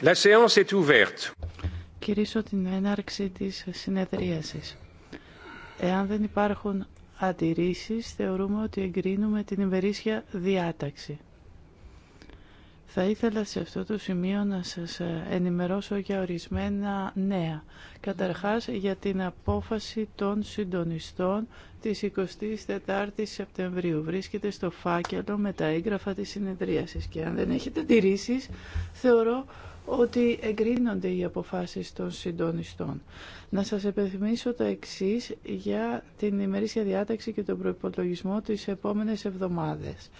La séance est ouverte. Κυρίσω την έναρξη της συνεδρίασης. Εάν δεν υπάρχουν αντιρρήσεις, θεωρούμε ότι εγκρίνουμε την ημερήσια διάταξη. Θα ήθελα σε αυτό το σημείο να σας ε, ενημερώσω για ορισμένα νέα. Καταρχάς για την απόφαση των συντονιστών της 24 η Σεπτεμβρίου. Βρίσκεται στο φάκελο με τα έγγραφα της συνεδρίασης και αν δεν έχετε αντιρρήσεις θεωρώ ότι εγκρίνονται οι αποφάσεις των συντονιστών. Να σας επιθυμίσω τα εξής για την ημερήσια διάταξη και τον προϋπολογισμό τις επόμενες εβδομάδες.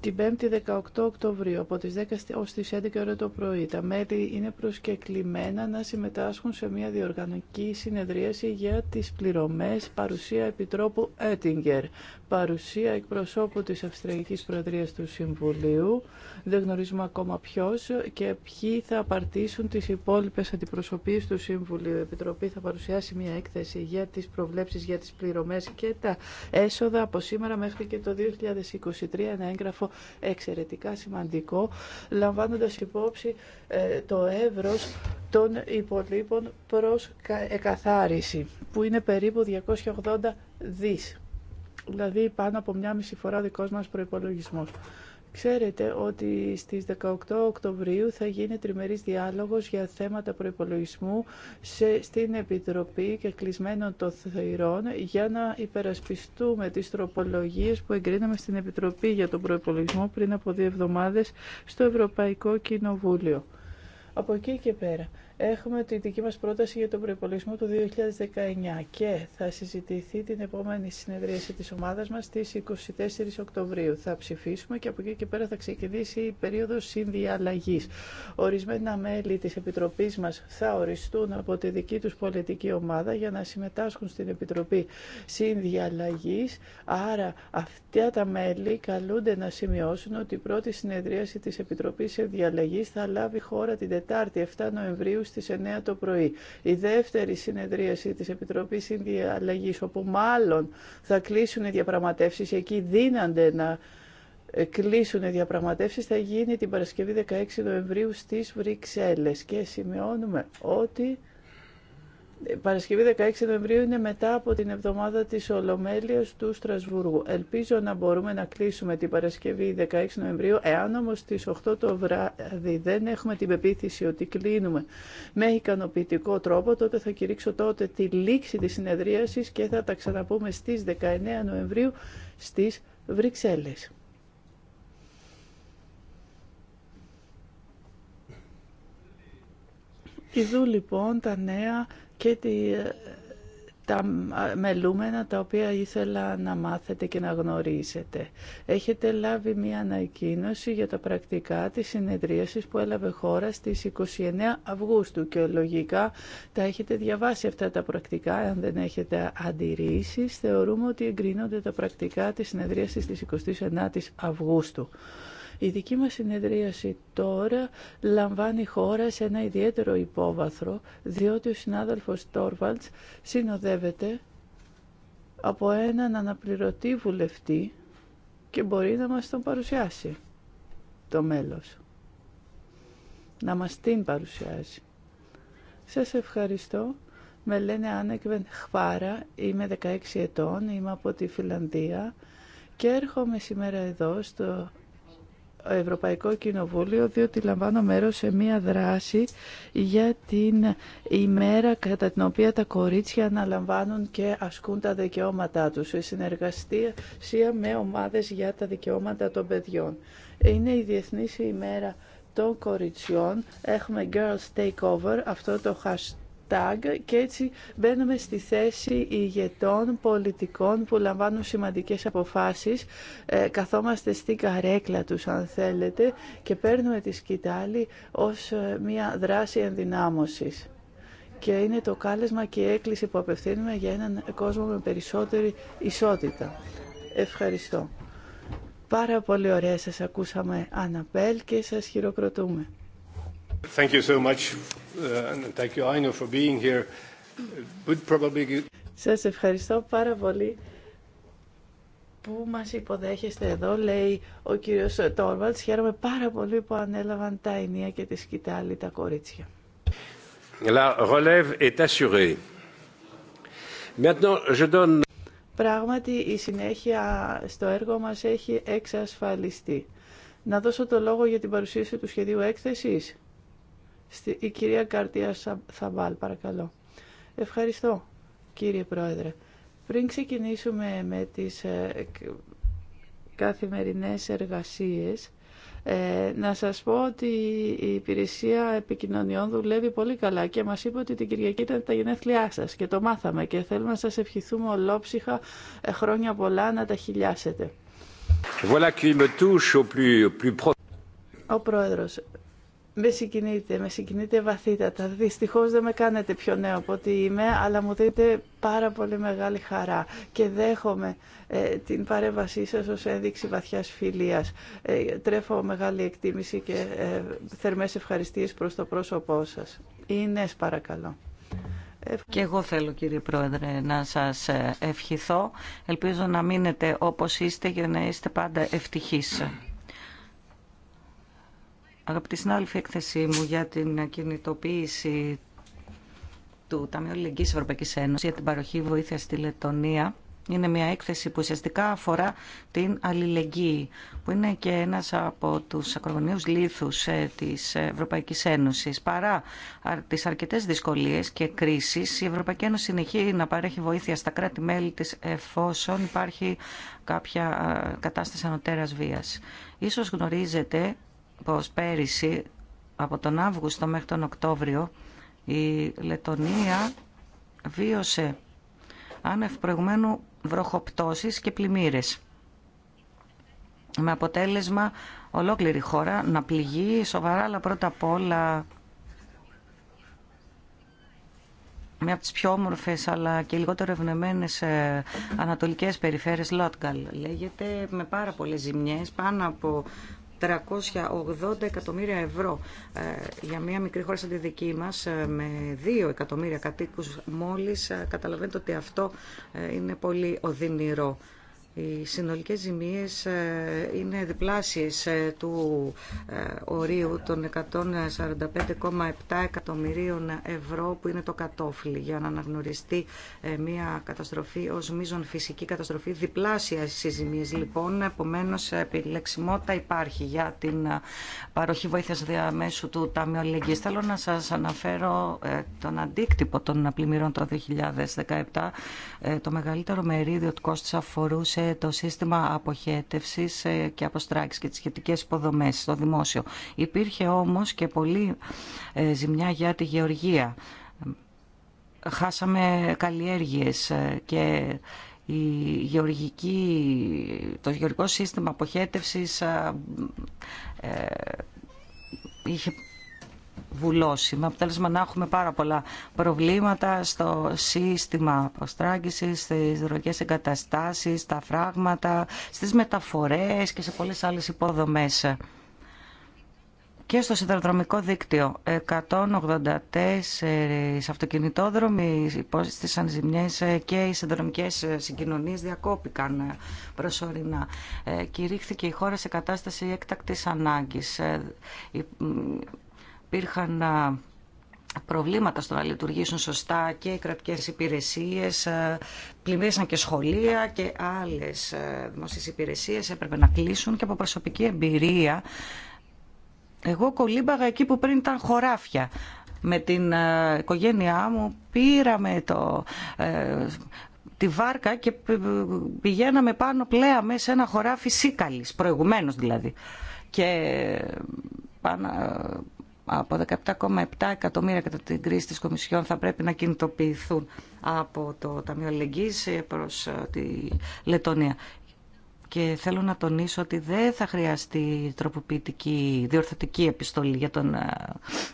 Την 5η 18 Οκτωβρίου από τις 10 ως τις 11 ώρα το πρωί τα μέλη είναι προσκεκλημένα να συμμετάσχουν σε μια διοργανική συνεδρίαση για τις πληρωμές παρουσία Επιτρόπου Έτιγκερ παρουσία εκπροσώπου της Αυστριακής Προεδρίας του Συμβουλίου. Δεν γνωρίζουμε ακόμα ποιος και ποιοι θα απαρτήσουν τις υπόλοιπες αντιπροσωπείς του Συμβουλίου. Η Επιτροπή θα παρουσιάσει μια έκθεση για τις προβλέψεις, για τις πληρωμές και τα έσοδα από σήμερα μέχρι και το 2023. Ένα έγγραφο εξαιρετικά σημαντικό, λαμβάνοντας υπόψη ε, το εύρος των υπολείπων προς εκαθάριση, που είναι περίπου 280 δις δηλαδή πάνω από μια μισή φορά ο δικός μας προϋπολογισμός. Ξέρετε ότι στις 18 Οκτωβρίου θα γίνει τριμερής διάλογος για θέματα προϋπολογισμού σε, στην Επιτροπή και κλεισμένων των θεϊρών για να υπερασπιστούμε τις τροπολογίες που εγκρίναμε στην Επιτροπή για τον προϋπολογισμό πριν από δύο εβδομάδες στο Ευρωπαϊκό Κοινοβούλιο. Από εκεί και πέρα Έχουμε τη δική μας πρόταση για τον προπολογισμό του 2019 και θα συζητηθεί την επόμενη συνεδρίαση της ομάδας μας στις 24 Οκτωβρίου. Θα ψηφίσουμε και από εκεί και πέρα θα ξεκινήσει η περίοδος συνδιαλλαγής. Ορισμένα μέλη της Επιτροπής μας θα οριστούν από τη δική τους πολιτική ομάδα για να συμμετάσχουν στην Επιτροπή Συνδιαλλαγής. Άρα αυτά τα μέλη καλούνται να σημειώσουν ότι η πρώτη συνεδρίαση της Επιτροπής Συνδιαλλαγής θα λάβει χώρα την Τετάρτη 7 Νοεμβρίου στις 9 το πρωί. Η δεύτερη συνεδρίαση της Επιτροπής Συνδιαλλαγής, όπου μάλλον θα κλείσουν οι διαπραγματεύσεις, εκεί δίνανται να ε, κλείσουν οι διαπραγματεύσεις, θα γίνει την Παρασκευή 16 Νοεμβρίου στις Βρυξέλλες. Και σημειώνουμε ότι Παρασκευή 16 Νοεμβρίου είναι μετά από την εβδομάδα της Ολομέλειας του Στρασβούργου. Ελπίζω να μπορούμε να κλείσουμε την Παρασκευή 16 Νοεμβρίου, εάν όμως στις 8 το βράδυ δεν έχουμε την πεποίθηση ότι κλείνουμε με ικανοποιητικό τρόπο, τότε θα κηρύξω τότε τη λήξη της συνεδρίασης και θα τα ξαναπούμε στις 19 Νοεμβρίου στις Βρυξέλλες. Ιδού λοιπόν τα νέα και τη, τα μελούμενα τα οποία ήθελα να μάθετε και να γνωρίσετε. Έχετε λάβει μία ανακοίνωση για τα πρακτικά της συνεδρίασης που έλαβε χώρα στις 29 Αυγούστου και λογικά τα έχετε διαβάσει αυτά τα πρακτικά. Αν δεν έχετε αντιρρήσεις, θεωρούμε ότι εγκρίνονται τα πρακτικά της συνεδρίασης της 29 Αυγούστου. Η δική μας συνεδρίαση τώρα λαμβάνει χώρα σε ένα ιδιαίτερο υπόβαθρο, διότι ο συνάδελφος Τόρβαλτς συνοδεύεται από έναν αναπληρωτή βουλευτή και μπορεί να μας τον παρουσιάσει το μέλος. Να μας την παρουσιάζει. Σας ευχαριστώ. Με λένε Άνεκβεν Χβάρα, είμαι 16 ετών, είμαι από τη Φιλανδία και έρχομαι σήμερα εδώ στο Ευρωπαϊκό Κοινοβούλιο διότι λαμβάνω μέρος σε μία δράση για την ημέρα κατά την οποία τα κορίτσια αναλαμβάνουν και ασκούν τα δικαιώματά τους σε συνεργασία με ομάδες για τα δικαιώματα των παιδιών. Είναι η Διεθνής ημέρα των κοριτσιών. Έχουμε Girls Takeover, αυτό το και έτσι μπαίνουμε στη θέση ηγετών πολιτικών που λαμβάνουν σημαντικές αποφάσεις. Ε, καθόμαστε στην καρέκλα τους αν θέλετε και παίρνουμε τη σκητάλη ως ε, μια δράση ενδυνάμωσης. Και είναι το κάλεσμα και η έκκληση που απευθύνουμε για έναν κόσμο με περισσότερη ισότητα. Ευχαριστώ. Πάρα πολύ ωραία σας ακούσαμε Αναπέλ και σας χειροκροτούμε. Thank Σας ευχαριστώ πάρα πολύ που μας υποδέχεστε εδώ, λέει ο κύριος Τόρβαλτς. Χαίρομαι πάρα πολύ που ανέλαβαν τα ενία και τη σκητάλη τα κορίτσια. La relève est assurée. Maintenant, je donne... Πράγματι, η συνέχεια στο έργο μας έχει εξασφαλιστεί. Να δώσω το λόγο για την παρουσίαση του σχεδίου έκθεσης. Η κυρία Καρτία Θαμπάλ, παρακαλώ. Ευχαριστώ, κύριε Πρόεδρε. Πριν ξεκινήσουμε με τις ε, καθημερινές εργασίες, ε, να σας πω ότι η υπηρεσία επικοινωνιών δουλεύει πολύ καλά και μας είπε ότι την Κυριακή ήταν τα γενέθλιά σας και το μάθαμε και θέλουμε να σας ευχηθούμε ολόψυχα ε, χρόνια πολλά να τα χιλιάσετε. Voilà qui me touche au plus, plus... Ο Πρόεδρος, με συγκινείτε, με συγκινείτε βαθύτατα. Δυστυχώς δεν με κάνετε πιο νέο από ότι είμαι, αλλά μου δείτε πάρα πολύ μεγάλη χαρά και δέχομαι ε, την παρέμβασή σας ως ένδειξη βαθιάς φιλίας. Ε, τρέφω μεγάλη εκτίμηση και ε, θερμές ευχαριστίες προς το πρόσωπό σας. Είναι παρακαλώ. Και εγώ θέλω κύριε Πρόεδρε να σας ευχηθώ. Ελπίζω να μείνετε όπως είστε για να είστε πάντα ευτυχείς. Αγαπητοί συνάδελφοι, έκθεσή μου για την κινητοποίηση του Ταμείου της Ευρωπαϊκή Ένωση για την παροχή βοήθεια στη Λετωνία είναι μια έκθεση που ουσιαστικά αφορά την αλληλεγγύη, που είναι και ένας από τους ακρογωνίους λίθους ε, της Ευρωπαϊκής Ένωσης. Παρά τις αρκετές δυσκολίες και κρίσεις, η Ευρωπαϊκή Ένωση συνεχίζει να παρέχει βοήθεια στα κράτη-μέλη της εφόσον υπάρχει κάποια κατάσταση ανωτέρας βίας. Ίσως γνωρίζετε πως πέρυσι από τον Αύγουστο μέχρι τον Οκτώβριο η Λετωνία βίωσε άνευ προηγουμένου βροχοπτώσεις και πλημμύρες. Με αποτέλεσμα ολόκληρη χώρα να πληγεί σοβαρά, αλλά πρώτα απ' όλα μια από τις πιο όμορφες αλλά και λιγότερο ευνεμένες ε, ανατολικές περιφέρειες Λότκαλ λέγεται με πάρα πολλές ζημιές πάνω από 380 εκατομμύρια ευρώ ε, για μια μικρή χώρα σαν τη δική μας ε, με 2 εκατομμύρια κατοίκους μόλις. Ε, καταλαβαίνετε ότι αυτό είναι πολύ οδυνηρό. Οι συνολικές ζημίες ε, είναι διπλάσιες ε, του ε, ορίου των 145,7 εκατομμυρίων ευρώ που είναι το κατόφλι για να αναγνωριστεί μια καταστροφή ως μείζον φυσική καταστροφή διπλάσια στις ζημίες. Λοιπόν, επομένως επιλεξιμότητα υπάρχει για την παροχή βοήθειας διαμέσου του Ταμείου Θέλω να σας αναφέρω τον αντίκτυπο των πλημμυρών το 2017 ε, το μεγαλύτερο μερίδιο του κόστου αφορούσε το σύστημα αποχέτευσης ε, και αποστράξη και τι σχετικέ υποδομέ στο δημόσιο. Υπήρχε όμως και πολλή ε, ζημιά για τη γεωργία. Χάσαμε καλλιέργειες και η γεωργική, το γεωργικό σύστημα αποχέτευσης είχε με αποτέλεσμα να έχουμε πάρα πολλά προβλήματα στο σύστημα προστράγγισης, στι δρογικές εγκαταστάσει, στα φράγματα, στι μεταφορές και σε πολλέ άλλες υποδομές. Και στο σιδηροδρομικό δίκτυο 184 αυτοκινητόδρομοι υπόστησαν ζημιές και οι συνδρομικές συγκοινωνίες διακόπηκαν προσωρινά. Ε, κηρύχθηκε η χώρα σε κατάσταση έκτακτης ανάγκης. Ε, υπήρχαν προβλήματα στο να λειτουργήσουν σωστά και οι κρατικές υπηρεσίες, πλημμύρισαν και σχολεία και άλλες δημόσιες υπηρεσίες έπρεπε να κλείσουν και από προσωπική εμπειρία. Εγώ κολύμπαγα εκεί που πριν ήταν χωράφια. Με την οικογένειά μου πήραμε το, ε, τη βάρκα και πηγαίναμε πάνω πλέαμε σε ένα χωράφι σίκαλης, προηγουμένως δηλαδή. Και ε, πάνω, από 17,7 εκατομμύρια κατά την κρίση της Κομισιόν θα πρέπει να κινητοποιηθούν από το Ταμείο Αλληλεγγύης προς ε, τη Λετωνία. Και θέλω να τονίσω ότι δεν θα χρειαστεί τροποποιητική διορθωτική επιστολή για τον ε,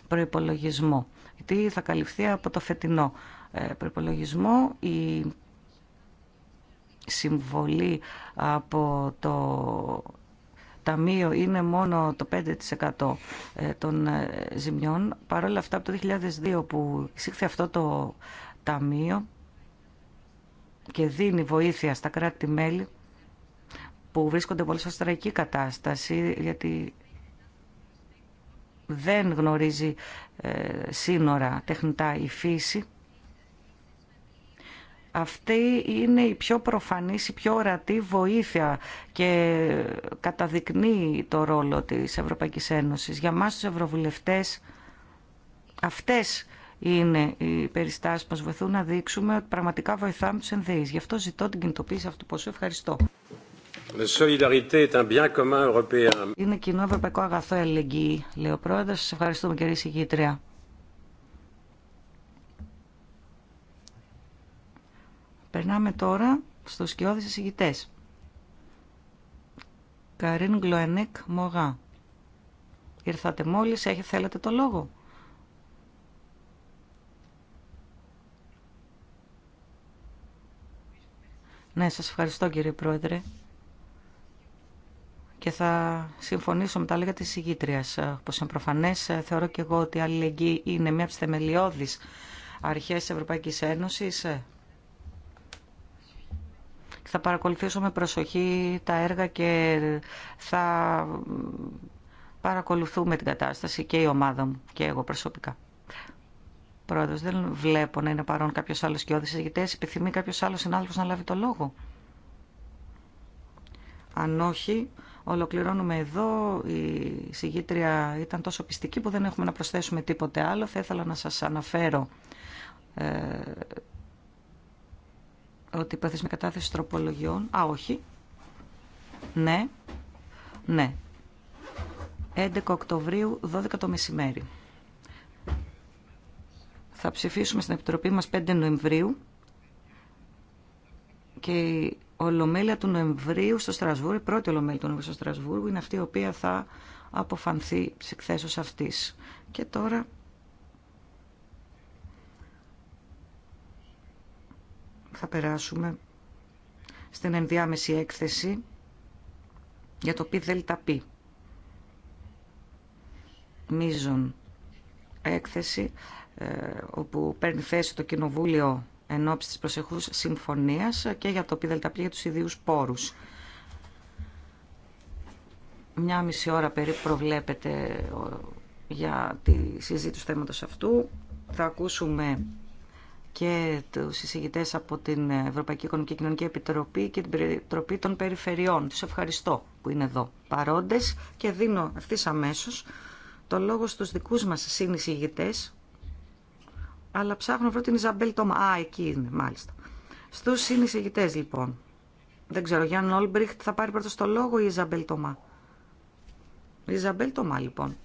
προϋπολογισμό. Γιατί θα καλυφθεί από το φετινό ε, προϋπολογισμό η συμβολή από το ταμείο είναι μόνο το 5% ε, των ε, ζημιών. Παρ' όλα αυτά, από το 2002 που εισήχθη αυτό το ταμείο και δίνει βοήθεια στα κράτη-μέλη που βρίσκονται πολύ σε αστραϊκή κατάσταση, γιατί δεν γνωρίζει ε, σύνορα τεχνητά η φύση, αυτή είναι η πιο προφανής, η πιο ορατή βοήθεια και καταδεικνύει το ρόλο της Ευρωπαϊκής Ένωσης. Για μας τους Ευρωβουλευτές αυτές είναι οι περιστάσεις που μας βοηθούν να δείξουμε ότι πραγματικά βοηθάμε τους ενδύεις. Γι' αυτό ζητώ την κινητοποίηση αυτού που Ευχαριστώ. Είναι κοινό ευρωπαϊκό αγαθό ελεγγύη, λέει ο πρόεδρος. Σας ευχαριστούμε κυρία Συγγήτρια. Περνάμε τώρα στους σκιώδεις εισηγητές. Καρίν Γκλοενέκ Μογά. Ήρθατε μόλις, έχετε, θέλετε το λόγο. Ναι, σας ευχαριστώ κύριε Πρόεδρε. Και θα συμφωνήσω με τα λέγατε της ηγήτριας. πως είναι προφανές, θεωρώ και εγώ ότι η αλληλεγγύη είναι μια από τις θεμελιώδεις αρχές της Ευρωπαϊκής Ένωσης θα παρακολουθήσω με προσοχή τα έργα και θα παρακολουθούμε την κατάσταση και η ομάδα μου και εγώ προσωπικά. Πρόεδρος, δεν βλέπω να είναι παρόν κάποιος άλλος και έτσι Επιθυμεί κάποιος άλλος συνάδελφος να λάβει το λόγο. Αν όχι, ολοκληρώνουμε εδώ. Η συγγήτρια ήταν τόσο πιστική που δεν έχουμε να προσθέσουμε τίποτε άλλο. Θα ήθελα να σας αναφέρω ε, ότι υπάρχει με κατάθεση τροπολογιών... Α, όχι. Ναι. Ναι. 11 Οκτωβρίου, 12 το μεσημέρι. Θα ψηφίσουμε στην Επιτροπή μας 5 Νοεμβρίου και η Ολομέλεια του Νοεμβρίου στο Στρασβούργο, η πρώτη Ολομέλεια του Νοεμβρίου στο Στρασβούργο, είναι αυτή η οποία θα αποφανθεί σε εκθέσεως αυτής. Και τώρα θα περάσουμε στην ενδιάμεση έκθεση για το πι δελτα πι. Μίζων έκθεση ε, όπου παίρνει θέση το Κοινοβούλιο εν της προσεχούς συμφωνίας και για το πι δελτα πι για τους ιδίους πόρους. Μια μισή ώρα περίπου προβλέπεται ε, για τη συζήτηση του θέματος αυτού. Θα ακούσουμε και του συζητητέ από την Ευρωπαϊκή Οικονομική Κοινωνική Επιτροπή και την Επιτροπή των Περιφερειών. Του ευχαριστώ που είναι εδώ παρόντες και δίνω ευθύ αμέσω το λόγο στους δικούς μας συνεισηγητέ. αλλά ψάχνω να την Ιζαμπέλ Τόμα. Α, εκεί είναι, μάλιστα. Στου συνεισηγητέ, λοιπόν. Δεν ξέρω, Γιάννη Όλμπριχτ θα πάρει πρώτα το λόγο ή η Ιζαμπέλ Τόμα. Η Ιζαμπέλ Τόμα, λοιπόν.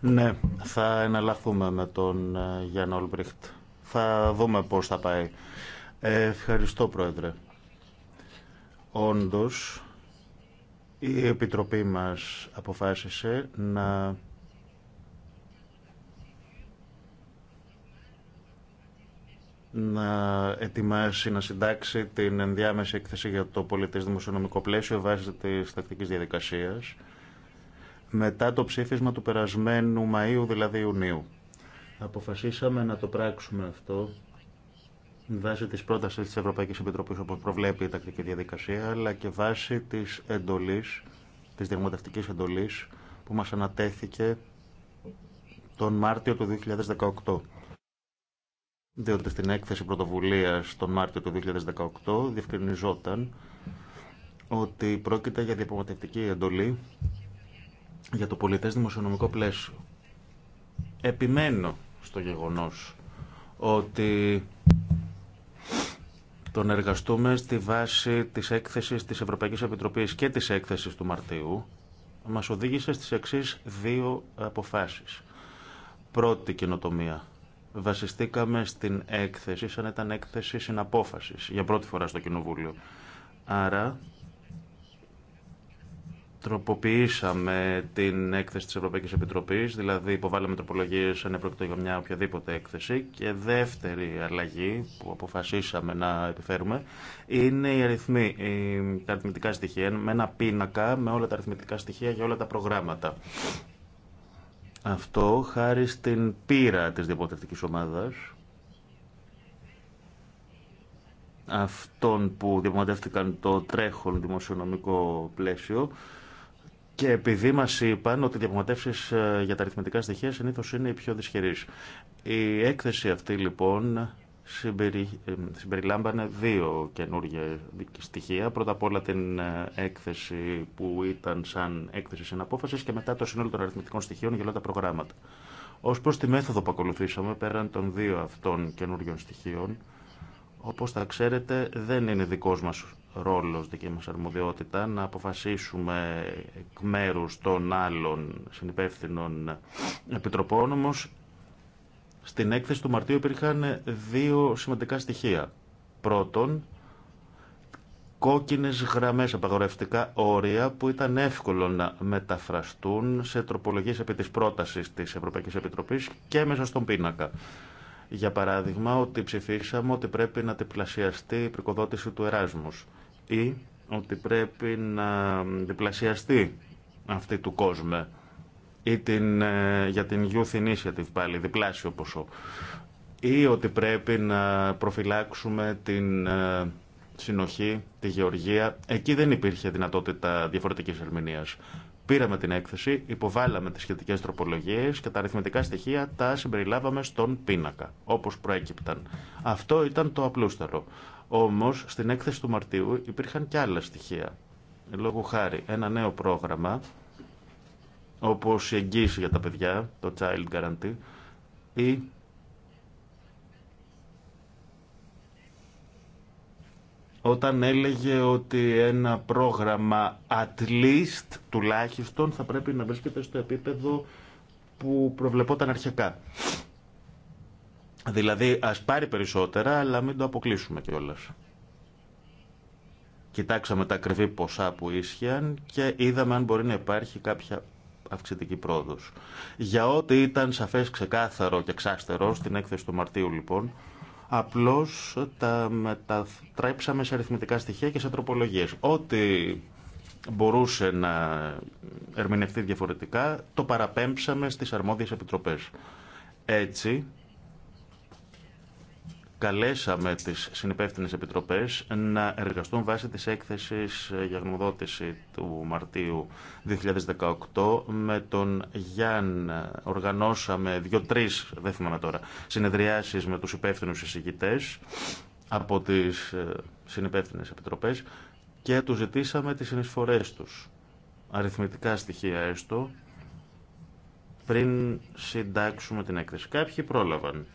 Ναι, θα εναλλαχθούμε με τον ε, Γιάννη Όλμπριχτ. Θα δούμε πώς θα πάει. Ευχαριστώ, Πρόεδρε. Όντως, η Επιτροπή μας αποφάσισε να να ετοιμάσει, να συντάξει την ενδιάμεση έκθεση για το πολιτικό δημοσιονομικό πλαίσιο βάσει της τακτικής διαδικασίας μετά το ψήφισμα του περασμένου Μαΐου, δηλαδή Ιουνίου. Αποφασίσαμε να το πράξουμε αυτό βάσει της πρότασης της Ευρωπαϊκής Επιτροπής όπως προβλέπει η τακτική διαδικασία αλλά και βάσει της εντολής, της διαγματευτικής εντολής που μας ανατέθηκε τον Μάρτιο του 2018. Διότι στην έκθεση πρωτοβουλίας τον Μάρτιο του 2018 διευκρινιζόταν ότι πρόκειται για διαπραγματευτική εντολή για το πολιτές δημοσιονομικό πλαίσιο. Επιμένω στο γεγονός ότι τον εργαστούμε στη βάση της έκθεσης της Ευρωπαϊκής Επιτροπής και της έκθεσης του Μαρτίου μας οδήγησε στις εξής δύο αποφάσεις. Πρώτη καινοτομία. Βασιστήκαμε στην έκθεση σαν ήταν έκθεση συναπόφασης για πρώτη φορά στο Κοινοβούλιο. Άρα τροποποιήσαμε την έκθεση της Ευρωπαϊκής Επιτροπής, δηλαδή υποβάλαμε τροπολογίες αν για μια οποιαδήποτε έκθεση και δεύτερη αλλαγή που αποφασίσαμε να επιφέρουμε είναι οι αριθμοί, τα αριθμητικά στοιχεία, με ένα πίνακα με όλα τα αριθμητικά στοιχεία για όλα τα προγράμματα. Αυτό χάρη στην πείρα της διαποτευτικής ομάδας αυτών που διαπραγματεύτηκαν το τρέχον δημοσιονομικό πλαίσιο και επειδή μα είπαν ότι οι διαπραγματεύσει ε, για τα αριθμητικά στοιχεία συνήθω είναι οι πιο δυσχερεί. Η έκθεση αυτή λοιπόν συμπερι... Ε, συμπεριλάμβανε δύο καινούργια στοιχεία. Πρώτα απ' όλα την ε, έκθεση που ήταν σαν έκθεση συναπόφαση και μετά το σύνολο των αριθμητικών στοιχείων για όλα τα προγράμματα. Ω προ τη μέθοδο που ακολουθήσαμε πέραν των δύο αυτών καινούργιων στοιχείων, όπω θα ξέρετε, δεν είναι δικό μα ρόλος, δική μας αρμοδιότητα, να αποφασίσουμε εκ μέρου των άλλων συνυπεύθυνων επιτροπών, όμως στην έκθεση του Μαρτίου υπήρχαν δύο σημαντικά στοιχεία. Πρώτον, κόκκινες γραμμές απαγορευτικά όρια που ήταν εύκολο να μεταφραστούν σε τροπολογίες επί της πρότασης της Ευρωπαϊκής Επιτροπής και μέσα στον πίνακα. Για παράδειγμα, ότι ψηφίσαμε ότι πρέπει να τεπλασιαστεί η πρικοδότηση του Εράσμους ή ότι πρέπει να διπλασιαστεί αυτή του κόσμου ή την, ε, για την Youth Initiative πάλι, διπλάσιο ποσό ή ότι πρέπει να προφυλάξουμε την ε, συνοχή, τη γεωργία. Εκεί δεν υπήρχε δυνατότητα διαφορετικής ερμηνείας. Πήραμε την έκθεση, υποβάλαμε τις σχετικές τροπολογίες και τα αριθμητικά στοιχεία τα συμπεριλάβαμε στον πίνακα, όπως προέκυπταν. Αυτό ήταν το απλούστερο. Όμως στην έκθεση του Μαρτίου υπήρχαν και άλλα στοιχεία. Λόγω χάρη ένα νέο πρόγραμμα όπως η εγγύηση για τα παιδιά, το Child Guarantee ή όταν έλεγε ότι ένα πρόγραμμα at least τουλάχιστον θα πρέπει να βρίσκεται στο επίπεδο που προβλεπόταν αρχικά. Δηλαδή, ας πάρει περισσότερα, αλλά μην το αποκλείσουμε κιόλα. Κοιτάξαμε τα ακριβή ποσά που ίσχυαν και είδαμε αν μπορεί να υπάρχει κάποια αυξητική πρόοδος. Για ό,τι ήταν σαφές ξεκάθαρο και ξάστερο στην έκθεση του Μαρτίου, λοιπόν, απλώς τα μετατρέψαμε σε αριθμητικά στοιχεία και σε τροπολογίες. Ό,τι μπορούσε να ερμηνευτεί διαφορετικά, το παραπέμψαμε στις αρμόδιες επιτροπές. Έτσι, καλέσαμε τις συνυπεύθυνε επιτροπές να εργαστούν βάσει της έκθεση για γνωμοδότηση του Μαρτίου 2018. Με τον Γιάν οργανώσαμε δύο-τρεις, δεν τώρα, συνεδριάσεις με του υπεύθυνου συζητητέ από τις ε, συνυπεύθυνε επιτροπές και του ζητήσαμε τις συνεισφορές τους, αριθμητικά στοιχεία έστω, πριν συντάξουμε την έκθεση. Κάποιοι πρόλαβαν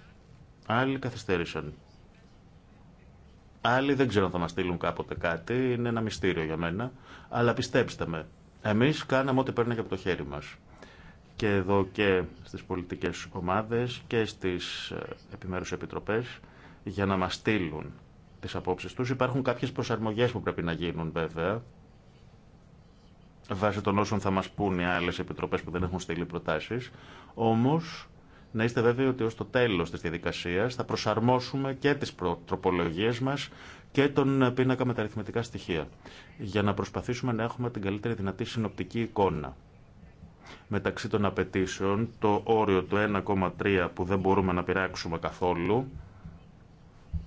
Άλλοι καθυστέρησαν. Άλλοι δεν ξέρω αν θα μα στείλουν κάποτε κάτι, είναι ένα μυστήριο για μένα. Αλλά πιστέψτε με, εμεί κάναμε ό,τι παίρνει από το χέρι μα. Και εδώ και στι πολιτικές ομάδε και στι ε, επιμέρους επιτροπέ για να μα στείλουν τι απόψει του. Υπάρχουν κάποιε προσαρμογέ που πρέπει να γίνουν βέβαια. Βάσει των όσων θα μα πούν οι άλλε επιτροπέ που δεν έχουν στείλει προτάσει. Όμω να είστε βέβαιοι ότι ως το τέλος της διαδικασίας θα προσαρμόσουμε και τις τροπολογίες μας και τον ε, πίνακα με τα αριθμητικά στοιχεία για να προσπαθήσουμε να έχουμε την καλύτερη δυνατή συνοπτική εικόνα. Μεταξύ των απαιτήσεων, το όριο του 1,3 που δεν μπορούμε να πειράξουμε καθόλου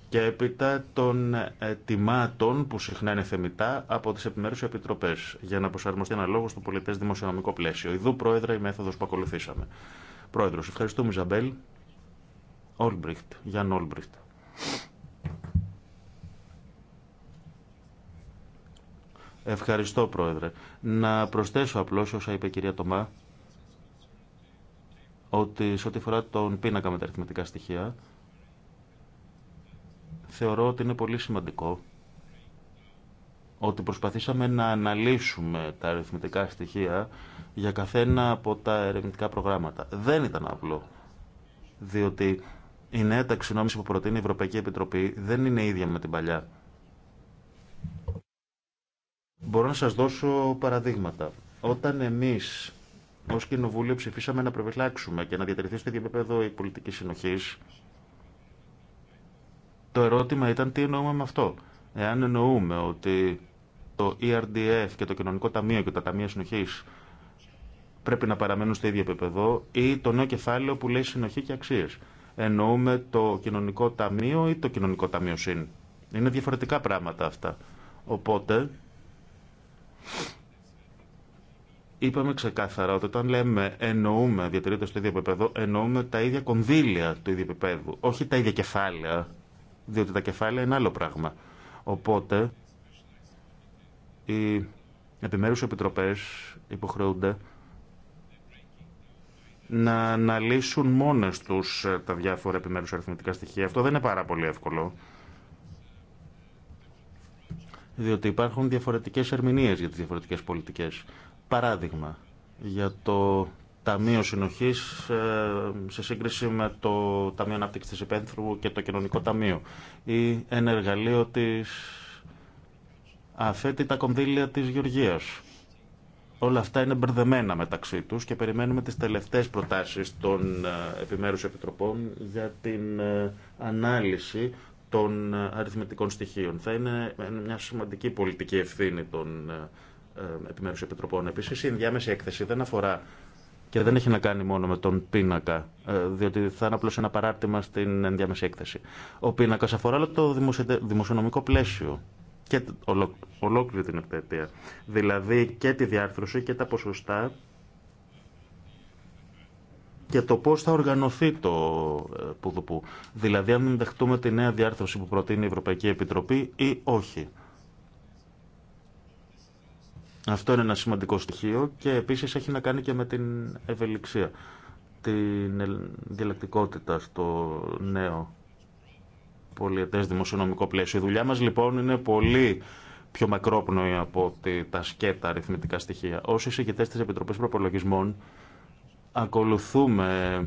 και έπειτα των ε, τιμάτων που συχνά είναι θεμητά από τις επιμέρους επιτροπές για να προσαρμοστεί αναλόγως το πολιτές δημοσιονομικό πλαίσιο. Ιδού πρόεδρα η μέθοδος που ακολουθήσαμε. Πρόεδρος, ευχαριστούμε Ζαμπέλ. Όλμπριχτ, Γιάνν Όλμπριχτ. Ευχαριστώ, Πρόεδρε. Να προσθέσω απλώς όσα είπε η κυρία Τομά, ότι σε ό,τι φορά τον πίνακα με τα αριθμητικά στοιχεία, θεωρώ ότι είναι πολύ σημαντικό ότι προσπαθήσαμε να αναλύσουμε τα αριθμητικά στοιχεία για καθένα από τα ερευνητικά προγράμματα. Δεν ήταν απλό, διότι η νέα ταξινόμηση που προτείνει η Ευρωπαϊκή Επιτροπή δεν είναι ίδια με την παλιά. Μπορώ να σας δώσω παραδείγματα. Όταν εμείς ως Κοινοβούλιο ψηφίσαμε να προβελάξουμε και να διατηρηθεί στο ίδιο επίπεδο η πολιτική συνοχή, το ερώτημα ήταν τι εννοούμε με αυτό. Εάν εννοούμε ότι το ERDF και το Κοινωνικό Ταμείο και τα Ταμεία Συνοχής πρέπει να παραμένουν στο ίδιο επίπεδο ή το νέο κεφάλαιο που λέει συνοχή και αξίες. Εννοούμε το Κοινωνικό Ταμείο ή το Κοινωνικό Ταμείο ΣΥΝ. Είναι διαφορετικά πράγματα αυτά. Οπότε, είπαμε ξεκάθαρα ότι όταν λέμε εννοούμε διατηρείται στο ίδιο επίπεδο, εννοούμε τα ίδια κονδύλια του ίδιου επίπεδου, όχι τα ίδια κεφάλαια, διότι τα κεφάλαια είναι άλλο πράγμα. Οπότε, οι επιμέρους επιτροπές υποχρεούνται να αναλύσουν μόνες τους ε, τα διάφορα επιμέρους αριθμητικά στοιχεία. Αυτό δεν είναι πάρα πολύ εύκολο. Διότι υπάρχουν διαφορετικές ερμηνείες για τις διαφορετικές πολιτικές. Παράδειγμα, για το Ταμείο Συνοχής ε, σε σύγκριση με το Ταμείο Ανάπτυξης τη Επένθρου και το Κοινωνικό Ταμείο ή ένα εργαλείο της Αφέτει τα κονδύλια της Γεωργίας. Όλα αυτά είναι μπερδεμένα μεταξύ τους και περιμένουμε τις τελευταίες προτάσεις των ε, επιμέρους επιτροπών για την ε, ανάλυση των ε, αριθμητικών στοιχείων. Θα είναι μια σημαντική πολιτική ευθύνη των επιμέρους επιτροπών. Επίσης, η ενδιάμεση έκθεση δεν αφορά και δεν έχει να κάνει μόνο με τον πίνακα, διότι θα είναι απλώς ένα παράρτημα στην ενδιάμεση έκθεση. Ο Πίνακας αφορά το δημοσιονομικό πλαίσιο και ολόκληρη την επέτεια. Δηλαδή και τη διάρθρωση και τα ποσοστά και το πώς θα οργανωθεί το ε, Πουδουπού. Δηλαδή αν δεχτούμε τη νέα διάρθρωση που προτείνει η Ευρωπαϊκή Επιτροπή ή όχι. Αυτό είναι ένα σημαντικό στοιχείο και επίσης έχει να κάνει και με την ευελιξία, την διαλεκτικότητα στο νέο πολιετέ δημοσιονομικό πλαίσιο. Η δουλειά μα λοιπόν είναι πολύ πιο μακρόπνοη από ότι τα σκέτα αριθμητικά στοιχεία. Όσοι εισηγητέ τη Επιτροπή Προπολογισμών ακολουθούμε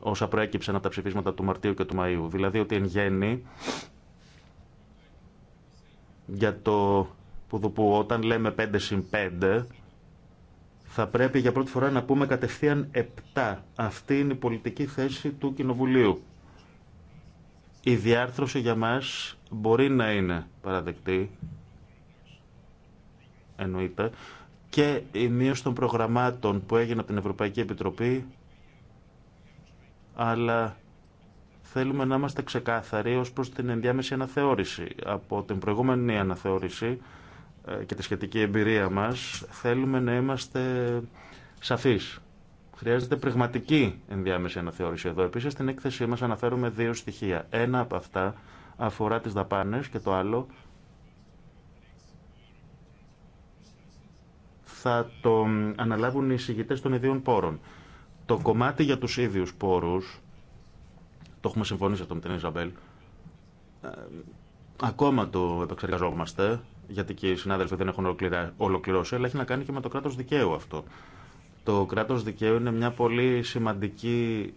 όσα προέκυψαν από τα ψηφίσματα του Μαρτίου και του Μαΐου. Δηλαδή ότι εν γέννη για το που όταν λέμε 5 συν 5 θα πρέπει για πρώτη φορά να πούμε κατευθείαν 7. Αυτή είναι η πολιτική θέση του Κοινοβουλίου. Η διάρθρωση για μας μπορεί να είναι παραδεκτή, εννοείται, και η μείωση των προγραμμάτων που έγινε από την Ευρωπαϊκή Επιτροπή, αλλά θέλουμε να είμαστε ξεκάθαροι ως προς την ενδιάμεση αναθεώρηση. Από την προηγούμενη αναθεώρηση ε, και τη σχετική εμπειρία μας, θέλουμε να είμαστε σαφείς. Χρειάζεται πραγματική ενδιάμεση αναθεώρηση εδώ. Επίση, στην έκθεσή μα αναφέρουμε δύο στοιχεία. Ένα από αυτά αφορά τι δαπάνε και το άλλο θα το αναλάβουν οι εισηγητέ των ιδίων πόρων. Το κομμάτι για τους ίδιους πόρους, το έχουμε συμφωνήσει αυτό με την Ιζαμπέλ, ε, ακόμα το επεξεργαζόμαστε, γιατί και οι συνάδελφοι δεν έχουν ολοκληρώσει, αλλά έχει να κάνει και με το κράτο δικαίου αυτό. Το κράτος δικαίου είναι μια πολύ σημαντική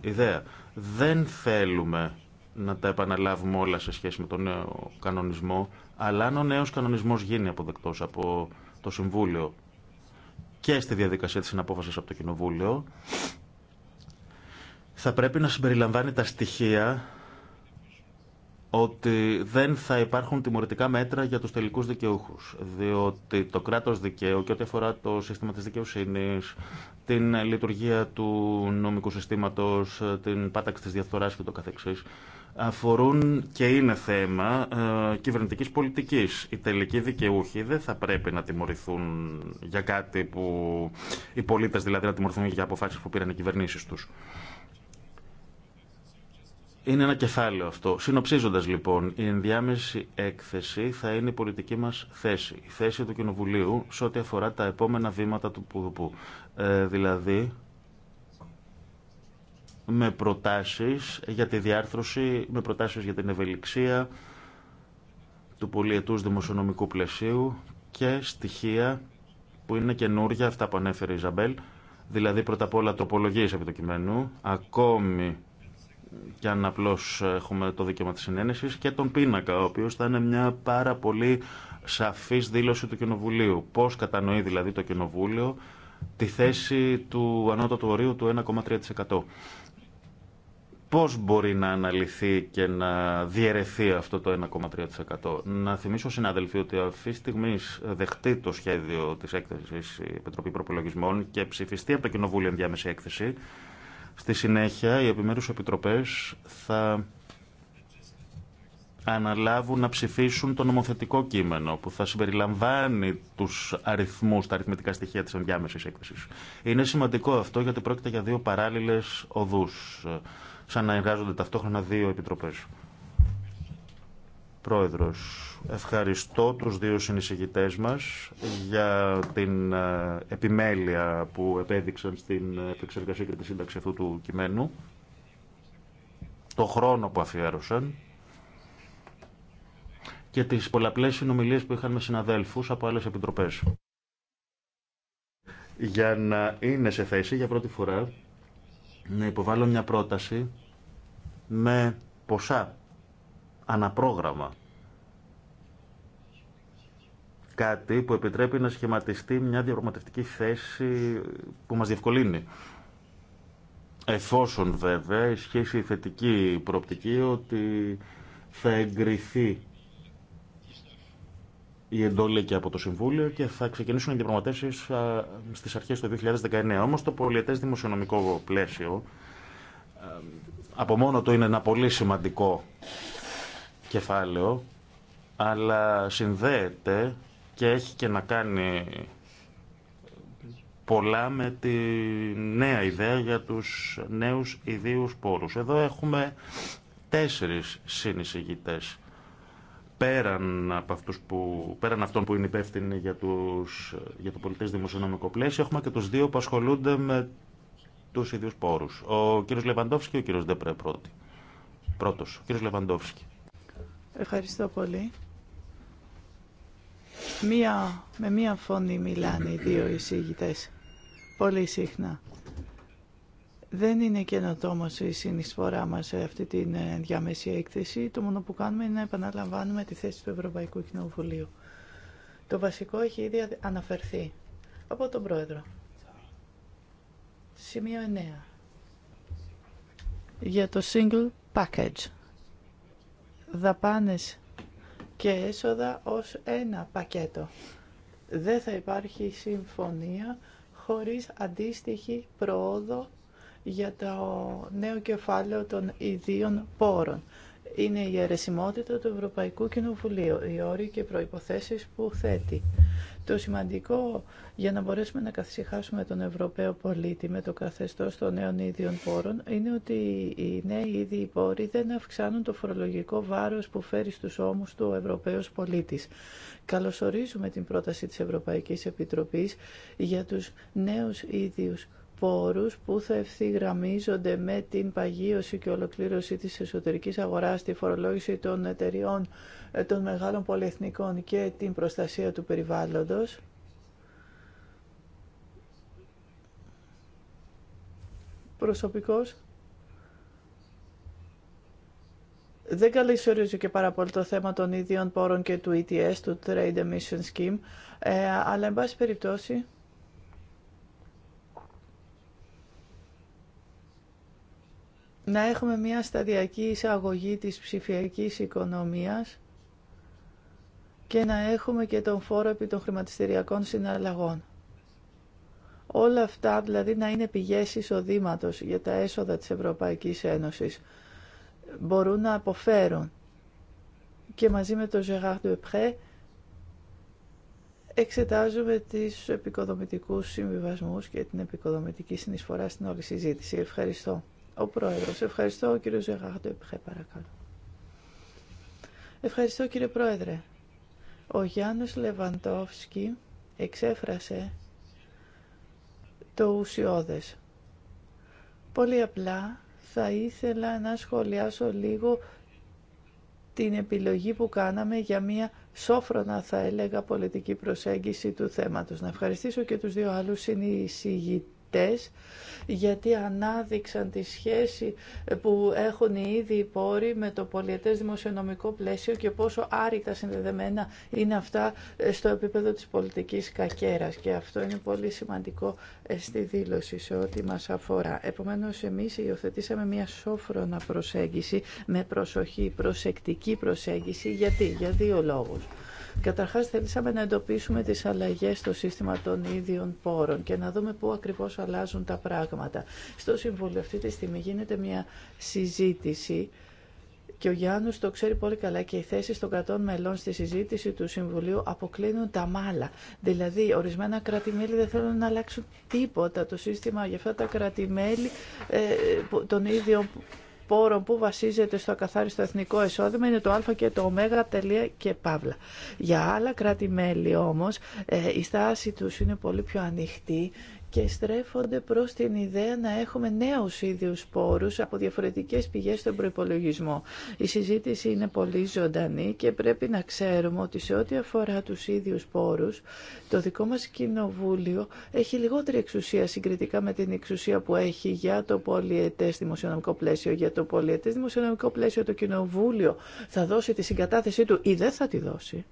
ιδέα. Δεν θέλουμε να τα επαναλάβουμε όλα σε σχέση με τον νέο κανονισμό, αλλά αν ο νέος κανονισμός γίνει αποδεκτός από το Συμβούλιο και στη διαδικασία της συναπόφασης από το Κοινοβούλιο, θα πρέπει να συμπεριλαμβάνει τα στοιχεία ότι δεν θα υπάρχουν τιμωρητικά μέτρα για τους τελικούς δικαιούχους, διότι το κράτος δικαίου και ό,τι αφορά το σύστημα της δικαιοσύνης, την λειτουργία του νομικού συστήματος, την πάταξη της διαφθοράς και το καθεξής, αφορούν και είναι θέμα ε, κυβερνητικής πολιτικής. Οι τελικοί δικαιούχοι δεν θα πρέπει να τιμωρηθούν για κάτι που οι πολίτες δηλαδή να τιμωρηθούν για αποφάσεις που πήραν οι κυβερνήσεις τους. Είναι ένα κεφάλαιο αυτό. Συνοψίζοντα λοιπόν, η ενδιάμεση έκθεση θα είναι η πολιτική μα θέση. Η θέση του Κοινοβουλίου σε ό,τι αφορά τα επόμενα βήματα του Πουδουπού. Ε, δηλαδή, με προτάσεις για τη διάρθρωση, με προτάσεις για την ευελιξία του πολιετούς δημοσιονομικού πλαισίου και στοιχεία που είναι καινούργια, αυτά που ανέφερε η Ζαμπέλ. δηλαδή πρώτα απ' όλα τροπολογίες επί ακόμη και αν απλώ έχουμε το δικαίωμα τη συνένεση και τον πίνακα, ο οποίο θα είναι μια πάρα πολύ σαφή δήλωση του Κοινοβουλίου. Πώ κατανοεί δηλαδή το Κοινοβούλιο τη θέση του ανώτατου ορίου του 1,3%. Πώς μπορεί να αναλυθεί και να διαιρεθεί αυτό το 1,3%. Να θυμίσω, συναδελφοί, ότι αυτή τη στιγμή δεχτεί το σχέδιο της έκθεσης η Επιτροπή Προπολογισμών και ψηφιστεί από το Κοινοβούλιο ενδιάμεση έκθεση. Στη συνέχεια, οι επιμέρους επιτροπές θα αναλάβουν να ψηφίσουν το νομοθετικό κείμενο που θα συμπεριλαμβάνει τους αριθμούς, τα αριθμητικά στοιχεία της ενδιάμεσης έκθεσης. Είναι σημαντικό αυτό γιατί πρόκειται για δύο παράλληλες οδούς, σαν να εργάζονται ταυτόχρονα δύο επιτροπές. Πρόεδρος, ευχαριστώ τους δύο συνεισηγητές μας για την ε, επιμέλεια που επέδειξαν στην επεξεργασία και τη σύνταξη αυτού του κειμένου, το χρόνο που αφιέρωσαν και τις πολλαπλές συνομιλίες που είχαν με συναδέλφους από άλλες επιτροπές. Για να είναι σε θέση για πρώτη φορά να υποβάλω μια πρόταση με ποσά αναπρόγραμμα. Κάτι που επιτρέπει να σχηματιστεί μια διαπραγματευτική θέση που μας διευκολύνει. Εφόσον βέβαια ισχύσει η θετική προοπτική ότι θα εγκριθεί η εντολή και από το Συμβούλιο και θα ξεκινήσουν οι διαπραγματεύσει στι αρχέ του 2019. Όμω το πολιετέ δημοσιονομικό πλαίσιο από μόνο το είναι ένα πολύ σημαντικό κεφάλαιο, αλλά συνδέεται και έχει και να κάνει πολλά με τη νέα ιδέα για τους νέους ιδίους πόρους. Εδώ έχουμε τέσσερις συνεισηγητές πέραν, από αυτούς που, πέραν αυτών που είναι υπεύθυνοι για, τους, για το πολιτές δημοσιονομικό πλαίσιο, έχουμε και τους δύο που ασχολούνται με τους ίδιους πόρους. Ο κύριος Λεβαντόφσκι και ο κύριος Ντεπρέ πρώτη. Πρώτος, ο κύριος Λεβαντόφσκι. Ευχαριστώ πολύ. Μία, με μία φωνή μιλάνε οι δύο εισηγητές. Πολύ συχνά. Δεν είναι καινοτόμο η συνεισφορά μα σε αυτή τη ε, διάμεση έκθεση. Το μόνο που κάνουμε είναι να επαναλαμβάνουμε τη θέση του Ευρωπαϊκού Κοινοβουλίου. Το βασικό έχει ήδη αναφερθεί από τον Πρόεδρο. Σημείο 9. Για το single package δαπάνες και έσοδα ως ένα πακέτο. Δεν θα υπάρχει συμφωνία χωρίς αντίστοιχη προόδο για το νέο κεφάλαιο των ιδίων πόρων. Είναι η αιρεσιμότητα του Ευρωπαϊκού Κοινοβουλίου, οι όροι και προϋποθέσεις που θέτει. Το σημαντικό για να μπορέσουμε να καθησυχάσουμε τον Ευρωπαίο πολίτη με το καθεστώς των νέων ίδιων πόρων είναι ότι οι νέοι ίδιοι πόροι δεν αυξάνουν το φορολογικό βάρος που φέρει στους ώμους του Ευρωπαίος πολίτη. Καλωσορίζουμε την πρόταση της Ευρωπαϊκής Επιτροπής για τους νέους ίδιους πόρους που θα ευθυγραμμίζονται με την παγίωση και ολοκλήρωση της εσωτερικής αγοράς, τη φορολόγηση των εταιριών ε, των μεγάλων πολυεθνικών και την προστασία του περιβάλλοντος. Προσωπικός. Δεν καλυσορίζω και πάρα πολύ το θέμα των ίδιων πόρων και του ETS, του Trade Emission Scheme, ε, αλλά εν πάση περιπτώσει να έχουμε μια σταδιακή εισαγωγή της ψηφιακής οικονομίας και να έχουμε και τον φόρο επί των χρηματιστηριακών συναλλαγών. Όλα αυτά δηλαδή να είναι πηγές εισοδήματος για τα έσοδα της Ευρωπαϊκής Ένωσης. Μπορούν να αποφέρουν. Και μαζί με τον Gérard Dupré εξετάζουμε τις επικοδομητικούς συμβιβασμούς και την επικοδομητική συνεισφορά στην όλη συζήτηση. Ευχαριστώ. Ο Πρόεδρος. Ευχαριστώ, ο κύριος Ευχαριστώ, κύριε Πρόεδρε. Ο Γιάννης Λεβαντόφσκι εξέφρασε το ουσιώδες. Πολύ απλά θα ήθελα να σχολιάσω λίγο την επιλογή που κάναμε για μια σόφρονα θα έλεγα πολιτική προσέγγιση του θέματος. Να ευχαριστήσω και τους δύο άλλους συνεισηγητές γιατί ανάδειξαν τη σχέση που έχουν οι ίδιοι οι πόροι με το πολιετές δημοσιονομικό πλαίσιο και πόσο άρρητα συνδεδεμένα είναι αυτά ε, στο επίπεδο της πολιτικής κακέρας και αυτό είναι πολύ σημαντικό ε, στη δήλωση σε ό,τι μας αφορά. Επομένως εμείς υιοθετήσαμε μια σόφρονα προσέγγιση με προσοχή, προσεκτική προσέγγιση γιατί, για δύο λόγους. Καταρχάς θέλησαμε να εντοπίσουμε τις αλλαγές στο σύστημα των ίδιων πόρων και να δούμε πού ακριβώς αλλάζουν τα πράγματα. Στο Συμβούλιο αυτή τη στιγμή γίνεται μια συζήτηση και ο Γιάννου το ξέρει πολύ καλά και οι θέσει των κρατών μελών στη συζήτηση του Συμβουλίου αποκλίνουν τα μάλα. Δηλαδή, κρατημέλη δεν θέλουν να αλλάξουν τίποτα. Το σύστημα για αυτά τα κρατημέλη ε, των ίδιων Πόρων που βασίζεται στο ακαθάριστο εθνικό εισόδημα είναι το α και το ω τελεία και παύλα. Για άλλα κράτη-μέλη όμως ε, η στάση τους είναι πολύ πιο ανοιχτή και στρέφονται προς την ιδέα να έχουμε νέους ίδιους πόρους από διαφορετικές πηγές στον προϋπολογισμό. Η συζήτηση είναι πολύ ζωντανή και πρέπει να ξέρουμε ότι σε ό,τι αφορά τους ίδιους πόρους, το δικό μας κοινοβούλιο έχει λιγότερη εξουσία συγκριτικά με την εξουσία που έχει για το πολιετές δημοσιονομικό πλαίσιο. Για το πολιετές δημοσιονομικό πλαίσιο το κοινοβούλιο θα δώσει τη συγκατάθεσή του ή δεν θα τη δώσει.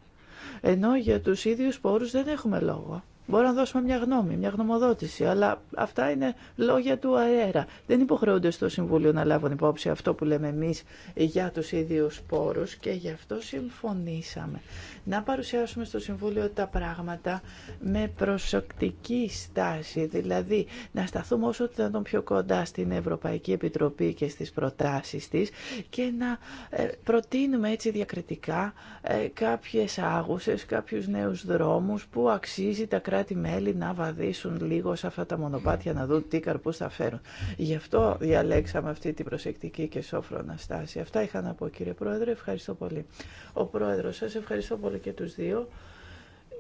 Ενώ για τους ίδιους πόρους δεν έχουμε λόγο. Μπορούμε να δώσουμε μια γνώμη, μια γνωμοδότηση, αλλά αυτά είναι λόγια του αέρα. Δεν υποχρεούνται στο Συμβούλιο να λάβουν υπόψη αυτό που λέμε εμείς για τους ίδιους πόρους και γι' αυτό συμφωνήσαμε. Να παρουσιάσουμε στο Συμβούλιο τα πράγματα με προσεκτική στάση, δηλαδή να σταθούμε όσο δυνατόν πιο κοντά στην Ευρωπαϊκή Επιτροπή και στις προτάσεις της και να ε, προτείνουμε έτσι διακριτικά ε, κάποιες άγουσες, κάποιους νέους δρόμους που αξίζει τα κράτη-μέλη να βαδίσουν λίγο σε αυτά τα μονοπάτια, να δουν τι καρπούς θα φέρουν. Γι' αυτό διαλέξαμε αυτή την προσεκτική και σόφρονα στάση. Αυτά είχα να πω κύριε Πρόεδρε, ευχαριστώ πολύ. Ο Πρόεδρος, σας ευχαριστώ πολύ και τους δύο.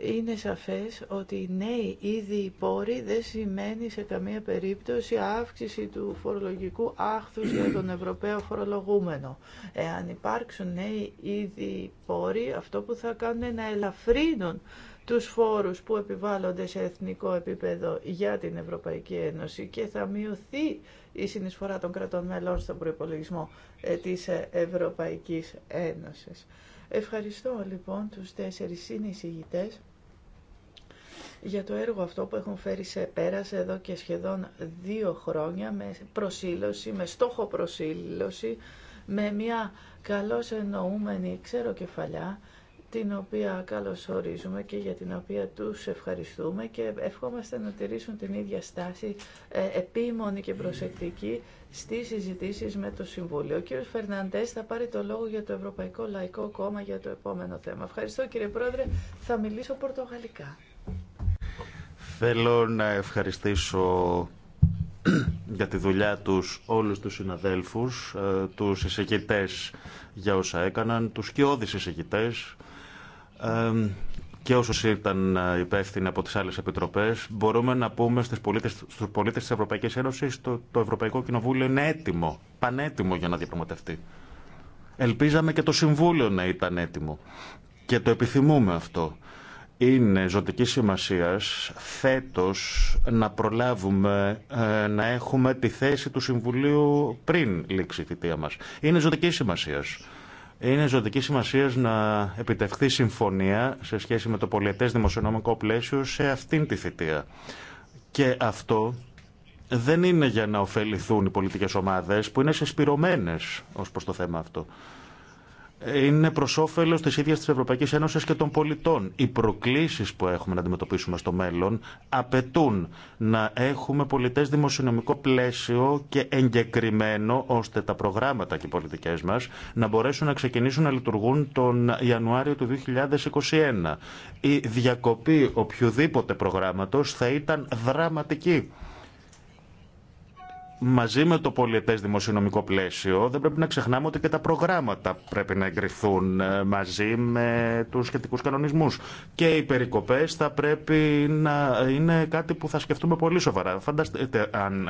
Είναι σαφές ότι οι νέοι ήδη οι πόροι δεν σημαίνει σε καμία περίπτωση αύξηση του φορολογικού άχθους για τον Ευρωπαίο φορολογούμενο. Εάν υπάρξουν νέοι ήδη πόροι, αυτό που θα κάνουν είναι να ελαφρύνουν τους φόρους που επιβάλλονται σε εθνικό επίπεδο για την Ευρωπαϊκή Ένωση και θα μειωθεί η συνεισφορά των κρατών μελών στον προϋπολογισμό ε, της ε, Ευρωπαϊκής Ένωσης. Ευχαριστώ λοιπόν τους τέσσερις συνεισηγητές για το έργο αυτό που έχουν φέρει σε πέρας εδώ και σχεδόν δύο χρόνια με προσήλωση, με στόχο προσήλωση, με μια καλώς εννοούμενη ξέρω κεφαλιά την οποία καλωσορίζουμε και για την οποία τους ευχαριστούμε και ευχόμαστε να τηρήσουν την ίδια στάση ε, επίμονη και προσεκτική στις συζητήσεις με το Συμβούλιο. Ο κύριος Φερναντές θα πάρει το λόγο για το Ευρωπαϊκό Λαϊκό Κόμμα για το επόμενο θέμα. Ευχαριστώ κύριε Πρόεδρε. Θα μιλήσω πορτογαλικά. Θέλω να ευχαριστήσω για τη δουλειά τους όλους τους συναδέλφους, ε, τους εισηγητές για όσα έκαναν, τους κοιόδης εισηγητές, και όσου ήταν ε, υπεύθυνοι από τι άλλε επιτροπέ, μπορούμε να πούμε στου πολίτε στους πολίτες τη Ευρωπαϊκή Ένωση το, το Ευρωπαϊκό Κοινοβούλιο είναι έτοιμο, πανέτοιμο για να διαπραγματευτεί. Ελπίζαμε και το Συμβούλιο να ήταν έτοιμο. Και το επιθυμούμε αυτό. Είναι ζωτική σημασία φέτο να προλάβουμε ε, να έχουμε τη θέση του Συμβουλίου πριν λήξει η θητεία μα. Είναι ζωτική σημασία. Είναι ζωτική σημασία να επιτευχθεί συμφωνία σε σχέση με το πολιετέ δημοσιονομικό πλαίσιο σε αυτήν τη θητεία. Και αυτό δεν είναι για να ωφεληθούν οι πολιτικές ομάδες που είναι συσπηρωμένες ως προς το θέμα αυτό είναι προ όφελο τη ίδια τη Ευρωπαϊκή Ένωση και των πολιτών. Οι προκλήσει που έχουμε να αντιμετωπίσουμε στο μέλλον απαιτούν να έχουμε πολιτέ δημοσιονομικό πλαίσιο και εγκεκριμένο, ώστε τα προγράμματα και οι πολιτικέ μα να μπορέσουν να ξεκινήσουν να λειτουργούν τον Ιανουάριο του 2021. Η διακοπή οποιοδήποτε προγράμματο θα ήταν δραματική μαζί με το πολιετές δημοσιονομικό πλαίσιο δεν πρέπει να ξεχνάμε ότι και τα προγράμματα πρέπει να εγκριθούν ε, μαζί με τους σχετικούς κανονισμούς. Και οι περικοπές θα πρέπει να είναι κάτι που θα σκεφτούμε πολύ σοβαρά. Φανταστείτε ε, αν,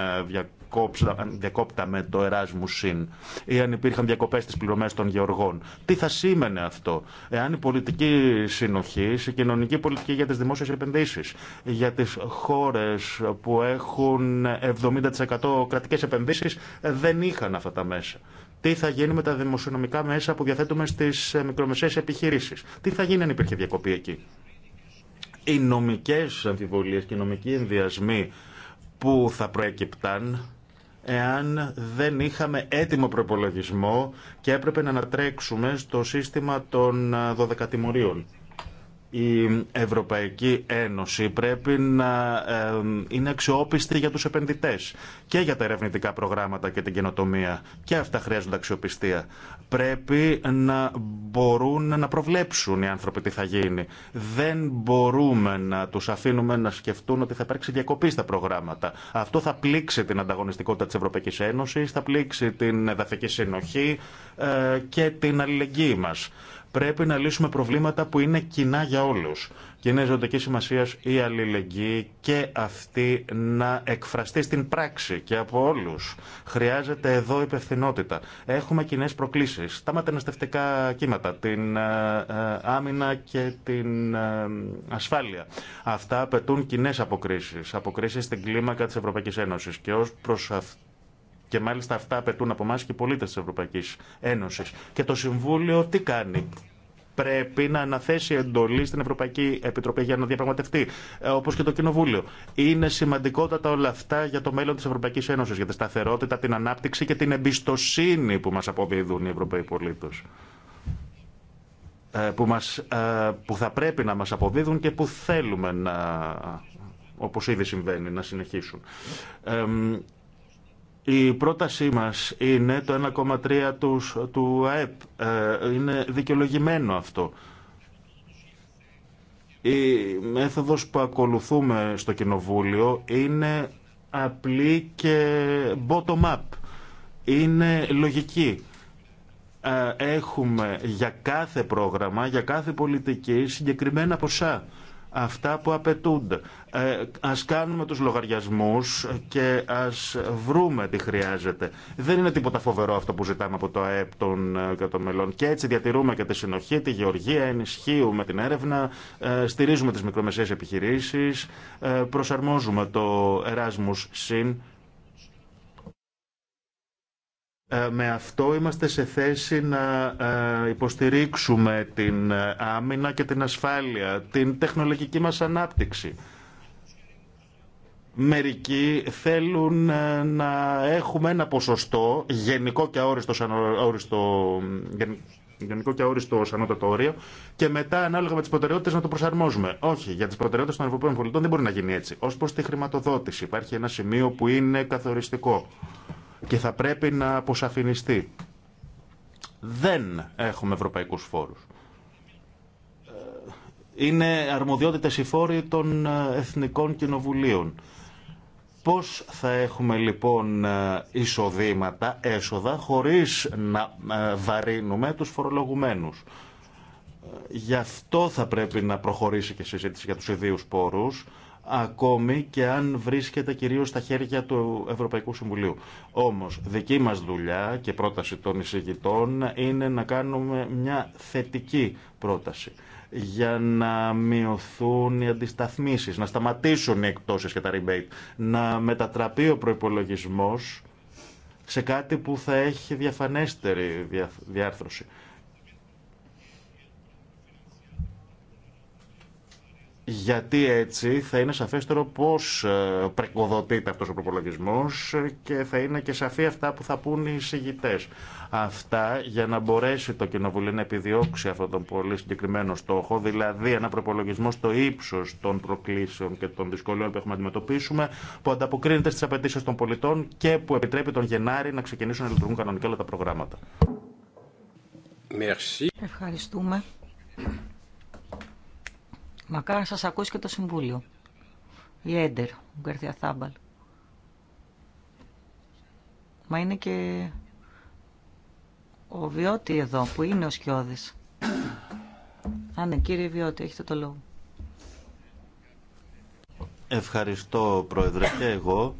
διακόπταμε το Erasmus Συν ή αν υπήρχαν διακοπές στις πληρωμές των γεωργών. Τι θα σήμαινε αυτό εάν η πολιτική συνοχή, η κοινωνική πολιτική για τις δημόσιες επενδύσεις, για τις χώρες που έχουν 70% κρατικέ επενδύσει ε, δεν είχαν αυτά τα μέσα. Τι θα γίνει με τα δημοσιονομικά μέσα που διαθέτουμε στι ε, μικρομεσαίε επιχειρήσει. Τι θα γίνει αν υπήρχε διακοπή εκεί. Οι νομικέ αμφιβολίε και οι νομικοί ενδιασμοί που θα προέκυπταν εάν δεν είχαμε έτοιμο προπολογισμό και έπρεπε να ανατρέξουμε στο σύστημα των 12 ε, τιμωρίων η Ευρωπαϊκή Ένωση πρέπει να ε, είναι αξιόπιστη για τους επενδυτές και για τα ερευνητικά προγράμματα και την καινοτομία. Και αυτά χρειάζονται αξιοπιστία. Πρέπει να μπορούν να προβλέψουν οι άνθρωποι τι θα γίνει. Δεν μπορούμε να τους αφήνουμε να σκεφτούν ότι θα υπάρξει διακοπή στα προγράμματα. Αυτό θα πλήξει την ανταγωνιστικότητα της Ευρωπαϊκής Ένωσης, θα πλήξει την εδαφική συνοχή ε, και την αλληλεγγύη μας. Πρέπει να λύσουμε προβλήματα που είναι κοινά για όλου. Και είναι ζωτική σημασία η αλληλεγγύη και αυτή να εκφραστεί στην πράξη και από όλου. Χρειάζεται εδώ υπευθυνότητα. Έχουμε κοινέ προκλήσει. Τα μεταναστευτικά κύματα, την ε, ε, άμυνα και την ε, ασφάλεια. Αυτά απαιτούν κοινέ αποκρίσει. Αποκρίσει στην κλίμακα τη Ευρωπαϊκή Ένωση. Και ω προ αυτό και μάλιστα αυτά απαιτούν από εμά και οι πολίτε τη Ευρωπαϊκή Ένωση. Και το Συμβούλιο τι κάνει πρέπει να αναθέσει εντολή στην Ευρωπαϊκή Επιτροπή για να διαπραγματευτεί, ε, όπω και το Κοινοβούλιο. Είναι σημαντικότατα όλα αυτά για το μέλλον τη Ευρωπαϊκή Ένωση, για τη σταθερότητα, την ανάπτυξη και την εμπιστοσύνη που μα αποδίδουν οι Ευρωπαίοι πολίτε. Ε, που, μας, ε, που θα πρέπει να μας αποδίδουν και που θέλουμε να, όπως ήδη συμβαίνει, να συνεχίσουν. Η πρότασή μας είναι το 1,3 του, του ΑΕΠ. Ε, είναι δικαιολογημένο αυτό. Η μέθοδος που ακολουθούμε στο Κοινοβούλιο είναι απλή και bottom-up. Είναι λογική. Ε, έχουμε για κάθε πρόγραμμα, για κάθε πολιτική συγκεκριμένα ποσά αυτά που απαιτούνται. Ε, ας κάνουμε τους λογαριασμούς και ας βρούμε τι χρειάζεται. Δεν είναι τίποτα φοβερό αυτό που ζητάμε από το ΑΕΠ των ε, μελών. και έτσι διατηρούμε και τη συνοχή, τη γεωργία, ενισχύουμε την έρευνα, ε, στηρίζουμε τις μικρομεσαίες επιχειρήσεις, ε, προσαρμόζουμε το Erasmus Συν ε, με αυτό είμαστε σε θέση να ε, υποστηρίξουμε την ε, άμυνα και την ασφάλεια, την τεχνολογική μας ανάπτυξη. Μερικοί θέλουν να έχουμε ένα ποσοστό, γενικό και αόριστο, αόριστο γενικό και αόριστο όριο, και μετά ανάλογα με τι προτεραιότητε να το προσαρμόζουμε. Όχι, για τι προτεραιότητε των Ευρωπαίων Πολιτών δεν μπορεί να γίνει έτσι. Ω προ τη χρηματοδότηση, υπάρχει ένα σημείο που είναι καθοριστικό και θα πρέπει να αποσαφινιστεί. Δεν έχουμε ευρωπαϊκούς φόρους. Ε, είναι αρμοδιότητες οι φόροι των ε, εθνικών κοινοβουλίων. Πώς θα έχουμε λοιπόν ε, εισοδήματα, έσοδα, χωρίς να βαρύνουμε τους φορολογουμένους. Γι' αυτό θα πρέπει να προχωρήσει και συζήτηση για τους ιδίους πόρους ακόμη και αν βρίσκεται κυρίως στα χέρια του Ευρωπαϊκού Συμβουλίου. Όμως, δική μας δουλειά και πρόταση των εισηγητών είναι να κάνουμε μια θετική πρόταση για να μειωθούν οι αντισταθμίσεις, να σταματήσουν οι εκτόσεις και τα rebate, να μετατραπεί ο προϋπολογισμός σε κάτι που θα έχει διαφανέστερη διάρθρωση. γιατί έτσι θα είναι σαφέστερο πώς ε, πρεκοδοτείται αυτό ο προπολογισμό και θα είναι και σαφή αυτά που θα πούν οι συγητές. Αυτά για να μπορέσει το Κοινοβουλίο να επιδιώξει αυτόν τον πολύ συγκεκριμένο στόχο, δηλαδή ένα προπολογισμό στο ύψο των προκλήσεων και των δυσκολιών που έχουμε να αντιμετωπίσουμε, που ανταποκρίνεται στι απαιτήσει των πολιτών και που επιτρέπει τον Γενάρη να ξεκινήσουν να λειτουργούν κανονικά όλα τα προγράμματα. Ευχαριστούμε. Μακάρι να σας ακούσει και το Συμβούλιο. Η Έντερ, ο Γκαρδία Θάμπαλ. Μα είναι και ο Βιώτη εδώ, που είναι ο Σκιώδης. Α, ναι, κύριε Βιώτη, έχετε το λόγο. Ευχαριστώ, Πρόεδρε, και εγώ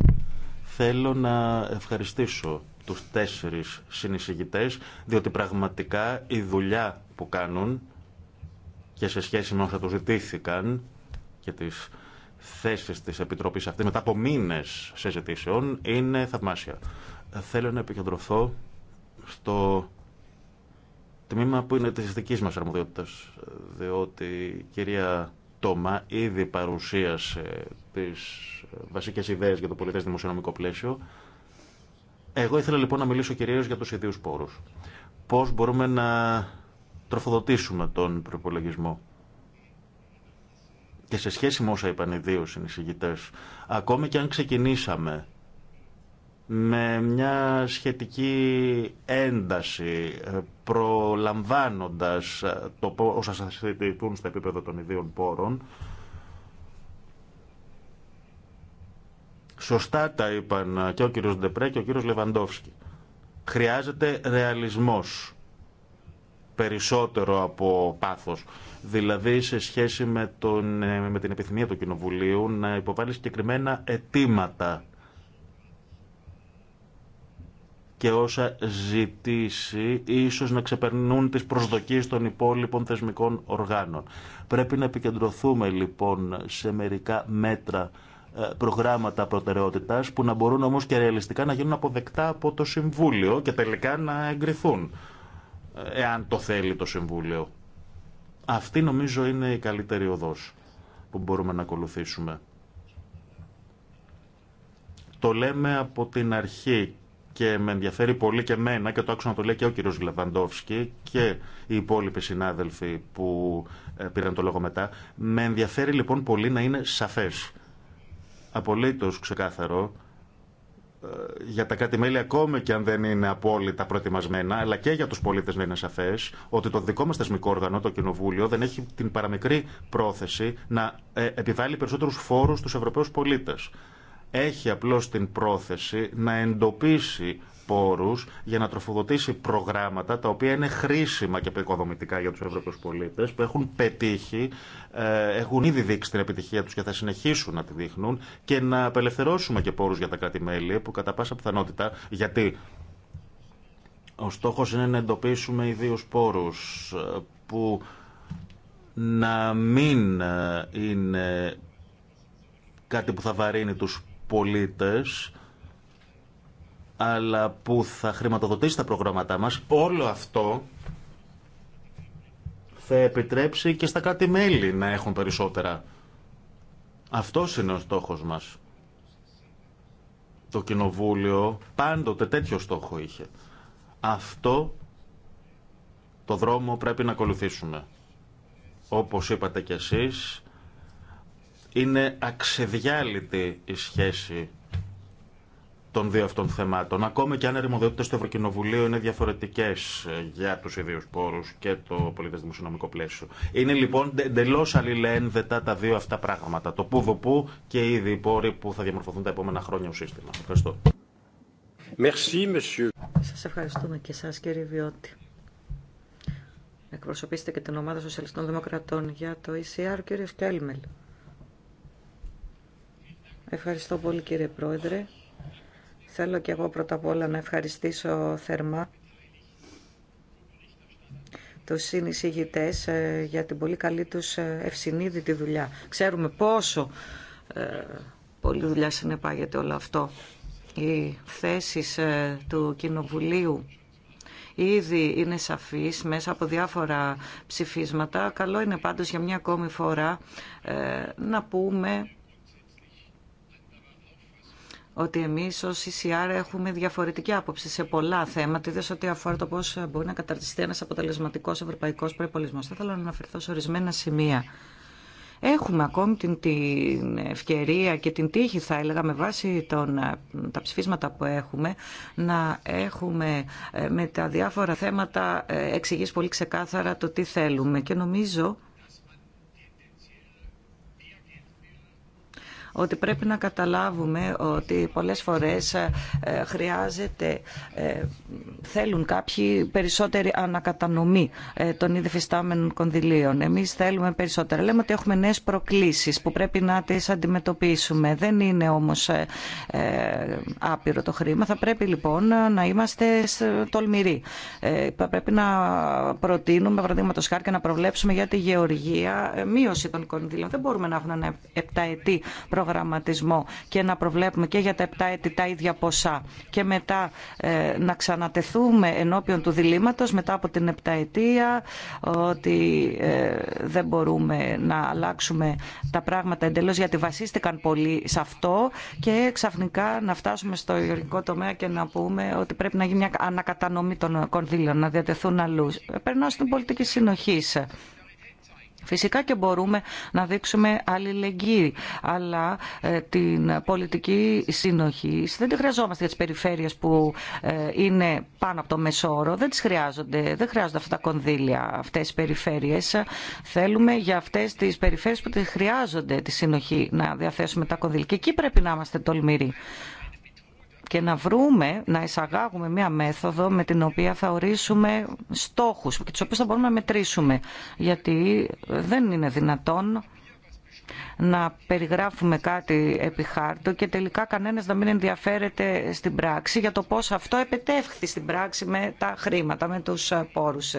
θέλω να ευχαριστήσω τους τέσσερις συνεισηγητές, διότι πραγματικά η δουλειά που κάνουν και σε σχέση με όσα του ζητήθηκαν και τις θέσει τη Επιτροπής αυτή μετά από μήνες συζητήσεων είναι θαυμάσια. Θέλω να επικεντρωθώ στο τμήμα που είναι της δικής μας αρμοδιότητας, διότι η κυρία Τόμα ήδη παρουσίασε τις βασικές ιδέες για το πολιτές δημοσιονομικό πλαίσιο. Εγώ ήθελα λοιπόν να μιλήσω κυρίως για τους ιδίους πόρους. Πώς μπορούμε να τροφοδοτήσουμε τον προπολογισμό. Και σε σχέση με όσα είπαν οι δύο συνεισηγητές, ακόμη και αν ξεκινήσαμε με μια σχετική ένταση, ε, προλαμβάνοντας ε, το πώς θα συζητηθούν στο επίπεδο των ιδίων πόρων, Σωστά τα είπαν ε, και ο κύριος Ντεπρέ και ο κύριος Λεβαντόφσκι. Χρειάζεται ρεαλισμός περισσότερο από πάθος. Δηλαδή σε σχέση με, τον, ε, με την επιθυμία του Κοινοβουλίου να υποβάλει συγκεκριμένα αιτήματα και όσα ζητήσει ίσως να ξεπερνούν τις προσδοκίες των υπόλοιπων θεσμικών οργάνων. Πρέπει να επικεντρωθούμε λοιπόν σε μερικά μέτρα ε, προγράμματα προτεραιότητας που να μπορούν όμως και ρεαλιστικά να γίνουν αποδεκτά από το Συμβούλιο και τελικά να εγκριθούν εάν το θέλει το Συμβούλιο. Αυτή νομίζω είναι η καλύτερη οδός που μπορούμε να ακολουθήσουμε. Το λέμε από την αρχή και με ενδιαφέρει πολύ και μένα και το άκουσα να το λέει και ο κύριος Λεβαντόφσκι και οι υπόλοιποι συνάδελφοι που ε, πήραν το λόγο μετά. Με ενδιαφέρει λοιπόν πολύ να είναι σαφές, απολύτως ξεκάθαρο, ε, για τα κράτη-μέλη, ακόμη και αν δεν είναι απόλυτα προετοιμασμένα, αλλά και για του πολίτε να είναι σαφέ ότι το δικό μα θεσμικό όργανο, το Κοινοβούλιο, δεν έχει την παραμικρή πρόθεση να ε, επιβάλλει περισσότερου φόρου στου Ευρωπαίου πολίτε. Έχει απλώ την πρόθεση να εντοπίσει για να τροφοδοτήσει προγράμματα τα οποία είναι χρήσιμα και επικοδομητικά για τους Ευρωπαίους πολίτες που έχουν πετύχει, ε, έχουν ήδη δείξει την επιτυχία τους και θα συνεχίσουν να τη δείχνουν και να απελευθερώσουμε και πόρου για τα κράτη-μέλη που κατά πάσα πιθανότητα, γιατί ο στόχο είναι να εντοπίσουμε πόρου πόρους ε, που να μην ε, είναι κάτι που θα βαρύνει τους πολίτες αλλά που θα χρηματοδοτήσει τα προγράμματά μας, όλο αυτό θα επιτρέψει και στα κάτι μέλη να έχουν περισσότερα. Αυτός είναι ο στόχος μας. Το Κοινοβούλιο πάντοτε τέτοιο στόχο είχε. Αυτό το δρόμο πρέπει να ακολουθήσουμε. Όπως είπατε κι εσείς, είναι αξεδιάλυτη η σχέση των δύο αυτών θεμάτων. Ακόμη και αν οι αρμοδιότητε του Ευρωκοινοβουλίου είναι διαφορετικέ ε, για του ιδίου πόρου και το πολίτε δημοσιονομικό πλαίσιο. Είναι λοιπόν εντελώ αλληλένδετα τα δύο αυτά πράγματα. Το πού πού και ήδη οι πόροι που θα διαμορφωθούν τα επόμενα χρόνια ο σύστημα. Ευχαριστώ. Merci, monsieur. Σας ευχαριστούμε και εσά, κύριε Βιώτη. Εκπροσωπήσετε και την ομάδα Σοσιαλιστών Δημοκρατών για το ECR, κύριο Κέλμελ. Ευχαριστώ πολύ κύριε Πρόεδρε. Θέλω και εγώ πρώτα απ' όλα να ευχαριστήσω θερμά τους συνεισηγητές ε, για την πολύ καλή τους ε, ευσυνείδητη δουλειά. Ξέρουμε πόσο ε, πολλή δουλειά συνεπάγεται όλο αυτό. Οι θέσεις του Κοινοβουλίου ήδη είναι σαφής μέσα από διάφορα ψηφίσματα. Καλό είναι πάντως για μια ακόμη φορά να πούμε ότι εμείς ως ECR έχουμε διαφορετική άποψη σε πολλά θέματα, ιδίω ό,τι αφορά το πώς μπορεί να καταρτιστεί ένας αποτελεσματικός ευρωπαϊκός προπολισμό. Θα ήθελα να αναφερθώ σε ορισμένα σημεία. Έχουμε ακόμη την, ευκαιρία και την τύχη, θα έλεγα, με βάση τον, τα ψηφίσματα που έχουμε, να έχουμε ε, με τα διάφορα θέματα ε, εξηγήσει πολύ ξεκάθαρα το τι θέλουμε. Και νομίζω ότι πρέπει να καταλάβουμε ότι πολλές φορές ε, χρειάζεται, ε, θέλουν κάποιοι περισσότερη ανακατανομή ε, των ήδη φυστάμενων κονδυλίων. Εμείς θέλουμε περισσότερα. Λέμε ότι έχουμε νέες προκλήσεις που πρέπει να τις αντιμετωπίσουμε. Δεν είναι όμως άπειρο το χρήμα. Θα πρέπει λοιπόν να είμαστε τολμηροί. Πρέπει να προτείνουμε, παραδείγματο χάρη, και να προβλέψουμε για τη γεωργία μείωση των κονδυλίων. Δεν μπορούμε να έχουμε ένα επταετή προ προγραμματισμό και να προβλέπουμε και για τα 7 έτη τα ίδια ποσά και μετά ε, να ξανατεθούμε ενώπιον του διλήμματος μετά από την επταετία ότι ε, δεν μπορούμε να αλλάξουμε τα πράγματα εντελώς γιατί βασίστηκαν πολύ σε αυτό και ξαφνικά να φτάσουμε στο ιωρικό τομέα και να πούμε ότι πρέπει να γίνει μια ανακατανομή των κονδύλων, να διατεθούν αλλού. Ε, περνάω στην πολιτική συνοχή. Φυσικά και μπορούμε να δείξουμε αλληλεγγύη, αλλά ε, την πολιτική συνοχή δεν τη χρειαζόμαστε για τις περιφέρειες που ε, είναι πάνω από το μεσόρο. Δεν τις χρειάζονται, δεν χρειάζονται αυτά τα κονδύλια αυτές οι περιφέρειες. Θέλουμε για αυτές τις περιφέρειες που τη χρειάζονται τη συνοχή να διαθέσουμε τα κονδύλια. Και εκεί πρέπει να είμαστε τολμηροί και να βρούμε, να εισαγάγουμε μία μέθοδο με την οποία θα ορίσουμε στόχους και τους οποίους θα μπορούμε να μετρήσουμε. Γιατί δεν είναι δυνατόν να περιγράφουμε κάτι επί χάρτου... και τελικά κανένας να μην ενδιαφέρεται στην πράξη για το πώς αυτό επετεύχθη στην πράξη με τα χρήματα, με τους πόρους.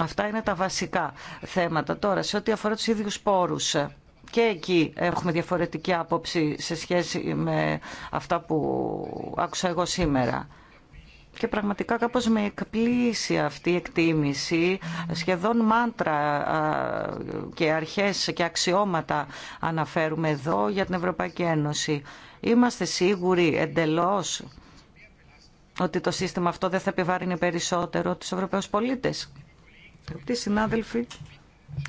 Αυτά είναι τα βασικά θέματα. Τώρα, σε ό,τι αφορά τους ίδιους πόρους, και εκεί έχουμε διαφορετική άποψη σε σχέση με αυτά που άκουσα εγώ σήμερα. Και πραγματικά κάπως με εκπλήσει αυτή η εκτίμηση, σχεδόν μάντρα και αρχές και αξιώματα αναφέρουμε εδώ για την Ευρωπαϊκή Ένωση. Είμαστε σίγουροι εντελώς ότι το σύστημα αυτό δεν θα επιβάρει περισσότερο τους Ευρωπαίους πολίτες. Τι συνάδελφοι,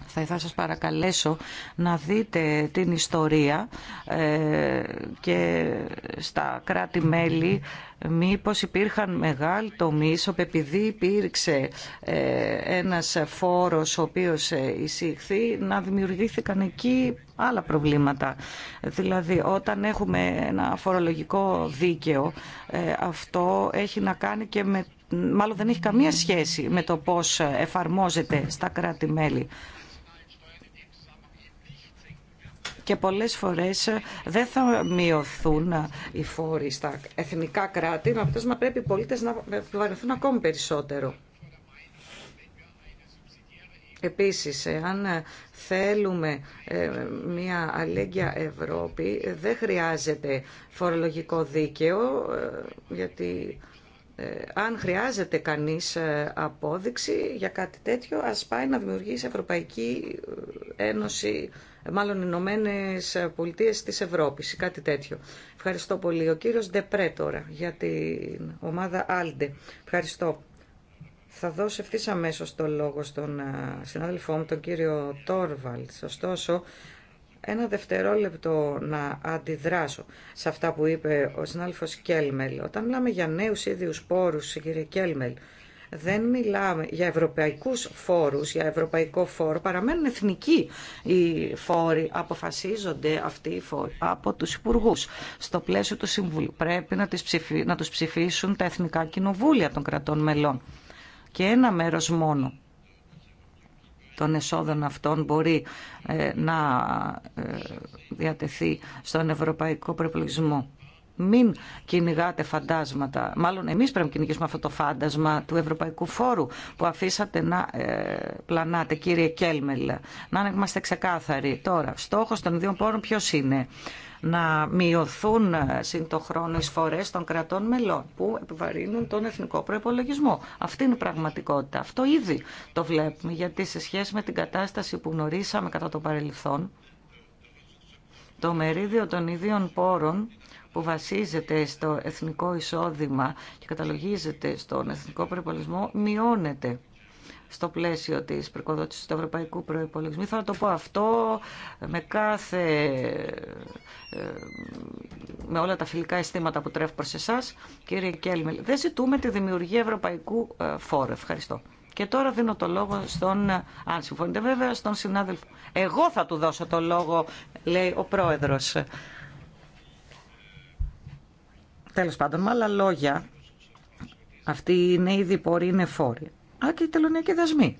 θα ήθελα σας παρακαλέσω να δείτε την ιστορία ε, και στα κράτη-μέλη μήπως υπήρχαν μεγάλοι τομείς όπου επειδή υπήρξε ε, ένας φόρος ο οποίος ε, εισήχθη να δημιουργήθηκαν εκεί άλλα προβλήματα. Δηλαδή όταν έχουμε ένα φορολογικό δίκαιο αυτό έχει να κάνει και με μάλλον δεν έχει καμία σχέση με το πώς εφαρμόζεται στα κράτη-μέλη. και πολλές φορές δεν θα μειωθούν οι φόροι στα εθνικά κράτη, με αποτέλεσμα πρέπει οι πολίτες να βαρεθούν ακόμη περισσότερο. Επίσης, αν θέλουμε ε, μια αλληλέγγυα Ευρώπη, δεν χρειάζεται φορολογικό δίκαιο, ε, γιατί ε, αν χρειάζεται κανείς ε, απόδειξη για κάτι τέτοιο, ας πάει να δημιουργήσει Ευρωπαϊκή ε, Ένωση, μάλλον Ηνωμένε Πολιτείε της Ευρώπης ή κάτι τέτοιο. Ευχαριστώ πολύ. Ο κύριος Ντεπρέ τώρα για την ομάδα Άλντε. Ευχαριστώ. Θα δώσω ευθύ αμέσω το λόγο στον συνάδελφό μου, τον κύριο Τόρβαλτ. Ωστόσο, ένα δευτερόλεπτο να αντιδράσω σε αυτά που είπε ο συνάλφος Κέλμελ. Όταν μιλάμε για νέους ίδιους πόρους, κύριε Κέλμελ, δεν μιλάμε για ευρωπαϊκούς φόρους, για ευρωπαϊκό φόρο, παραμένουν εθνικοί οι φόροι, αποφασίζονται αυτοί οι φόροι από τους υπουργού. Στο πλαίσιο του Συμβουλίου πρέπει να, τις ψηφι... να τους ψηφίσουν τα εθνικά κοινοβούλια των κρατών μελών και ένα μέρος μόνο των εσόδων αυτών μπορεί ε, να ε, διατεθεί στον ευρωπαϊκό προπολογισμό. Μην κυνηγάτε φαντάσματα. Μάλλον εμείς πρέπει να κυνηγήσουμε αυτό το φάντασμα του Ευρωπαϊκού Φόρου που αφήσατε να ε, πλανάτε, κύριε Κέλμελ. Να είμαστε ξεκάθαροι. Τώρα, στόχο των δύο πόρων ποιος είναι να μειωθούν σύν το χρόνο των κρατών μελών που επιβαρύνουν τον εθνικό προπολογισμό. Αυτή είναι η πραγματικότητα. Αυτό ήδη το βλέπουμε γιατί σε σχέση με την κατάσταση που γνωρίσαμε κατά το παρελθόν το μερίδιο των ιδίων πόρων που βασίζεται στο εθνικό εισόδημα και καταλογίζεται στον εθνικό προπολογισμό μειώνεται στο πλαίσιο τη προκοδότησης του Ευρωπαϊκού Προπολογισμού. Θα το πω αυτό με κάθε, ε, με όλα τα φιλικά αισθήματα που τρέφω προς εσά, Κύριε Κέλμελ. δεν ζητούμε τη δημιουργία Ευρωπαϊκού ε, Φόρου. Ευχαριστώ. Και τώρα δίνω το λόγο στον, αν συμφωνείτε βέβαια, στον συνάδελφο. Εγώ θα του δώσω το λόγο, λέει ο πρόεδρος. Τέλος πάντων, με άλλα λόγια, αυτή οι νέοι διποροί είναι φόροι. Α, και οι τελωνιακοί δεσμοί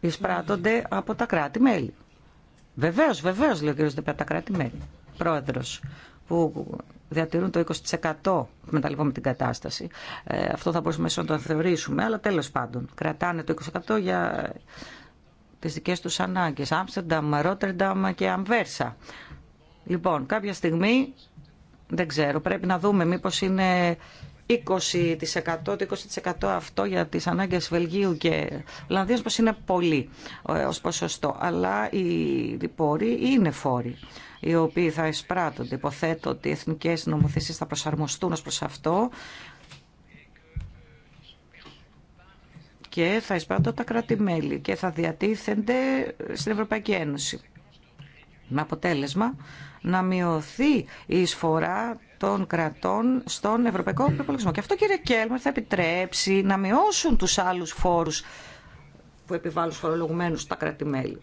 εισπράττονται από τα κράτη-μέλη. Βεβαίω, βεβαίω, λέει ο κ. Δεπέρα, τα κράτη-μέλη. πρόεδρο, που διατηρούν το 20% με την κατάσταση. Ε, αυτό θα μπορούσαμε να το θεωρήσουμε, αλλά τέλο πάντων κρατάνε το 20% για τι δικέ του ανάγκε. Άμστερνταμ, Ρότερνταμ και Αμβέρσα. Λοιπόν, κάποια στιγμή, δεν ξέρω, πρέπει να δούμε μήπως είναι 20%, το 20% αυτό για τις ανάγκες Βελγίου και Λανδίας πως είναι πολύ ε, ως ποσοστό. Αλλά οι διπόροι είναι φόροι οι οποίοι θα εισπράττονται. Υποθέτω ότι οι εθνικές νομοθεσίες θα προσαρμοστούν ως προς αυτό και θα εισπράττουν τα κράτη-μέλη και θα διατίθενται στην Ευρωπαϊκή Ένωση. Με αποτέλεσμα να μειωθεί η εισφορά των κρατών στον ευρωπαϊκό προπολογισμό. Και αυτό κύριε Κέλμερ θα επιτρέψει να μειώσουν τους άλλους φόρους που επιβάλλουν στους φορολογουμένους στα κράτη-μέλη.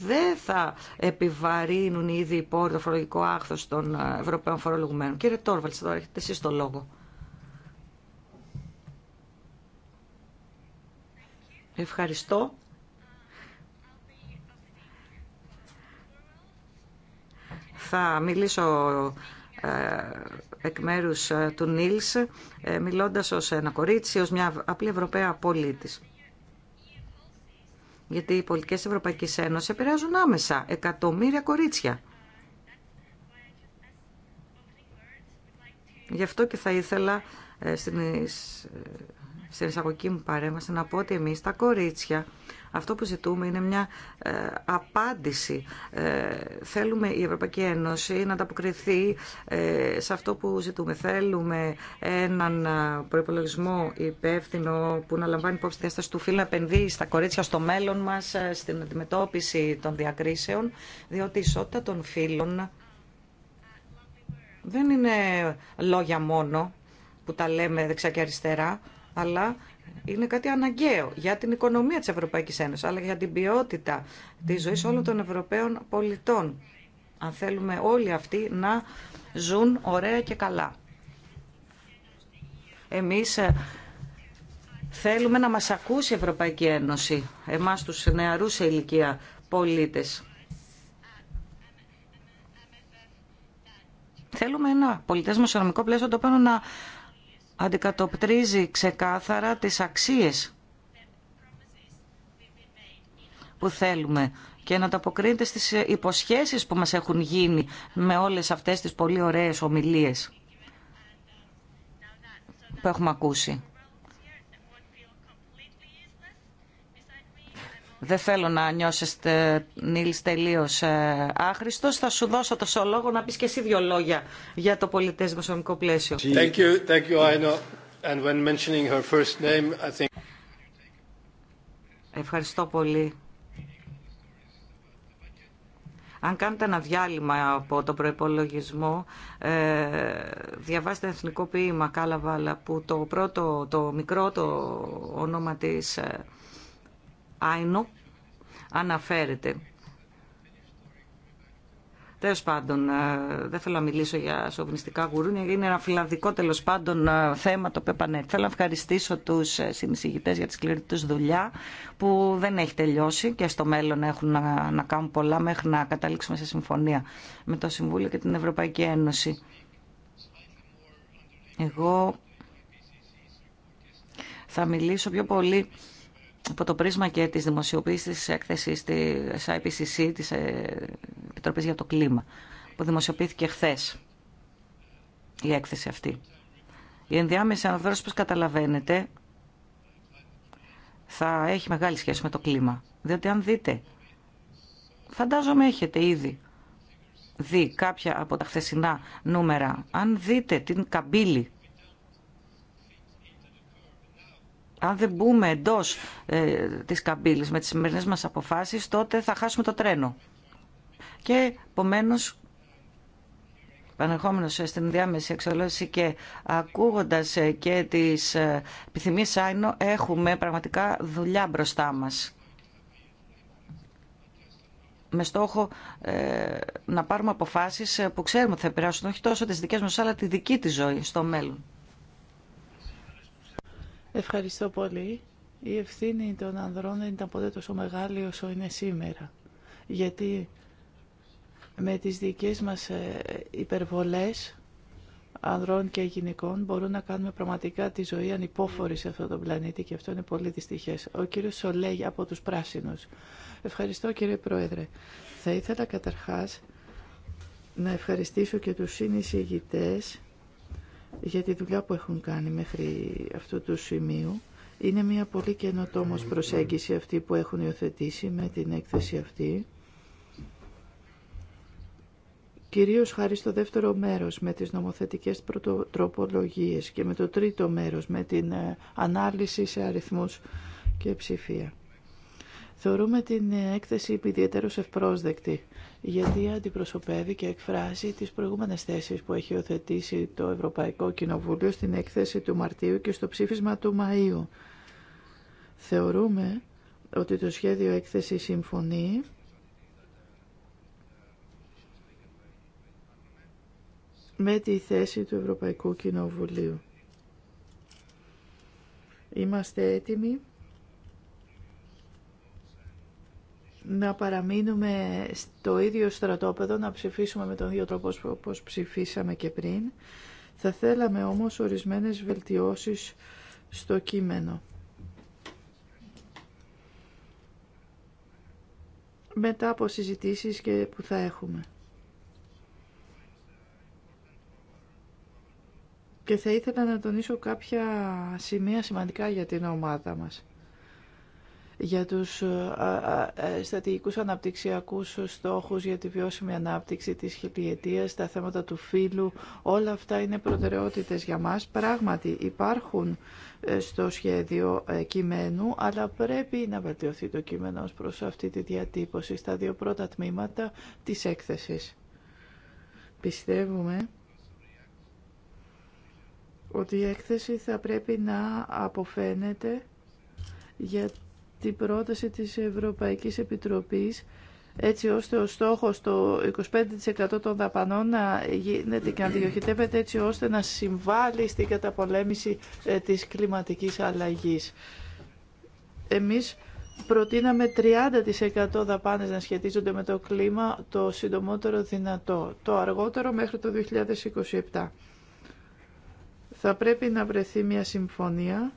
δεν θα επιβαρύνουν ήδη οι πόροι το φορολογικό άχθος των Ευρωπαίων φορολογουμένων. Κύριε Τόρβαλτς, τώρα έχετε εσεί το λόγο. Ευχαριστώ. Θα μιλήσω ε, εκ μέρου ε, του Νίλς, ε, μιλώντας ως ένα κορίτσι, ως μια απλή Ευρωπαία πολίτης. Γιατί οι πολιτικές Ευρωπαϊκής Ένωσης επηρεάζουν άμεσα εκατομμύρια κορίτσια. Γι' αυτό και θα ήθελα στην, στην εισαγωγική μου παρέμβαση να πω ότι εμείς τα κορίτσια αυτό που ζητούμε είναι μια ε, απάντηση. Ε, θέλουμε η Ευρωπαϊκή Ένωση να ανταποκριθεί ε, σε αυτό που ζητούμε. Θέλουμε έναν προπολογισμό υπεύθυνο που να λαμβάνει υπόψη τη διάσταση του φίλου να επενδύει στα κορίτσια, στο μέλλον μα, στην αντιμετώπιση των διακρίσεων, διότι η ισότητα των φίλων δεν είναι λόγια μόνο που τα λέμε δεξιά και αριστερά, αλλά είναι κάτι αναγκαίο για την οικονομία της Ευρωπαϊκής Ένωσης, αλλά για την ποιότητα της ζωής όλων των Ευρωπαίων πολιτών. Αν θέλουμε όλοι αυτοί να ζουν ωραία και καλά. Εμείς ε, θέλουμε να μας ακούσει η Ευρωπαϊκή Ένωση, εμάς τους νεαρούς σε ηλικία πολίτες. Θέλουμε ένα πολιτές μας πλαίσιο το οποίο να αντικατοπτρίζει ξεκάθαρα τις αξίες που θέλουμε και να τα αποκρίνεται στις υποσχέσεις που μας έχουν γίνει με όλες αυτές τις πολύ ωραίες ομιλίες που έχουμε ακούσει. Δεν θέλω να νιώσεις, ε, Νίλης, τελείως ε, άχρηστος. Θα σου δώσω το σολόγο να πεις και εσύ δύο λόγια για το πολιτές δημοσιονομικό πλαίσιο. Thank you, thank you, And when her first name, I think... Ευχαριστώ πολύ. Αν κάνετε ένα διάλειμμα από το προϋπολογισμό, ε, διαβάστε εθνικό ποίημα Κάλαβαλα, που το πρώτο, το μικρό το όνομα της... Ε, Άινου αναφέρεται. Τέλο πάντων, ε, δεν θέλω να μιλήσω για σοβινιστικά γουρούνια, είναι ένα φιλανδικό τέλο πάντων ε, θέμα το οποίο επανέρχεται. Θέλω να ευχαριστήσω του ε, συνεισηγητέ για τη σκληρή του δουλειά που δεν έχει τελειώσει και στο μέλλον έχουν να, να κάνουν πολλά μέχρι να καταλήξουμε σε συμφωνία με το Συμβούλιο και την Ευρωπαϊκή Ένωση. Εγώ θα μιλήσω πιο πολύ από το πρίσμα και της δημοσιοποίησης της έκθεσης της IPCC, της ε, Επιτροπής για το Κλίμα, που δημοσιοποιήθηκε χθε η έκθεση αυτή. Η ενδιάμεση αναδρόση, όπως καταλαβαίνετε, θα έχει μεγάλη σχέση με το κλίμα. Διότι αν δείτε, φαντάζομαι έχετε ήδη δει κάποια από τα χθεσινά νούμερα, αν δείτε την καμπύλη αν δεν μπούμε εντό ε, της καμπύλης με τις σημερινές μας αποφάσεις, τότε θα χάσουμε το τρένο. Και επομένω, πανερχόμενο στην διάμεση εξολόγηση και ακούγοντας ε, και τις ε, επιθυμίε, Άινο, έχουμε πραγματικά δουλειά μπροστά μας. Με στόχο ε, να πάρουμε αποφάσεις που ξέρουμε ότι θα επηρεάσουν όχι τόσο τις δικές μας, αλλά τη δική της ζωή στο μέλλον. Ευχαριστώ πολύ. Η ευθύνη των ανδρών δεν ήταν ποτέ τόσο μεγάλη όσο είναι σήμερα. Γιατί με τις δικές μας ε, υπερβολές ανδρών και γυναικών μπορούν να κάνουμε πραγματικά τη ζωή ανυπόφορη σε αυτό τον πλανήτη και αυτό είναι πολύ δυστυχές. Ο κύριος Σολέγη από τους Πράσινους. Ευχαριστώ κύριε Πρόεδρε. Θα ήθελα καταρχάς να ευχαριστήσω και τους συνεισηγητές για τη δουλειά που έχουν κάνει μέχρι αυτού του σημείου. Είναι μια πολύ καινοτόμο προσέγγιση αυτή που έχουν υιοθετήσει με την έκθεση αυτή. Κυρίως χάρη στο δεύτερο μέρος με τις νομοθετικές τροπολογίες και με το τρίτο μέρος με την ε, ανάλυση σε αριθμούς και ψηφία. Θεωρούμε την έκθεση ιδιαίτερως ευπρόσδεκτη, γιατί αντιπροσωπεύει και εκφράζει τις προηγούμενες θέσεις που έχει οθετήσει το Ευρωπαϊκό Κοινοβούλιο στην έκθεση του Μαρτίου και στο ψήφισμα του Μαΐου. Θεωρούμε ότι το σχέδιο έκθεση συμφωνεί με τη θέση του Ευρωπαϊκού Κοινοβουλίου. Είμαστε έτοιμοι να παραμείνουμε στο ίδιο στρατόπεδο, να ψηφίσουμε με τον ίδιο τρόπο όπως ψηφίσαμε και πριν. Θα θέλαμε όμως ορισμένες βελτιώσεις στο κείμενο. Μετά από συζητήσεις και που θα έχουμε. Και θα ήθελα να τονίσω κάποια σημεία σημαντικά για την ομάδα μας για τους ε, ε, ε, στρατηγικούς αναπτυξιακούς στόχους για τη βιώσιμη ανάπτυξη της χιλιετίας, τα θέματα του φύλου, όλα αυτά είναι προτεραιότητες για μας. Πράγματι υπάρχουν στο σχέδιο κειμένου, αλλά πρέπει να βελτιωθεί το κείμενο ως προς αυτή τη διατύπωση στα δύο πρώτα τμήματα της έκθεσης. Πιστεύουμε ότι η έκθεση θα πρέπει να αποφαίνεται για την πρόταση της Ευρωπαϊκής Επιτροπής έτσι ώστε ο στόχος το 25% των δαπανών να γίνεται και να διοχετεύεται έτσι ώστε να συμβάλλει στην καταπολέμηση ε, της κλιματικής αλλαγής. Εμείς προτείναμε 30% δαπάνες να σχετίζονται με το κλίμα το συντομότερο δυνατό, το αργότερο μέχρι το 2027. Θα πρέπει να βρεθεί μια συμφωνία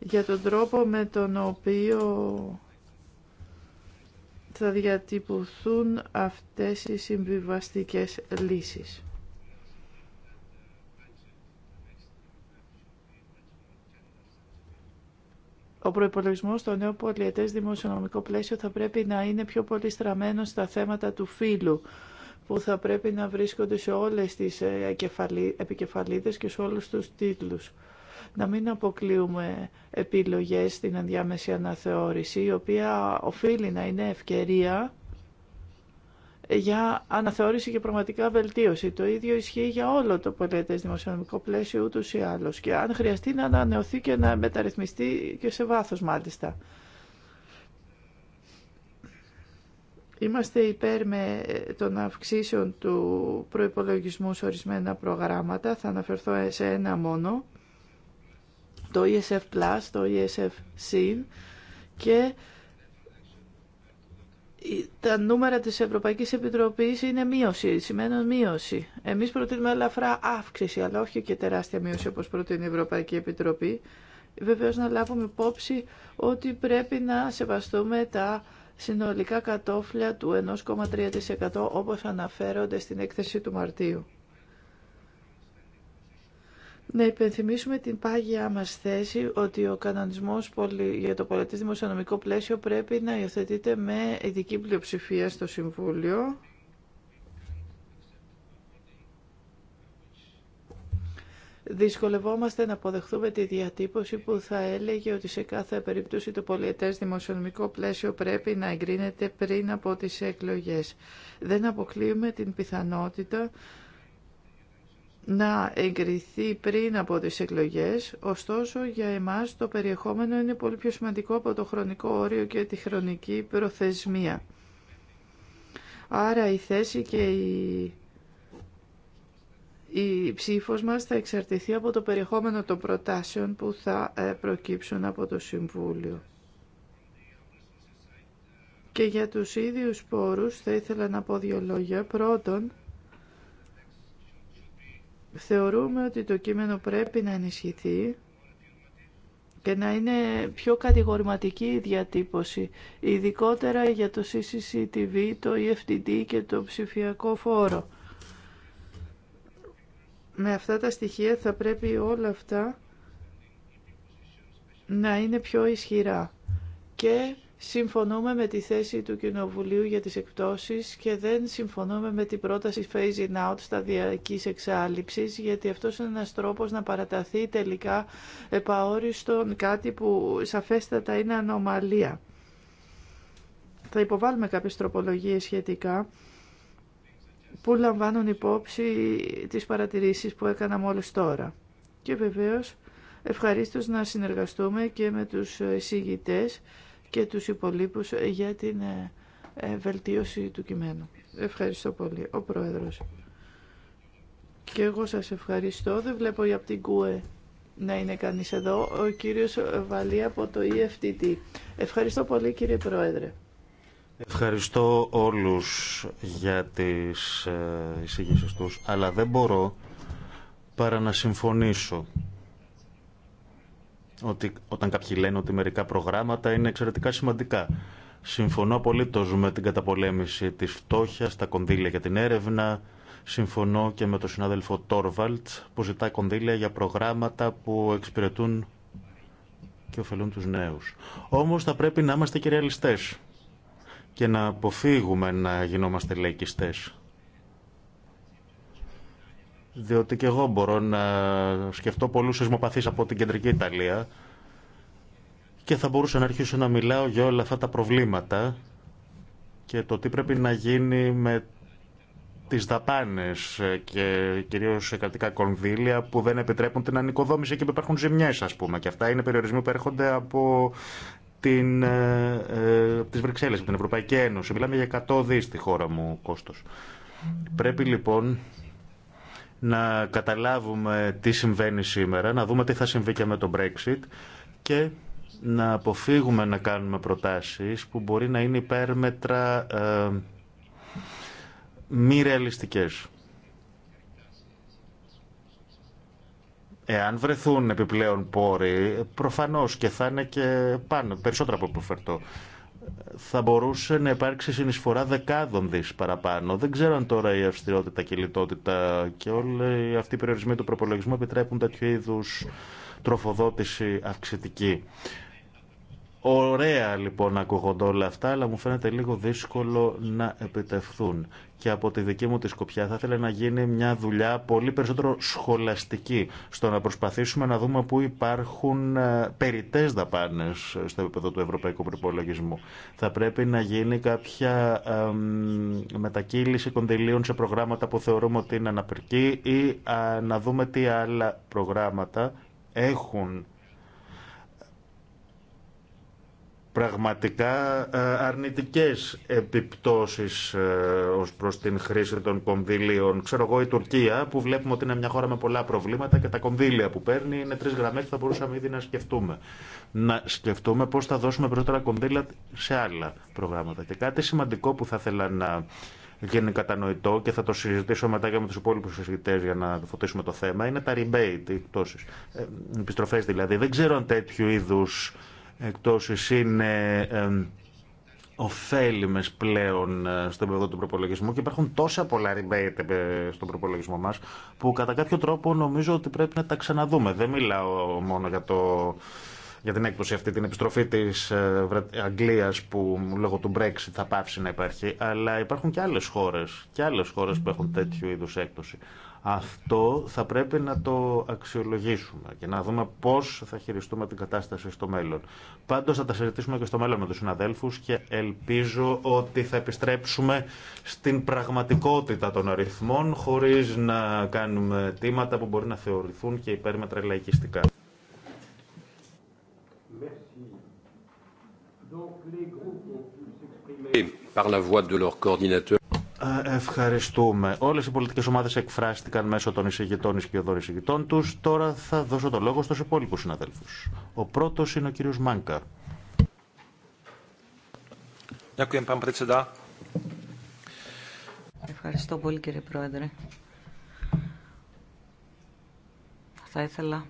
για τον τρόπο με τον οποίο θα διατυπωθούν αυτές οι συμβιβαστικές λύσεις. Ο προπολογισμό στο νέο πολιετέ δημοσιονομικό πλαίσιο θα πρέπει να είναι πιο πολύ στραμμένο στα θέματα του φύλου, που θα πρέπει να βρίσκονται σε όλες τις ε, επικεφαλίδες και σε όλους τους τίτλους να μην αποκλείουμε επιλογές στην ενδιάμεση αναθεώρηση, η οποία οφείλει να είναι ευκαιρία για αναθεώρηση και πραγματικά βελτίωση. Το ίδιο ισχύει για όλο το πολιτές δημοσιονομικό πλαίσιο ούτως ή άλλως και αν χρειαστεί να ανανεωθεί και να μεταρρυθμιστεί και σε βάθος μάλιστα. Είμαστε υπέρ με των αυξήσεων του προϋπολογισμού σε ορισμένα προγράμματα. Θα αναφερθώ σε ένα μόνο το ESF+, το ESF SIN και τα νούμερα της Ευρωπαϊκής Επιτροπής είναι μείωση, σημαίνει μείωση. Εμείς προτείνουμε ελαφρά αύξηση, αλλά όχι και τεράστια μείωση όπως προτείνει η Ευρωπαϊκή Επιτροπή. Βεβαίω να λάβουμε υπόψη ότι πρέπει να σεβαστούμε τα συνολικά κατόφλια του 1,3% όπως αναφέρονται στην έκθεση του Μαρτίου να υπενθυμίσουμε την πάγια μας θέση ότι ο κανονισμός για το πολιτικό δημοσιονομικό πλαίσιο πρέπει να υιοθετείται με ειδική πλειοψηφία στο Συμβούλιο. Δυσκολευόμαστε να αποδεχθούμε τη διατύπωση που θα έλεγε ότι σε κάθε περίπτωση το πολιετές δημοσιονομικό πλαίσιο πρέπει να εγκρίνεται πριν από τις εκλογές. Δεν αποκλείουμε την πιθανότητα να εγκριθεί πριν από τις εκλογές, ωστόσο για εμάς το περιεχόμενο είναι πολύ πιο σημαντικό από το χρονικό όριο και τη χρονική προθεσμία. Άρα η θέση και η, η ψήφος μας θα εξαρτηθεί από το περιεχόμενο των προτάσεων που θα ε, προκύψουν από το Συμβούλιο. Και για τους ίδιους πόρους θα ήθελα να πω δύο λόγια. Πρώτον, Θεωρούμε ότι το κείμενο πρέπει να ενισχυθεί και να είναι πιο κατηγορηματική η διατύπωση, ειδικότερα για το CCCTV, το EFTD και το ψηφιακό φόρο. Με αυτά τα στοιχεία θα πρέπει όλα αυτά να είναι πιο ισχυρά και συμφωνούμε με τη θέση του Κοινοβουλίου για τις εκπτώσεις και δεν συμφωνούμε με την πρόταση phasing out σταδιακής εξάλληψης γιατί αυτός είναι ένας τρόπος να παραταθεί τελικά επαόριστον κάτι που σαφέστατα είναι ανομαλία. Θα υποβάλουμε κάποιες τροπολογίες σχετικά που λαμβάνουν υπόψη τις παρατηρήσεις που έκανα μόλις τώρα. Και βεβαίως ευχαρίστως να συνεργαστούμε και με τους εισηγητές και τους υπολείπους για την ε, ε, βελτίωση του κειμένου. Ευχαριστώ πολύ. Ο Πρόεδρος. Και εγώ σας ευχαριστώ. Δεν βλέπω για την ΚΟΕ να είναι κανείς εδώ. Ο κύριος Βαλή από το EFTT. Ευχαριστώ πολύ κύριε Πρόεδρε. Ευχαριστώ όλους για τις ε, εισηγήσεις τους, αλλά δεν μπορώ παρά να συμφωνήσω ότι όταν κάποιοι λένε ότι μερικά προγράμματα είναι εξαιρετικά σημαντικά. Συμφωνώ απολύτω με την καταπολέμηση τη φτώχεια, τα κονδύλια για την έρευνα. Συμφωνώ και με τον συνάδελφο Τόρβαλτ που ζητά κονδύλια για προγράμματα που εξυπηρετούν και ωφελούν του νέου. Όμω θα πρέπει να είμαστε και και να αποφύγουμε να γινόμαστε λαϊκιστές διότι και εγώ μπορώ να σκεφτώ πολλούς σεισμοπαθείς από την κεντρική Ιταλία και θα μπορούσα να αρχίσω να μιλάω για όλα αυτά τα προβλήματα και το τι πρέπει να γίνει με τις δαπάνες και κυρίως σε κρατικά κονδύλια που δεν επιτρέπουν την ανοικοδόμηση και που υπάρχουν ζημιές ας πούμε και αυτά είναι περιορισμοί που έρχονται από την, ε, ε τις Βρυξέλλες, από την Ευρωπαϊκή Ένωση. Μιλάμε για 100 δις στη χώρα μου κόστος. Πρέπει λοιπόν να καταλάβουμε τι συμβαίνει σήμερα, να δούμε τι θα συμβεί και με το Brexit και να αποφύγουμε να κάνουμε προτάσεις που μπορεί να είναι υπέρμετρα ε, μη ρεαλιστικές. Εάν βρεθούν επιπλέον πόροι, προφανώς και θα είναι και πάνω, περισσότερο από υποφερτό θα μπορούσε να υπάρξει συνεισφορά δεκάδων δις παραπάνω. Δεν ξέρω αν τώρα η αυστηρότητα και η λιτότητα και όλοι αυτοί οι περιορισμοί του προπολογισμού επιτρέπουν τέτοιου είδου τροφοδότηση αυξητική. Ωραία λοιπόν ακούγονται όλα αυτά, αλλά μου φαίνεται λίγο δύσκολο να επιτευχθούν. Και από τη δική μου τη σκοπιά θα ήθελα να γίνει μια δουλειά πολύ περισσότερο σχολαστική, στο να προσπαθήσουμε να δούμε πού υπάρχουν ε, περιττές δαπάνες στο επίπεδο του ευρωπαϊκού προπολογισμού. Θα πρέπει να γίνει κάποια μετακύληση κονδυλίων σε προγράμματα που θεωρούμε ότι είναι αναπηρκή ή να δούμε τι άλλα προγράμματα έχουν πραγματικά ε, αρνητικές επιπτώσεις ε, ως προς την χρήση των κονδυλίων. Ξέρω εγώ η Τουρκία που βλέπουμε ότι είναι μια χώρα με πολλά προβλήματα και τα κονδύλια που παίρνει είναι τρεις γραμμές που θα μπορούσαμε ήδη να σκεφτούμε. Να σκεφτούμε πώς θα δώσουμε περισσότερα κονδύλια σε άλλα προγράμματα. Και κάτι σημαντικό που θα ήθελα να γίνει κατανοητό και θα το συζητήσω μετά και με του υπόλοιπου συζητητέ για να φωτίσουμε το θέμα, είναι τα rebate, οι ε, δηλαδή. Δεν ξέρω αν τέτοιου είδου εκτόσεις είναι ε, ε, ωφέλιμες πλέον ε, στον πεδίο του προπολογισμού και υπάρχουν τόσα πολλά rebate στον προπολογισμό μας που κατά κάποιο τρόπο νομίζω ότι πρέπει να τα ξαναδούμε. Δεν μιλάω μόνο για το. Για την έκπτωση αυτή, την επιστροφή τη Αγγλίας που λόγω του Brexit θα πάψει να υπάρχει. Αλλά υπάρχουν και άλλε χώρε άλλες χώρες που έχουν τέτοιου είδου έκπτωση. Αυτό θα πρέπει να το αξιολογήσουμε και να δούμε πώς θα χειριστούμε την κατάσταση στο μέλλον. Πάντως θα τα συζητήσουμε και στο μέλλον με τους συναδέλφου και ελπίζω ότι θα επιστρέψουμε στην πραγματικότητα των αριθμών χωρίς να κάνουμε τίματα που μπορεί να θεωρηθούν και υπέρμετρα λαϊκιστικά. Par la voix de leur coordinateur. Ε, ευχαριστούμε. Όλε οι πολιτικέ ομάδε εκφράστηκαν μέσω των εισηγητών και των εισηγητών του. Τώρα θα δώσω το λόγο στου υπόλοιπου συναδέλφου. Ο πρώτο είναι ο κύριο Μάνκα. Ευχαριστώ πολύ κύριε Πρόεδρε. Θα ήθελα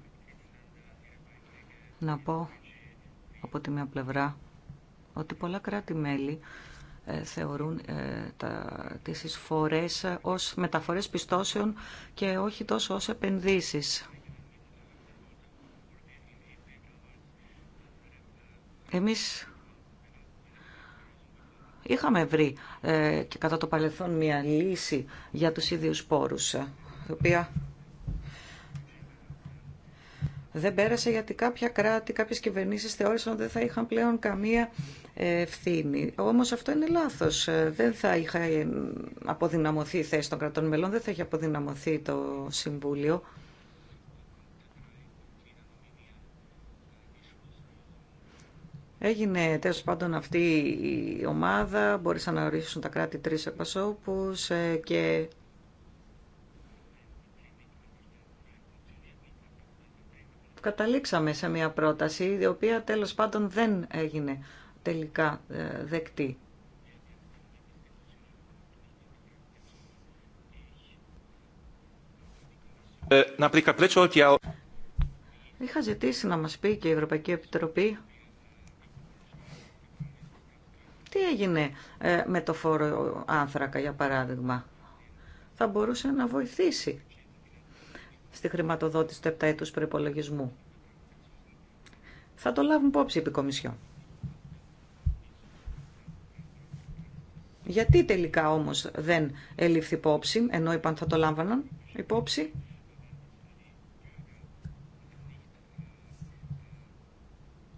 να πω από τη μια πλευρά ότι πολλά κράτη-μέλη ε, θεωρούν ε, τα, τις εισφορές ως μεταφορές πιστώσεων και όχι τόσο ως επενδύσεις. Εμείς είχαμε βρει ε, και κατά το παρελθόν μια λύση για τους ίδιους πόρους, η οποία δεν πέρασε γιατί κάποια κράτη, κάποιες κυβερνήσεις θεώρησαν ότι δεν θα είχαν πλέον καμία ευθύνη. Όμως αυτό είναι λάθος. Δεν θα είχε αποδυναμωθεί η θέση των κρατών μελών, δεν θα είχε αποδυναμωθεί το Συμβούλιο. Έγινε τέλο πάντων αυτή η ομάδα, μπορούσαν να ορίσουν τα κράτη τρεις εκπροσώπους ε, και καταλήξαμε σε μια πρόταση η οποία τέλος πάντων δεν έγινε τελικά ε, δεκτή. Ε, Είχα ζητήσει να μας πει και η Ευρωπαϊκή Επιτροπή τι έγινε ε, με το φόρο άνθρακα, για παράδειγμα. Θα μπορούσε να βοηθήσει στη χρηματοδότηση του επτάετους προπολογισμού. Θα το λάβουν υπόψη επί Κομισιό. Γιατί τελικά όμως δεν ελήφθη υπόψη, ενώ είπαν θα το λάμβαναν υπόψη.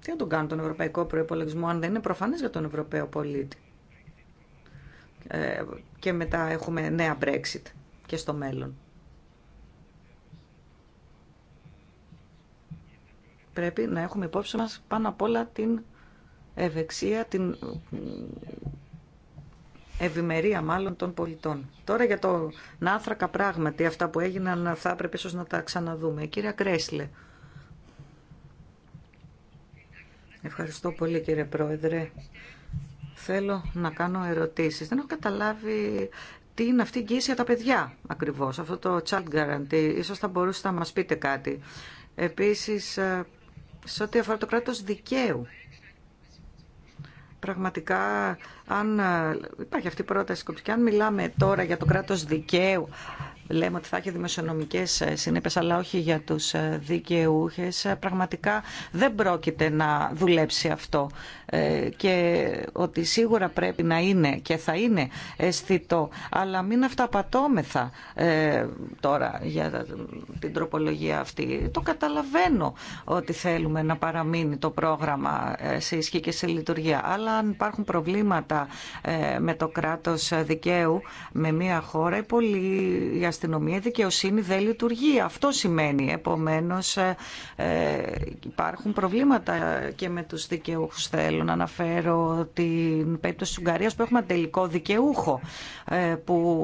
Τι να τον κάνουν τον ευρωπαϊκό προϋπολογισμό αν δεν είναι προφανές για τον ευρωπαίο πολίτη. Ε, και μετά έχουμε νέα Brexit και στο μέλλον. πρέπει να έχουμε υπόψη μας πάνω απ' όλα την ευεξία, την ευημερία μάλλον των πολιτών. Τώρα για το να νάθρακα πράγματι, αυτά που έγιναν θα έπρεπε ίσως να τα ξαναδούμε. Κύριε Κρέσλε. Ευχαριστώ πολύ κύριε Πρόεδρε. Θέλω να κάνω ερωτήσεις. Δεν έχω καταλάβει τι είναι αυτή η εγγύηση για τα παιδιά ακριβώς, αυτό το child guarantee. Ίσως θα μπορούσατε να μας πείτε κάτι. Επίσης, σε ό,τι αφορά το κράτος δικαίου. Πραγματικά, αν ε, υπάρχει αυτή η πρόταση και αν μιλάμε τώρα για το κράτος δικαίου, λέμε ότι θα έχει δημοσιονομικές ε, συνέπειε, αλλά όχι για τους ε, δικαιούχε. Ε, πραγματικά δεν πρόκειται να δουλέψει αυτό και ότι σίγουρα πρέπει να είναι και θα είναι αισθητό αλλά μην αυταπατώμεθα τώρα για την τροπολογία αυτή το καταλαβαίνω ότι θέλουμε να παραμείνει το πρόγραμμα σε ισχύ και σε λειτουργία αλλά αν υπάρχουν προβλήματα με το κράτο δικαίου με μια χώρα οι αστυνομία, η δικαιοσύνη δεν λειτουργεί. Αυτό σημαίνει. Επομένως ε, ε, υπάρχουν προβλήματα και με τους δικαιούχου Θέλω να αναφέρω την περίπτωση της Ουγγαρία που έχουμε τελικό δικαιούχο ε, που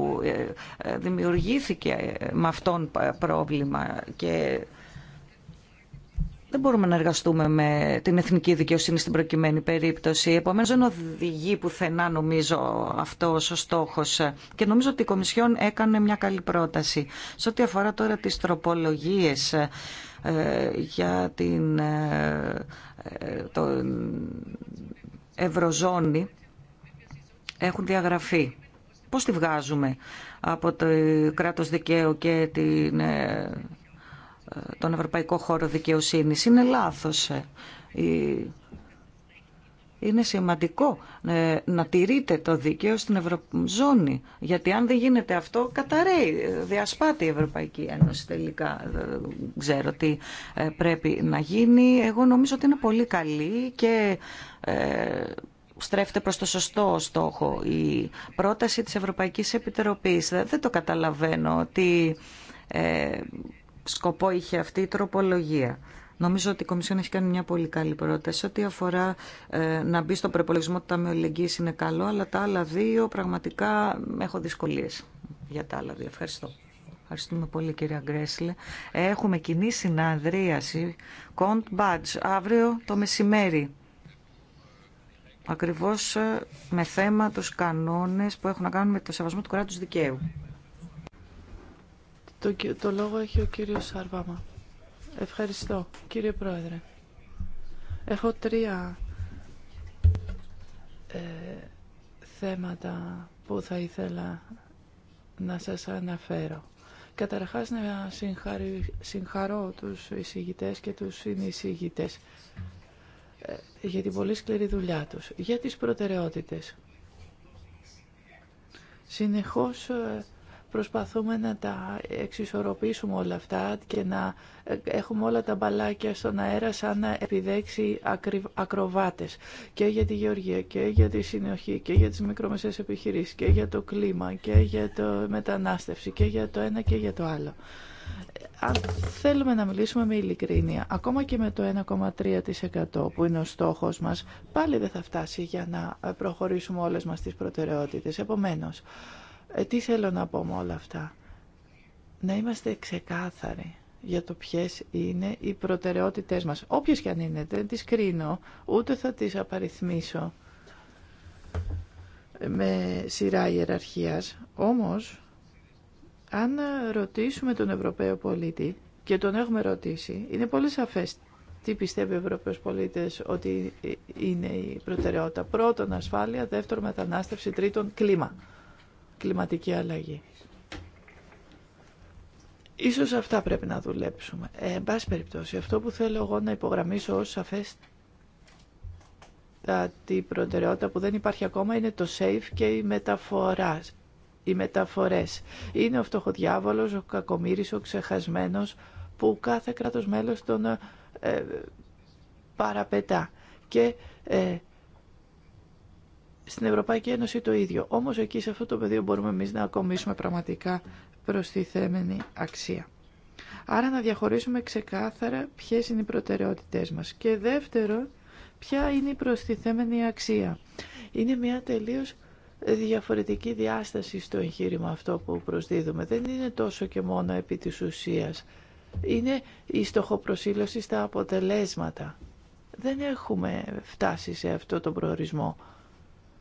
δημιουργήθηκε με αυτόν πρόβλημα και δεν μπορούμε να εργαστούμε με την εθνική δικαιοσύνη στην προκειμένη περίπτωση. Επομένω, δεν οδηγεί πουθενά, νομίζω, αυτό ο στόχο. Και νομίζω ότι η Κομισιόν έκανε μια καλή πρόταση. Σε ό,τι αφορά τώρα τι τροπολογίε ε, για την ε, ε, το Ευρωζώνη, έχουν διαγραφεί. Πώς τη βγάζουμε από το κράτος δικαίου και την τον Ευρωπαϊκό Χώρο Δικαιοσύνης. Είναι λάθος. Ε. Είναι σημαντικό ε, να τηρείται το δίκαιο στην Ευρωζώνη, γιατί αν δεν γίνεται αυτό καταραίει, ε, διασπάται η Ευρωπαϊκή Ένωση τελικά. Ξέρω τι πρέπει να γίνει. Εγώ νομίζω ότι είναι πολύ καλή και στρέφεται προς το σωστό στόχο. Η πρόταση της Ευρωπαϊκής Επιτροπής δεν το καταλαβαίνω ότι σκοπό είχε αυτή η τροπολογία. Νομίζω ότι η Κομισιόν έχει κάνει μια πολύ καλή πρόταση. Ό,τι αφορά ε, να μπει στον προπολογισμό του Ταμείου είναι καλό, αλλά τα άλλα δύο πραγματικά έχω δυσκολίε για τα άλλα δύο. Ευχαριστώ. Ευχαριστούμε πολύ κυρία Γκρέσλε. Έχουμε κοινή συναδρίαση, Κοντ Μπάτζ αύριο το μεσημέρι. Ακριβώς ε, με θέμα τους κανόνες που έχουν να κάνουν με το σεβασμό του κράτους δικαίου. Το, λόγο έχει ο κύριος Σαρβάμα. Ευχαριστώ, κύριε Πρόεδρε. Έχω τρία ε, θέματα που θα ήθελα να σας αναφέρω. Καταρχάς να συγχαρώ τους εισηγητές και τους συνεισηγητές ε, για την πολύ σκληρή δουλειά τους, για τις προτεραιότητες. Συνεχώς ε, προσπαθούμε να τα εξισορροπήσουμε όλα αυτά και να ε, έχουμε όλα τα μπαλάκια στον αέρα σαν να επιδέξει ακροβάτες και για τη γεωργία και για τη συνοχή και για τις μικρομεσαίες επιχειρήσεις και για το κλίμα και για το μετανάστευση και για το ένα και για το άλλο. Ε, αν θέλουμε να μιλήσουμε με ειλικρίνεια, ακόμα και με το 1,3% που είναι ο στόχος μας, πάλι δεν θα φτάσει για να ε, προχωρήσουμε όλες μας τις προτεραιότητες. Επομένως, ε, τι θέλω να πω με όλα αυτά. Να είμαστε ξεκάθαροι για το ποιες είναι οι προτεραιότητές μας. Όποιες και αν είναι, δεν τις κρίνω, ούτε θα τις απαριθμίσω με σειρά ιεραρχίας. Όμως, αν ρωτήσουμε τον Ευρωπαίο πολίτη, και τον έχουμε ρωτήσει, είναι πολύ σαφές τι πιστεύει ο Ευρωπαίος πολίτης ότι ε, είναι η προτεραιότητα. Πρώτον, ασφάλεια. Δεύτερον, μετανάστευση. Τρίτον, κλίμα κλιματική αλλαγή. Ίσως αυτά πρέπει να δουλέψουμε. Ε, εν πάση περιπτώσει, αυτό που θέλω εγώ να υπογραμμίσω ως σαφές την προτεραιότητα που δεν υπάρχει ακόμα είναι το safe και η μεταφορά. Οι μεταφορές. Είναι ο φτωχοδιάβολος, ο κακομύρης, ο ξεχασμένος που κάθε κράτος μέλος τον ε, παραπετά. Και ε, στην Ευρωπαϊκή Ένωση το ίδιο. Όμω εκεί σε αυτό το πεδίο μπορούμε εμεί να ακομίσουμε πραγματικά προστιθέμενη αξία. Άρα να διαχωρίσουμε ξεκάθαρα ποιε είναι οι προτεραιότητές μας. Και δεύτερο, ποια είναι η προστιθέμενη αξία. Είναι μια τελείω διαφορετική διάσταση στο εγχείρημα αυτό που προσδίδουμε. Δεν είναι τόσο και μόνο επί της ουσίας. Είναι η στοχοπροσύλωση στα αποτελέσματα. Δεν έχουμε φτάσει σε αυτό τον προορισμό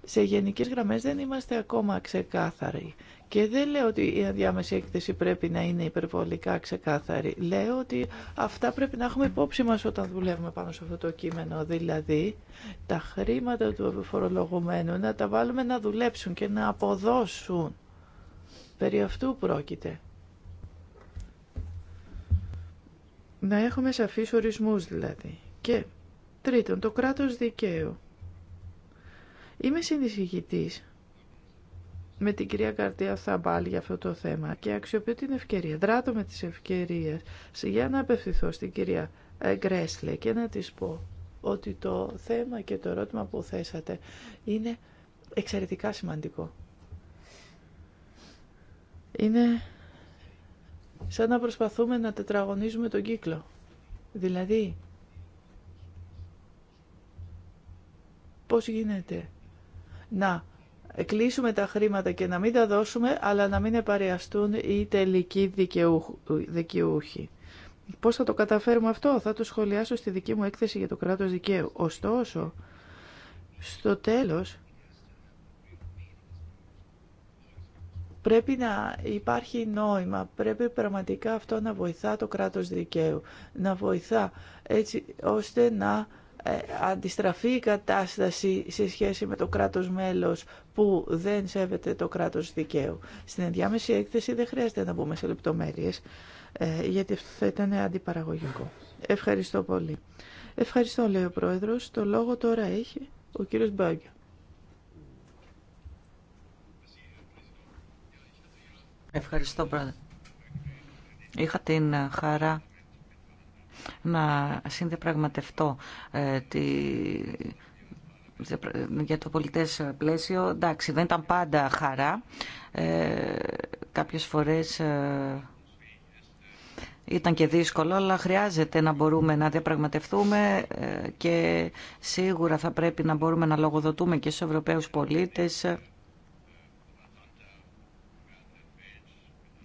σε γενικές γραμμές δεν είμαστε ακόμα ξεκάθαροι. Και δεν λέω ότι η αδιάμεση έκθεση πρέπει να είναι υπερβολικά ξεκάθαρη. Λέω ότι αυτά πρέπει να έχουμε υπόψη μας όταν δουλεύουμε πάνω σε αυτό το κείμενο. Δηλαδή, τα χρήματα του φορολογουμένου να τα βάλουμε να δουλέψουν και να αποδώσουν. Περί αυτού πρόκειται. Να έχουμε σαφείς ορισμούς δηλαδή. Και τρίτον, το κράτος δικαίου. Είμαι συνδυσηγητής με την κυρία Καρτία Θαμπάλ για αυτό το θέμα και αξιοποιώ την ευκαιρία, δράτω με τις ευκαιρίες για να απευθυνθώ στην κυρία ε, Γκρέσλε και να της πω ότι το θέμα και το ερώτημα που θέσατε είναι εξαιρετικά σημαντικό. Είναι σαν να προσπαθούμε να τετραγωνίζουμε τον κύκλο. Δηλαδή, πώς γίνεται να κλείσουμε τα χρήματα και να μην τα δώσουμε, αλλά να μην επαρεαστούν οι τελικοί δικαιούχοι. Πώς θα το καταφέρουμε αυτό, θα το σχολιάσω στη δική μου έκθεση για το κράτος δικαίου. Ωστόσο, στο τέλος, πρέπει να υπάρχει νόημα, πρέπει πραγματικά αυτό να βοηθά το κράτος δικαίου, να βοηθά έτσι ώστε να ε, αντιστραφεί η κατάσταση σε σχέση με το κράτος μέλος που δεν σέβεται το κράτος δικαίου. Στην ενδιάμεση έκθεση δεν χρειάζεται να μπούμε σε λεπτομέρειες, ε, γιατί αυτό θα ήταν αντιπαραγωγικό. Ευχαριστώ πολύ. Ευχαριστώ, λέει ο Πρόεδρος. Το λόγο τώρα έχει ο κύριος Μπάγκιο. Ευχαριστώ, Πρόεδρε. Είχα την χαρά να συνδεπραγματευτώ ε, τη, για το πολιτές πλαίσιο. Εντάξει, δεν ήταν πάντα χαρά. Ε, κάποιες φορές ε, ήταν και δύσκολο, αλλά χρειάζεται να μπορούμε να διαπραγματευτούμε ε, και σίγουρα θα πρέπει να μπορούμε να λογοδοτούμε και στους Ευρωπαίους πολίτες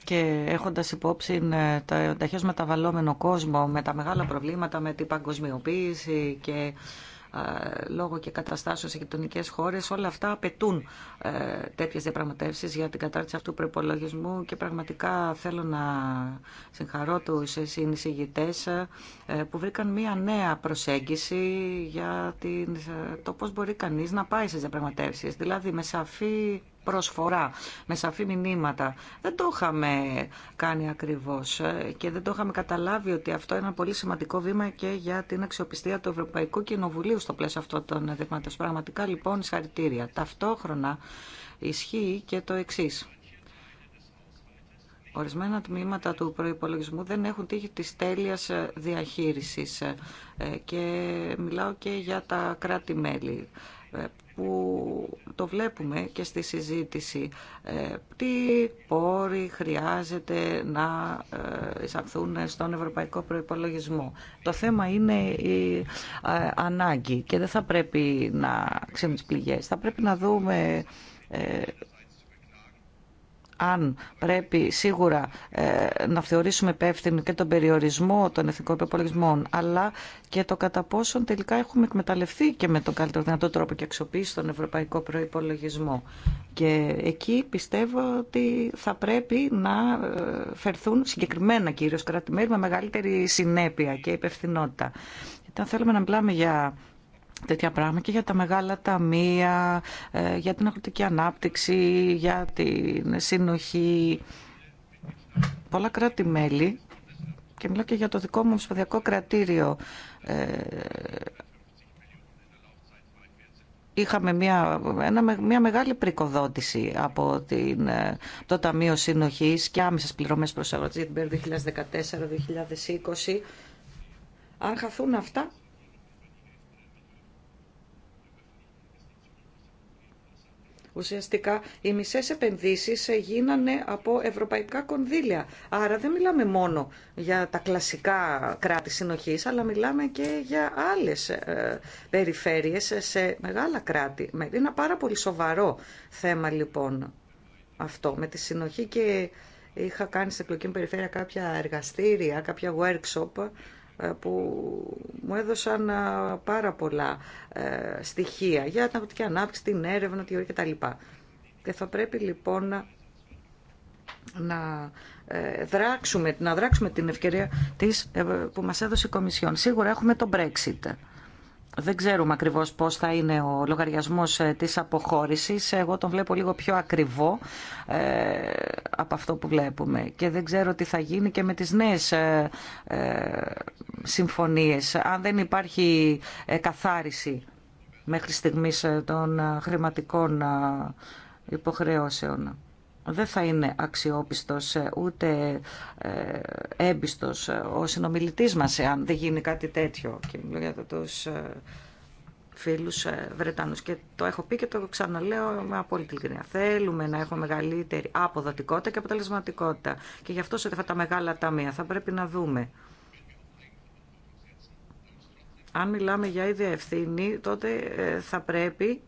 και έχοντας υπόψη το ε, ταχύως μεταβαλλόμενο κόσμο με τα μεγάλα προβλήματα, με την παγκοσμιοποίηση και ε, λόγω και καταστάσεων σε γειτονικέ χώρε. Όλα αυτά απαιτούν ε, τέτοιε διαπραγματεύσει για την κατάρτιση αυτού του προπολογισμού και πραγματικά θέλω να συγχαρώ του συνεισηγητέ ε, που βρήκαν μία νέα προσέγγιση για το πώ μπορεί κανεί να πάει στι διαπραγματεύσει. Δηλαδή με σαφή προσφορά με σαφή μηνύματα. Δεν το είχαμε κάνει ακριβώς και δεν το είχαμε καταλάβει ότι αυτό είναι ένα πολύ σημαντικό βήμα και για την αξιοπιστία του Ευρωπαϊκού Κοινοβουλίου στο πλαίσιο αυτών των δείγματων. Πραγματικά λοιπόν συγχαρητήρια. Ταυτόχρονα ισχύει και το εξή. Ορισμένα τμήματα του προϋπολογισμού δεν έχουν τύχει της τέλειας διαχείρισης ε, και μιλάω και για τα κράτη-μέλη. Ε, που το βλέπουμε και στη συζήτηση. Ε, τι πόροι χρειάζεται να ε, εισαχθούν στον ευρωπαϊκό προϋπολογισμό. Το θέμα είναι η ανάγκη και δεν θα πρέπει να ξέρουμε τις πληγές. Θα πρέπει να δούμε αν πρέπει σίγουρα ε, να θεωρήσουμε υπεύθυνο και τον περιορισμό των εθνικών προπολογισμών, αλλά και το κατά πόσον τελικά έχουμε εκμεταλλευτεί και με τον καλύτερο δυνατό τρόπο και αξιοποιήσει τον ευρωπαϊκό προπολογισμό. Και εκεί πιστεύω ότι θα πρέπει να ε, φερθούν συγκεκριμένα κυρίω κράτη-μέρη με μεγαλύτερη συνέπεια και υπευθυνότητα. θέλουμε να μιλάμε για τέτοια πράγματα και για τα μεγάλα ταμεία, ε, για την αγροτική ανάπτυξη, για την συνοχή. Πολλά κράτη-μέλη, και μιλάω και για το δικό μου ομοσπονδιακό κρατήριο, ε, είχαμε μια, ένα, μια μεγάλη πρικοδότηση από την, ε, το Ταμείο Συνοχής και άμεσες πληρωμές προς την 2014 2014-2020. Αν χαθούν αυτά, Ουσιαστικά οι μισές επενδύσεις γίνανε από ευρωπαϊκά κονδύλια. Άρα δεν μιλάμε μόνο για τα κλασικά κράτη συνοχής, αλλά μιλάμε και για άλλες ε, περιφέρειες σε μεγάλα κράτη. Είναι ένα πάρα πολύ σοβαρό θέμα λοιπόν αυτό με τη συνοχή και είχα κάνει σε εκλογική περιφέρεια κάποια εργαστήρια, κάποια workshop ε, που μου έδωσαν ε, πάρα πολλά ε, στοιχεία για την αγροτική ανάπτυξη, την έρευνα, τη τα κτλ. Και θα πρέπει λοιπόν να δράξουμε, να δράξουμε την ευκαιρία της, που μας έδωσε η Κομισιόν. Σίγουρα έχουμε το Brexit δεν ξέρουμε ακριβώς πώς θα είναι ο λογαριασμός ε, της αποχώρησης. Εγώ τον βλέπω λίγο πιο ακριβό ε, από αυτό που βλέπουμε. Και δεν ξέρω τι θα γίνει και με τις νέες ε, συμφωνίες. Αν δεν υπάρχει καθάριση μέχρι στιγμής των χρηματικών υποχρεώσεων δεν θα είναι αξιόπιστος ε, ούτε ε, έμπιστος ε, ο συνομιλητής μας εάν δεν γίνει κάτι τέτοιο και μιλώ για τους φίλους Βρετανούς και το έχω πει και το ξαναλέω με απόλυτη ειλικρινία. Θέλουμε να έχουμε μεγαλύτερη αποδοτικότητα και αποτελεσματικότητα και γι' αυτό σε αυτά τα μεγάλα ταμεία θα πρέπει να δούμε αν μιλάμε για ίδια ευθύνη, τότε θα πρέπει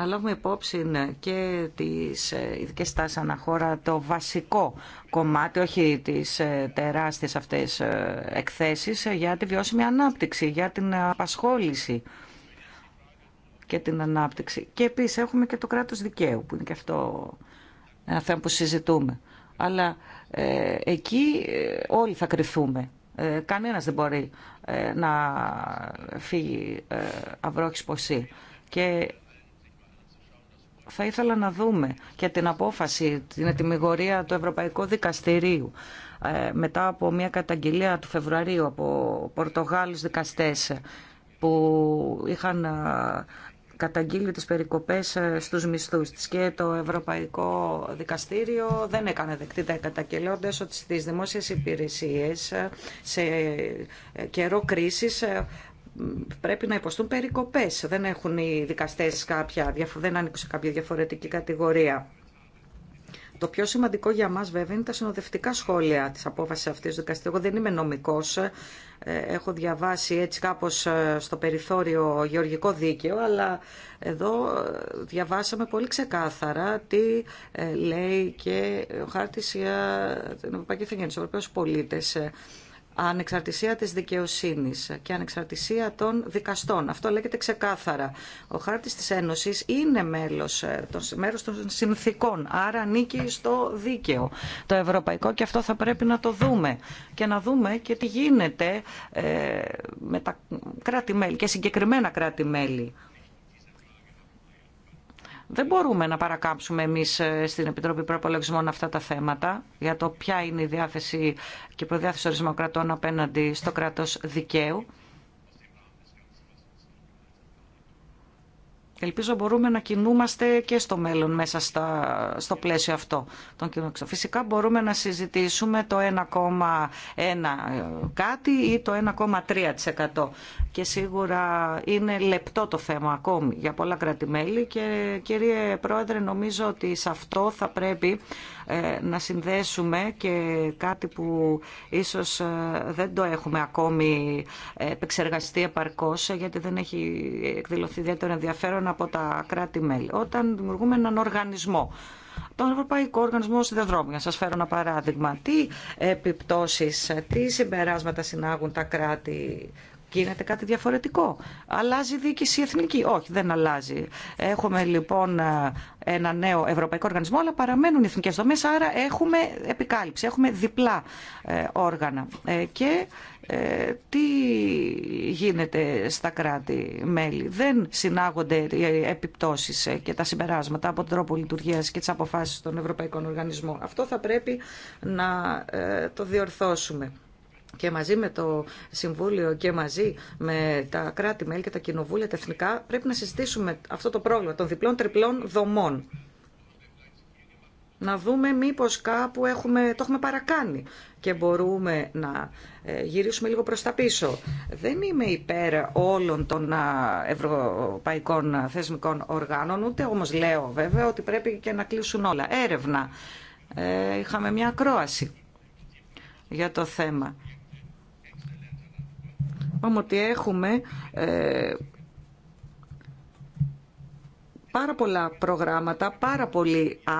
να λάβουμε υπόψη και τις ε, ειδικέ τάσεις αναχώρα, το βασικό κομμάτι, όχι τις ε, τεράστιες αυτές ε, εκθέσεις, για τη βιώσιμη ανάπτυξη, για την απασχόληση και την ανάπτυξη. Και επίσης έχουμε και το κράτος δικαίου, που είναι και αυτό ένα θέμα που συζητούμε. Αλλά εκεί όλοι θα κρυθούμε. Ε, κανένας δεν μπορεί να φύγει ε, αυρόχης ποσή. Και θα ήθελα να δούμε και την απόφαση, την ετοιμιγορία του Ευρωπαϊκού Δικαστηρίου ε, μετά από μια καταγγελία του Φεβρουαρίου από Πορτογάλους δικαστές που είχαν ε, καταγγείλει τις περικοπές ε, στους μισθούς της και το Ευρωπαϊκό Δικαστήριο δεν έκανε δεκτή τα καταγγελόντες ότι στις δημόσιες υπηρεσίες σε καιρό κρίσης πρέπει να υποστούν περικοπές. Δεν έχουν οι δικαστές κάποια, δεν ανήκουν σε κάποια διαφορετική κατηγορία. Το πιο σημαντικό για μας βέβαια είναι τα συνοδευτικά σχόλια της απόφασης αυτής του δικαστή. Εγώ δεν είμαι νομικός, ε, έχω διαβάσει έτσι κάπως ε, στο περιθώριο γεωργικό δίκαιο, αλλά εδώ ε, διαβάσαμε πολύ ξεκάθαρα τι λέει και ο χάρτης για την Ευρωπαϊκή Θεγένεια, τους Ευρωπαίους πολίτες ανεξαρτησία της δικαιοσύνης και ανεξαρτησία των δικαστών. Αυτό λέγεται ξεκάθαρα. Ο χάρτης της Ένωσης είναι μέλος, ε, μέρος των συνθήκων, άρα ανήκει στο δίκαιο το ευρωπαϊκό και αυτό θα πρέπει να το δούμε και να δούμε και τι γίνεται ε, με τα κράτη-μέλη και συγκεκριμένα κράτη-μέλη δεν μπορούμε να παρακάμψουμε εμεί ε, στην Επιτροπή Προπολογισμών αυτά τα θέματα για το ποια είναι η διάθεση και η προδιάθεση των δημοκρατών απέναντι στο κράτο δικαίου. Ελπίζω μπορούμε να κινούμαστε και στο μέλλον μέσα στα, στο πλαίσιο αυτό των κοινωνικών. Φυσικά μπορούμε να συζητήσουμε το 1,1 ε, κάτι ή το 1,3% και σίγουρα είναι λεπτό το θέμα ακόμη για πολλά κρατημέλη και κύριε Πρόεδρε νομίζω ότι σε αυτό θα πρέπει ε, να συνδέσουμε και κάτι που ίσως ε, δεν το έχουμε ακόμη επεξεργαστεί επαρκώς γιατί δεν έχει εκδηλωθεί ιδιαίτερο ενδιαφέρον από τα κράτη-μέλη. Όταν δημιουργούμε έναν οργανισμό τον Ευρωπαϊκό Οργανισμό Σιδεδρόμου. Για να σα φέρω ένα παράδειγμα. Τι επιπτώσεις, τι συμπεράσματα συνάγουν τα κράτη Γίνεται κάτι διαφορετικό. Αλλάζει η διοίκηση εθνική. Όχι, δεν αλλάζει. Έχουμε λοιπόν ε, ένα νέο ευρωπαϊκό οργανισμό, αλλά παραμένουν οι εθνικές δομές, άρα έχουμε επικάλυψη, έχουμε διπλά ε, όργανα. Ε, και τι γίνεται στα κράτη-μέλη. Δεν συνάγονται οι επιπτώσεις και τα συμπεράσματα από τον τρόπο λειτουργία και τι αποφάσει των ευρωπαϊκών οργανισμών. Αυτό θα πρέπει να το διορθώσουμε και μαζί με το Συμβούλιο και μαζί με τα κράτη-μέλη και τα κοινοβούλια τεχνικά πρέπει να συζητήσουμε αυτό το πρόβλημα των διπλών-τριπλών δομών. Να δούμε μήπως κάπου έχουμε, το έχουμε παρακάνει και μπορούμε να ε, γυρίσουμε λίγο προς τα πίσω. Δεν είμαι υπέρ όλων των ευρωπαϊκών θεσμικών οργάνων, ούτε όμως λέω βέβαια ότι πρέπει και να κλείσουν όλα. Έρευνα. Ε, είχαμε μια ακρόαση για το θέμα. Είπαμε ότι έχουμε ε, πάρα πολλά προγράμματα, πάρα πολύ α,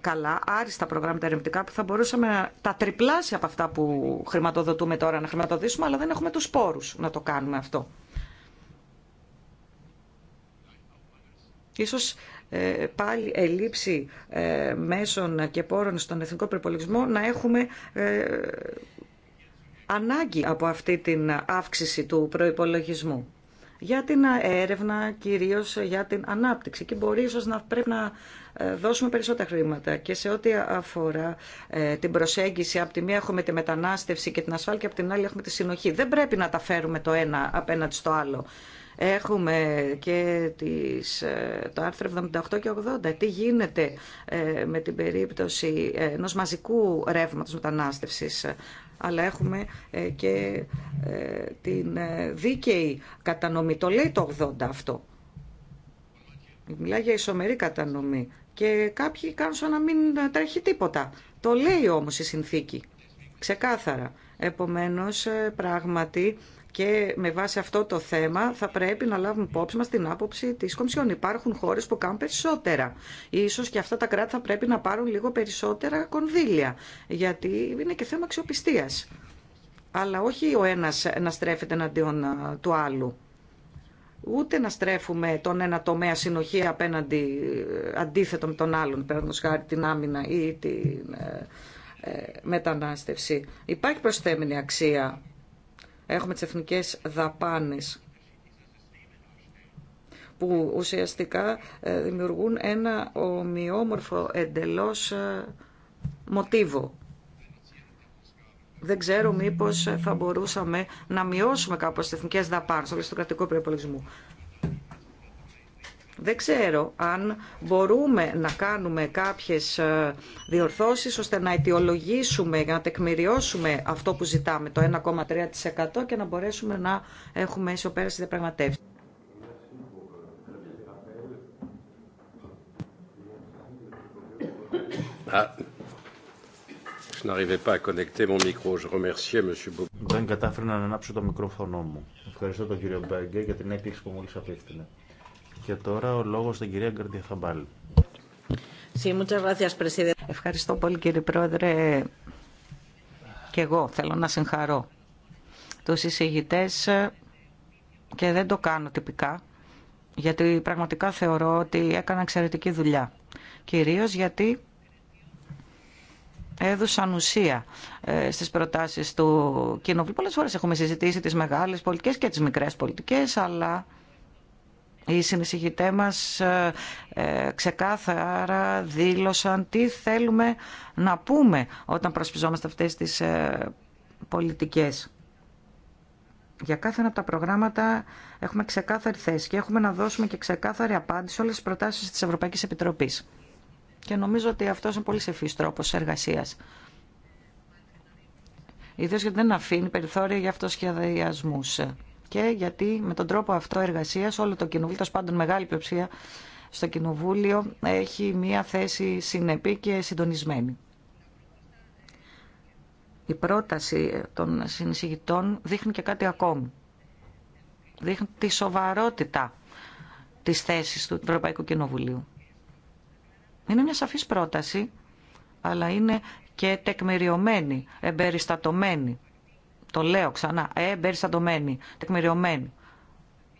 καλά, άριστα προγράμματα ερευνητικά που θα μπορούσαμε να τα τριπλάσια από αυτά που χρηματοδοτούμε τώρα να χρηματοδοτήσουμε, αλλά δεν έχουμε τους πόρους να το κάνουμε αυτό. Ίσως ε, πάλι ελλείψη ε, μέσων και πόρων στον εθνικό προπολογισμό να έχουμε ε, ανάγκη από αυτή την αύξηση του προϋπολογισμού για την έρευνα, κυρίως για την ανάπτυξη και μπορεί ίσως να πρέπει να ε, δώσουμε περισσότερα χρήματα και σε ό,τι αφορά ε, την προσέγγιση από τη μία έχουμε τη μετανάστευση και την ασφάλεια και από την άλλη έχουμε τη συνοχή. Δεν πρέπει να τα φέρουμε το ένα απέναντι στο άλλο. Έχουμε και τις, ε, το άρθρο 78 και 80. Τι γίνεται με την περίπτωση ενός μαζικού ρεύματος μετανάστευσης αλλά έχουμε ε, και ε, την ε, δίκαιη κατανομή. Το λέει το 80 αυτό. Μιλάει για ισομερή κατανομή και κάποιοι κάνουν σαν να μην τρέχει τίποτα. Το λέει όμως η συνθήκη, ξεκάθαρα. Επομένως, πράγματι, και με βάση αυτό το θέμα θα πρέπει να λάβουμε υπόψη μας την άποψη της Κομισιόν. Υπάρχουν χώρες που κάνουν περισσότερα. Ίσως και αυτά τα κράτη θα πρέπει να πάρουν λίγο περισσότερα κονδύλια, γιατί είναι και θέμα αξιοπιστία. Αλλά όχι ο ένας να στρέφεται εναντίον του άλλου. Ούτε να στρέφουμε τον ένα τομέα συνοχή απέναντι ε, αντίθετο με τον άλλον, παίρνοντα χάρη την άμυνα ή την ε, ε, μετανάστευση. Υπάρχει προσθέμενη αξία Έχουμε τις εθνικές δαπάνες που ουσιαστικά ε, δημιουργούν ένα ομοιόμορφο εντελώς ε, μοτίβο. Δεν ξέρω μήπως θα μπορούσαμε να μειώσουμε κάπως τις εθνικές δαπάνες όλες του κρατικό προπολογισμού. Δεν ξέρω αν μπορούμε να κάνουμε κάποιες ε, διορθώσεις ώστε να αιτιολογήσουμε για να τεκμηριώσουμε αυτό που ζητάμε, το 1,3% και να μπορέσουμε να έχουμε ισοπέραση διαπραγματεύσει. Ah, Δεν κατάφερα να ανάψω το μικρόφωνο μου. Ευχαριστώ τον κύριο Μπέγκε για την έκκληση που μόλις απέκτηνε. Και τώρα ο λόγος στην κυρία Γκαρδία Θαμπάλη. Ευχαριστώ πολύ κύριε Πρόεδρε. Και εγώ θέλω να συγχαρώ τους εισηγητές και δεν το κάνω τυπικά γιατί πραγματικά θεωρώ ότι έκανα εξαιρετική δουλειά. Κυρίως γιατί έδωσαν ουσία ε, στις προτάσεις του Κοινοβουλίου. Πολλές φορές έχουμε συζητήσει τις μεγάλες πολιτικές και τις μικρές πολιτικές, αλλά οι συνεισηγητέ μας ε, ε, ξεκάθαρα δήλωσαν τι θέλουμε να πούμε όταν προσπιζόμαστε αυτές τις ε, πολιτικές. Για κάθε ένα από τα προγράμματα έχουμε ξεκάθαρη θέση και έχουμε να δώσουμε και ξεκάθαρη απάντηση σε όλες τις προτάσεις της Ευρωπαϊκής Επιτροπής. Και νομίζω ότι αυτό είναι πολύ σεφής τρόπος εργασίας. Ιδίως γιατί δεν αφήνει περιθώρια για αυτοσχεδιασμούς και γιατί με τον τρόπο αυτό εργασία όλο το κοινοβούλιο, τόσο πάντων μεγάλη πλειοψηφία στο κοινοβούλιο, έχει μία θέση συνεπή και συντονισμένη. Η πρόταση των συνεισηγητών δείχνει και κάτι ακόμη. Δείχνει τη σοβαρότητα της θέσης του Ευρωπαϊκού Κοινοβουλίου. Είναι μια σαφής πρόταση, αλλά είναι και τεκμηριωμένη, εμπεριστατωμένη το λέω ξανά, εμπεριστατωμένη, τεκμηριωμένη.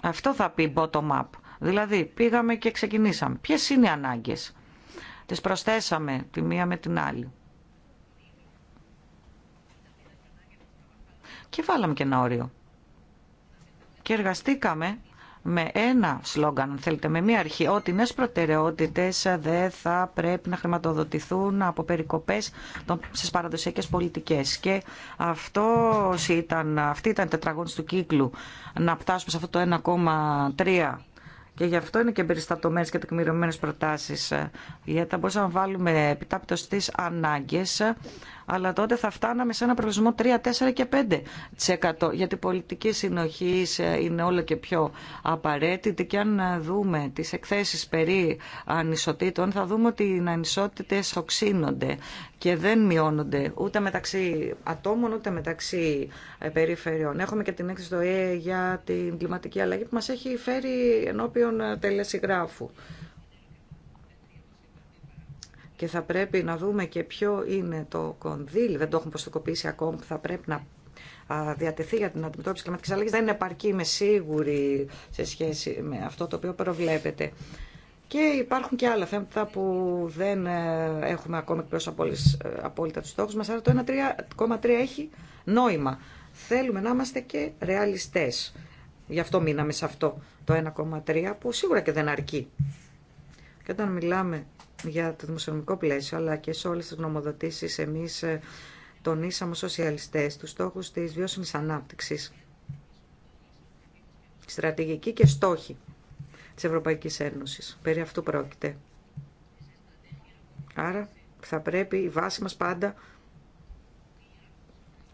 Αυτό θα πει bottom-up. Δηλαδή, πήγαμε και ξεκινήσαμε. Ποιε είναι οι ανάγκε. Τι προσθέσαμε τη μία με την άλλη. Και βάλαμε και ένα όριο. Και εργαστήκαμε με ένα σλόγγαν, αν θέλετε, με μία αρχή, ότι οι νέες προτεραιότητες ε, δεν θα πρέπει να χρηματοδοτηθούν από περικοπές στι παραδοσιακές πολιτικές. Και αυτό ήταν, αυτή ήταν η του κύκλου, να φτάσουμε σε αυτό το 1,3 και γι' αυτό είναι και περιστατωμένε και τεκμηριωμένε προτάσει. Ε, γιατί θα μπορούσαμε να βάλουμε επιτάπητο στι ανάγκε αλλά τότε θα φτάναμε σε ένα προβλησμό 3, 4 και 5%. Γιατί η πολιτική συνοχή είναι όλο και πιο απαραίτητη και αν δούμε τις εκθέσεις περί ανισοτήτων θα δούμε ότι οι ανισότητες οξύνονται και δεν μειώνονται ούτε μεταξύ ατόμων ούτε μεταξύ ε, περιφερειών. Έχουμε και την έκθεση του ΕΕ για την κλιματική αλλαγή που μας έχει φέρει ενώπιον ε, τελεσιγράφου και θα πρέπει να δούμε και ποιο είναι το κονδύλι, δεν το έχουν προστοκοπήσει ακόμα, που θα πρέπει να διατεθεί για την αντιμετώπιση κλιματική αλλαγή. Δεν είναι επαρκή, είμαι σίγουρη, σε σχέση με αυτό το οποίο προβλέπετε. Και υπάρχουν και άλλα θέματα που δεν ε, έχουμε ακόμα εκπληρώσει ε, απόλυτα του στόχου μα, άρα το 1,3 έχει νόημα. Θέλουμε να είμαστε και ρεαλιστέ. Γι' αυτό μείναμε σε αυτό το 1,3 που σίγουρα και δεν αρκεί. Και όταν μιλάμε για το δημοσιονομικό πλαίσιο, αλλά και σε όλες τις γνωμοδοτήσεις εμείς ε, τονίσαμε σοσιαλιστές τους στόχους της βιώσιμης ανάπτυξης. Στρατηγική και στόχη της Ευρωπαϊκής Ένωσης. Περί αυτού πρόκειται. Άρα θα πρέπει η βάση μας πάντα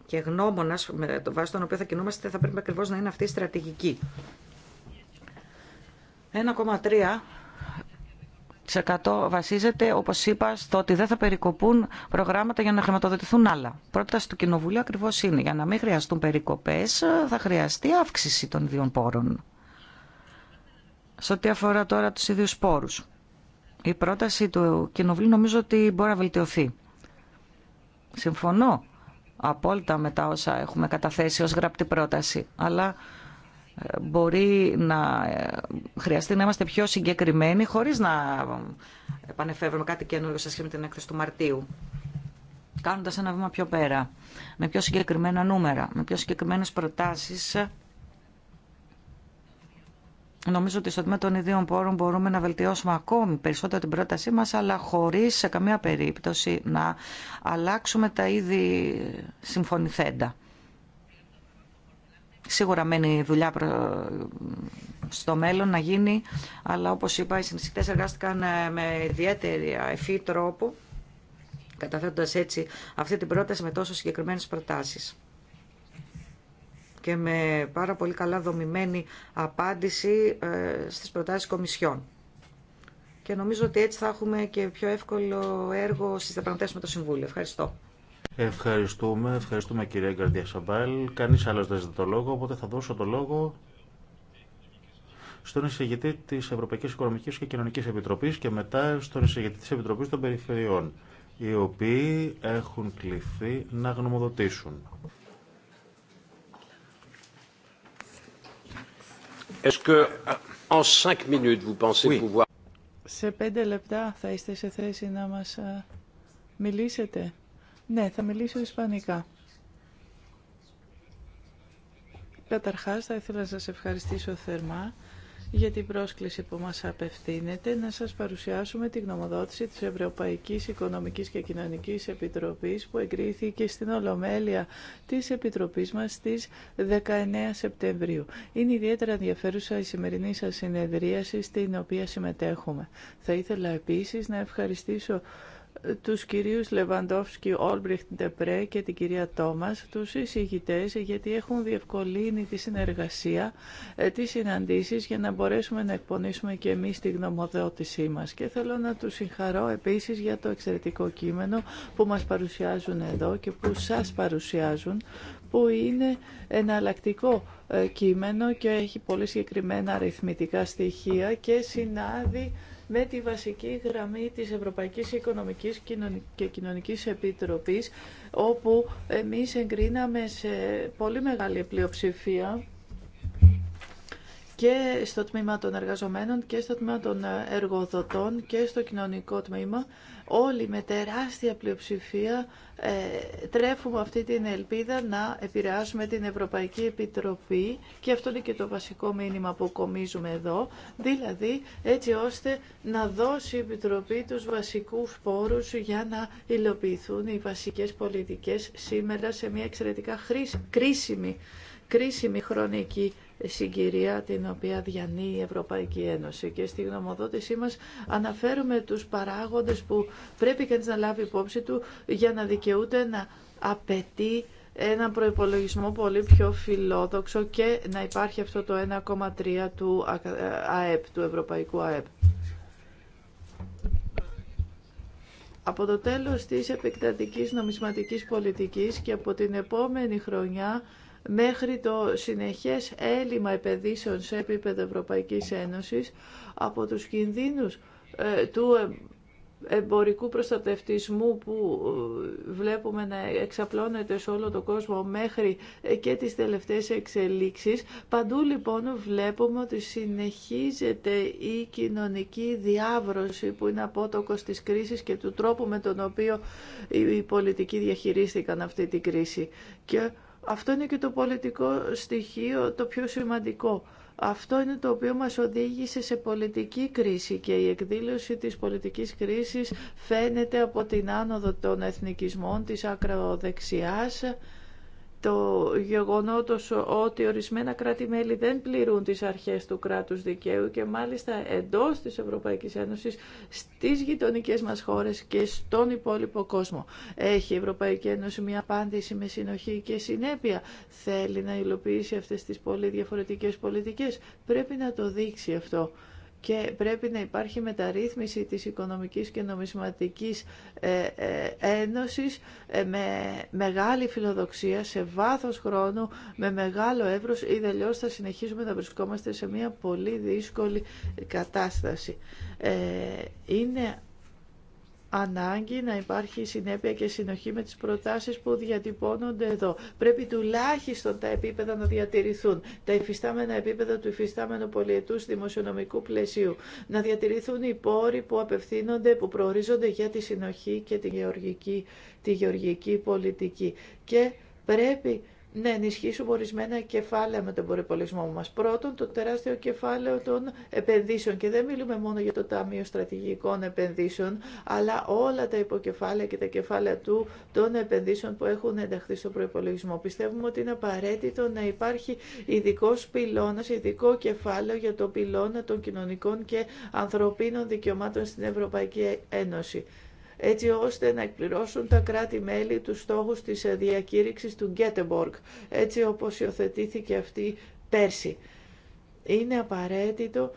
και γνώμονα με το βάση τον οποίο θα κινούμαστε θα πρέπει ακριβώς να είναι αυτή η στρατηγική. 1,3 100% βασίζεται, όπω είπα, στο ότι δεν θα περικοπούν προγράμματα για να χρηματοδοτηθούν άλλα. Πρόταση του Κοινοβουλίου ακριβώ είναι για να μην χρειαστούν περικοπέ, θα χρειαστεί αύξηση των ιδίων πόρων. Σε ό,τι αφορά τώρα του ίδιου πόρου, η πρόταση του Κοινοβουλίου νομίζω ότι μπορεί να βελτιωθεί. Συμφωνώ απόλυτα με τα όσα έχουμε καταθέσει ως γραπτή πρόταση, αλλά μπορεί να ε, χρειαστεί να είμαστε πιο συγκεκριμένοι χωρίς να επανεφεύρουμε κάτι καινούργιο σε σχέση με την έκθεση του Μαρτίου. Κάνοντας ένα βήμα πιο πέρα, με πιο συγκεκριμένα νούμερα, με πιο συγκεκριμένες προτάσεις, νομίζω ότι στο τμήμα των ιδίων πόρων μπορούμε να βελτιώσουμε ακόμη περισσότερο την πρότασή μας, αλλά χωρίς σε καμία περίπτωση να αλλάξουμε τα ήδη συμφωνηθέντα. Σίγουρα μένει δουλειά στο μέλλον να γίνει, αλλά όπως είπα οι συνεισυχτές εργάστηκαν ε, με ιδιαίτερη αεφή τρόπο, καταθέτοντας έτσι αυτή την πρόταση με τόσο συγκεκριμένες προτάσεις και με πάρα πολύ καλά δομημένη απάντηση ε, στις προτάσεις Κομισιόν. Και νομίζω ότι έτσι θα έχουμε και πιο εύκολο έργο στις διαπραγματεύσεις με το Συμβούλιο. Ευχαριστώ. Ευχαριστούμε, ευχαριστούμε κυρία Γκαρδία Σαμπάλ. Κανείς άλλος δεν ζητά το λόγο, οπότε θα δώσω το λόγο στον εισηγητή της Ευρωπαϊκής Οικονομικής και Κοινωνικής Επιτροπής και μετά στον εισηγητή της Επιτροπής των Περιφερειών, οι οποίοι έχουν κληθεί να γνωμοδοτήσουν. Σε πέντε λεπτά θα είστε σε θέση να μας ε, μιλήσετε. Ναι, θα μιλήσω ισπανικά. Καταρχάς, θα ήθελα να σας ευχαριστήσω θερμά για την πρόσκληση που μας απευθύνεται να σας παρουσιάσουμε τη γνωμοδότηση της Ευρωπαϊκής Οικονομικής και Κοινωνικής Επιτροπής που εγκρίθηκε στην Ολομέλεια της Επιτροπής μας στις 19 Σεπτεμβρίου. Είναι ιδιαίτερα ενδιαφέρουσα η σημερινή σας συνεδρίαση στην οποία συμμετέχουμε. Θα ήθελα επίσης να ευχαριστήσω τους κυρίους Λεβαντόφσκι, Όλμπριχτ Ντεπρέ και την κυρία Τόμας, τους εισηγητές, γιατί έχουν διευκολύνει τη συνεργασία, ε, τις συναντήσεις για να μπορέσουμε να εκπονήσουμε και εμείς τη γνωμοδότησή μας. Και θέλω να τους συγχαρώ επίσης για το εξαιρετικό κείμενο που μας παρουσιάζουν εδώ και που σας παρουσιάζουν, που είναι εναλλακτικό ε, κείμενο και έχει πολύ συγκεκριμένα αριθμητικά στοιχεία και συνάδει με τη βασική γραμμή της Ευρωπαϊκής Οικονομικής και Κοινωνικής Επιτροπής, όπου εμείς εγκρίναμε σε πολύ μεγάλη πλειοψηφία και στο τμήμα των εργαζομένων και στο τμήμα των εργοδοτών και στο κοινωνικό τμήμα όλοι με τεράστια πλειοψηφία ε, τρέφουμε αυτή την ελπίδα να επηρεάσουμε την Ευρωπαϊκή Επιτροπή και αυτό είναι και το βασικό μήνυμα που κομίζουμε εδώ, δηλαδή έτσι ώστε να δώσει η Επιτροπή τους βασικούς πόρους για να υλοποιηθούν οι βασικές πολιτικές σήμερα σε μια εξαιρετικά κρίσιμη χρονική συγκυρία την οποία διανύει η Ευρωπαϊκή Ένωση. Και στη γνωμοδότησή μας αναφέρουμε τους παράγοντες που πρέπει κανείς να λάβει υπόψη του για να δικαιούται να απαιτεί ένα προϋπολογισμό πολύ πιο φιλόδοξο και να υπάρχει αυτό το 1,3 του ΑΕΠ, του Ευρωπαϊκού ΑΕΠ. Από το τέλος της επεκτατικής νομισματικής πολιτικής και από την επόμενη χρονιά μέχρι το συνεχές έλλειμμα επενδύσεων σε επίπεδο Ευρωπαϊκής Ένωσης από τους κινδύνους ε, του ε, εμπορικού προστατευτισμού που ε, βλέπουμε να εξαπλώνεται σε όλο τον κόσμο μέχρι και τις τελευταίες εξελίξεις. Παντού λοιπόν βλέπουμε ότι συνεχίζεται η κοινωνική διάβρωση που είναι απότοκος της κρίσης και του τρόπου με τον οποίο οι πολιτικοί διαχειρίστηκαν αυτή την κρίση. Και αυτό είναι και το πολιτικό στοιχείο το πιο σημαντικό. Αυτό είναι το οποίο μας οδήγησε σε πολιτική κρίση και η εκδήλωση της πολιτικής κρίσης φαίνεται από την άνοδο των εθνικισμών της ακροδεξιάς το γεγονότος ότι ορισμένα κράτη-μέλη δεν πληρούν τις αρχές του κράτους δικαίου και μάλιστα εντός της Ευρωπαϊκής Ένωσης, στις γειτονικές μας χώρες και στον υπόλοιπο κόσμο. Έχει η Ευρωπαϊκή Ένωση μια απάντηση με συνοχή και συνέπεια. Θέλει να υλοποιήσει αυτές τις πολύ διαφορετικές πολιτικές. Πρέπει να το δείξει αυτό και πρέπει να υπάρχει μεταρρύθμιση της Οικονομικής και Νομισματικής ε, ε, Ένωσης ε, με μεγάλη φιλοδοξία, σε βάθος χρόνου, με μεγάλο εύρος, ή δελειώς θα συνεχίσουμε να βρισκόμαστε σε μια πολύ δύσκολη κατάσταση. Είναι ανάγκη να υπάρχει συνέπεια και συνοχή με τις προτάσεις που διατυπώνονται εδώ. Πρέπει τουλάχιστον τα επίπεδα να διατηρηθούν, τα υφιστάμενα επίπεδα του υφιστάμενου πολιετούς δημοσιονομικού πλαισίου, να διατηρηθούν οι πόροι που απευθύνονται, που προορίζονται για τη συνοχή και τη γεωργική, τη γεωργική πολιτική. Και πρέπει να ενισχύσουμε ορισμένα κεφάλαια με τον προπολογισμό μας. Πρώτον, το τεράστιο κεφάλαιο των επενδύσεων και δεν μιλούμε μόνο για το Ταμείο Στρατηγικών Επενδύσεων, αλλά όλα τα υποκεφάλαια και τα κεφάλαια του των επενδύσεων που έχουν ενταχθεί στο προπολογισμό. Πιστεύουμε ότι είναι απαραίτητο να υπάρχει ειδικό πυλώνα, ειδικό κεφάλαιο για το πυλώνα των κοινωνικών και ανθρωπίνων δικαιωμάτων στην Ευρωπαϊκή Ένωση έτσι ώστε να εκπληρώσουν τα κράτη-μέλη τους στόχους της ε, διακήρυξης του Γκέτεμπορκ, έτσι όπως υιοθετήθηκε αυτή πέρσι. Είναι απαραίτητο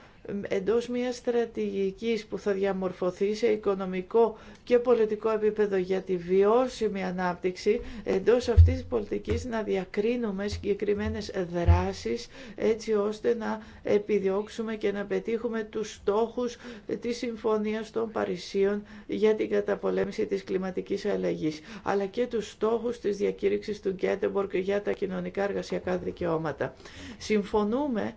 εντός μια στρατηγικής που θα διαμορφωθεί σε οικονομικό και πολιτικό επίπεδο για τη βιώσιμη ανάπτυξη, εντός αυτής της πολιτικής να διακρίνουμε συγκεκριμένες δράσεις έτσι ώστε να επιδιώξουμε και να πετύχουμε τους στόχους της Συμφωνίας των Παρισίων για την καταπολέμηση της κλιματικής αλλαγής, αλλά και τους στόχους της διακήρυξης του Γκέντεμπορκ για τα κοινωνικά εργασιακά δικαιώματα. Συμφωνούμε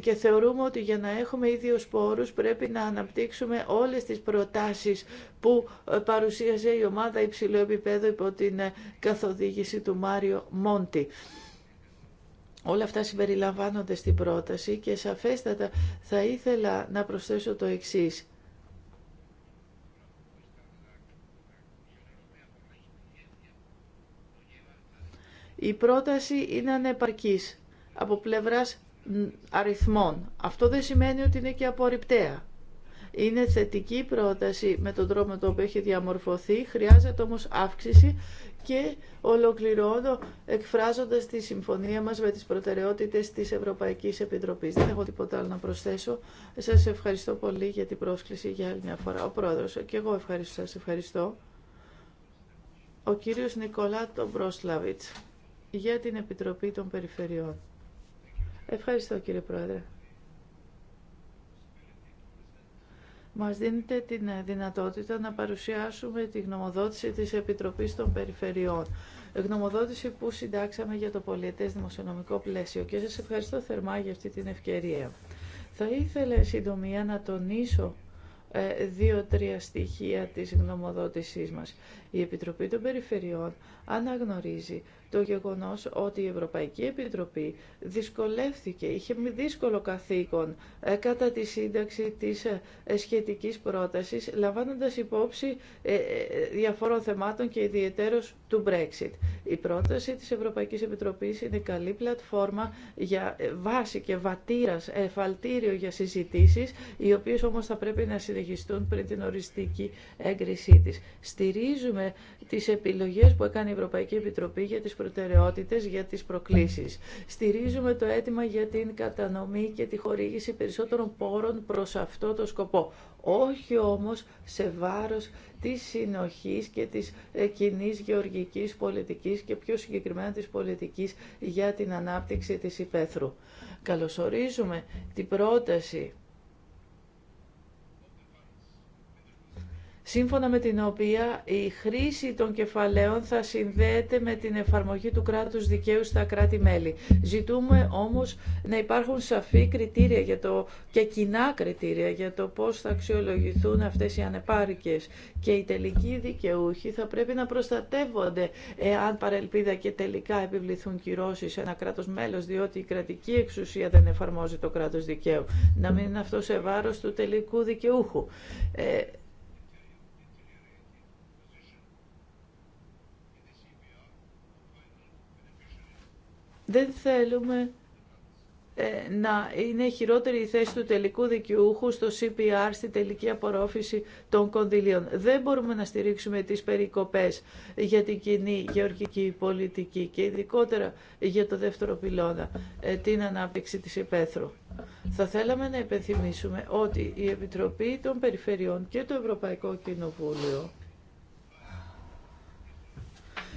και θεωρούμε ότι για να έχουμε ίδιους σπόρους πρέπει να αναπτύξουμε όλες τις προτάσεις που ε, παρουσίαζε η ομάδα υψηλό επίπεδο υπό την ε, καθοδήγηση του Μάριο Μόντι. Όλα αυτά συμπεριλαμβάνονται στην πρόταση και σαφέστατα θα ήθελα να προσθέσω το εξής. Η πρόταση είναι ανεπαρκής από πλευράς αριθμών. Αυτό δεν σημαίνει ότι είναι και απορριπταία. Είναι θετική πρόταση με τον τρόπο με τον οποίο έχει διαμορφωθεί, χρειάζεται όμως αύξηση και ολοκληρώνω εκφράζοντας τη συμφωνία μας με τις προτεραιότητες της Ευρωπαϊκής Επιτροπής. Δεν έχω τίποτα άλλο να προσθέσω. Σας ευχαριστώ πολύ για την πρόσκληση για άλλη μια φορά. Ο Πρόεδρος, και εγώ ευχαριστώ, σας ευχαριστώ. Ο κύριος Νικολά Τομπρόσλαβιτς για την Επιτροπή των Περιφερειών. Ευχαριστώ κύριε Πρόεδρε. Μας δίνετε την δυνατότητα να παρουσιάσουμε τη γνωμοδότηση της Επιτροπής των Περιφερειών. Γνωμοδότηση που συντάξαμε για το πολιετές δημοσιονομικό πλαίσιο και σας ευχαριστώ θερμά για αυτή την ευκαιρία. Θα ήθελα συντομία να τονίσω ε, δύο-τρία στοιχεία της γνωμοδότησής μας. Η Επιτροπή των Περιφερειών αναγνωρίζει το γεγονός ότι η Ευρωπαϊκή Επιτροπή δυσκολεύθηκε, είχε μη δύσκολο καθήκον ε, κατά τη σύνταξη της ε, ε, σχετικής πρότασης, λαμβάνοντας υπόψη διαφόρων θεμάτων και ιδιαιτέρως του Brexit. Η πρόταση της Ευρωπαϊκής Επιτροπής είναι καλή πλατφόρμα για βάση και βατήρας, εφαλτήριο για συζητήσεις, οι οποίες όμως θα πρέπει να συνεχιστούν πριν την οριστική έγκρισή της. Στηρίζουμε με τις επιλογές που έκανε η Ευρωπαϊκή Επιτροπή για τις προτεραιότητες, για τις προκλήσεις. Στηρίζουμε το αίτημα για την κατανομή και τη χορήγηση περισσότερων πόρων προς αυτό το σκοπό. Όχι όμως σε βάρος της συνοχής και της ε, κοινή γεωργικής πολιτικής και πιο συγκεκριμένα της πολιτικής για την ανάπτυξη της υπαίθρου. Καλωσορίζουμε την πρόταση σύμφωνα με την οποία η χρήση των κεφαλαίων θα συνδέεται με την εφαρμογή του κράτους δικαίου στα κράτη-μέλη. Ζητούμε όμως να υπάρχουν σαφή κριτήρια για το, και κοινά κριτήρια για το πώς θα αξιολογηθούν αυτές οι ανεπάρκειες και οι τελικοί δικαιούχοι θα πρέπει να προστατεύονται εάν παρελπίδα και τελικά επιβληθούν κυρώσει σε ένα κράτος μέλος διότι η κρατική εξουσία δεν εφαρμόζει το κράτος δικαίου. Να μην είναι αυτό σε του τελικού δικαιούχου. Ε, Δεν θέλουμε ε, να είναι χειρότερη η θέση του τελικού δικαιούχου στο CPR, στη τελική απορρόφηση των κονδυλίων. Δεν μπορούμε να στηρίξουμε τις περικοπές για την κοινή γεωργική πολιτική και ειδικότερα για το δεύτερο πυλώνα, ε, την ανάπτυξη της υπαίθρου. Θα θέλαμε να υπενθυμίσουμε ότι η Επιτροπή των Περιφερειών και το Ευρωπαϊκό Κοινοβούλιο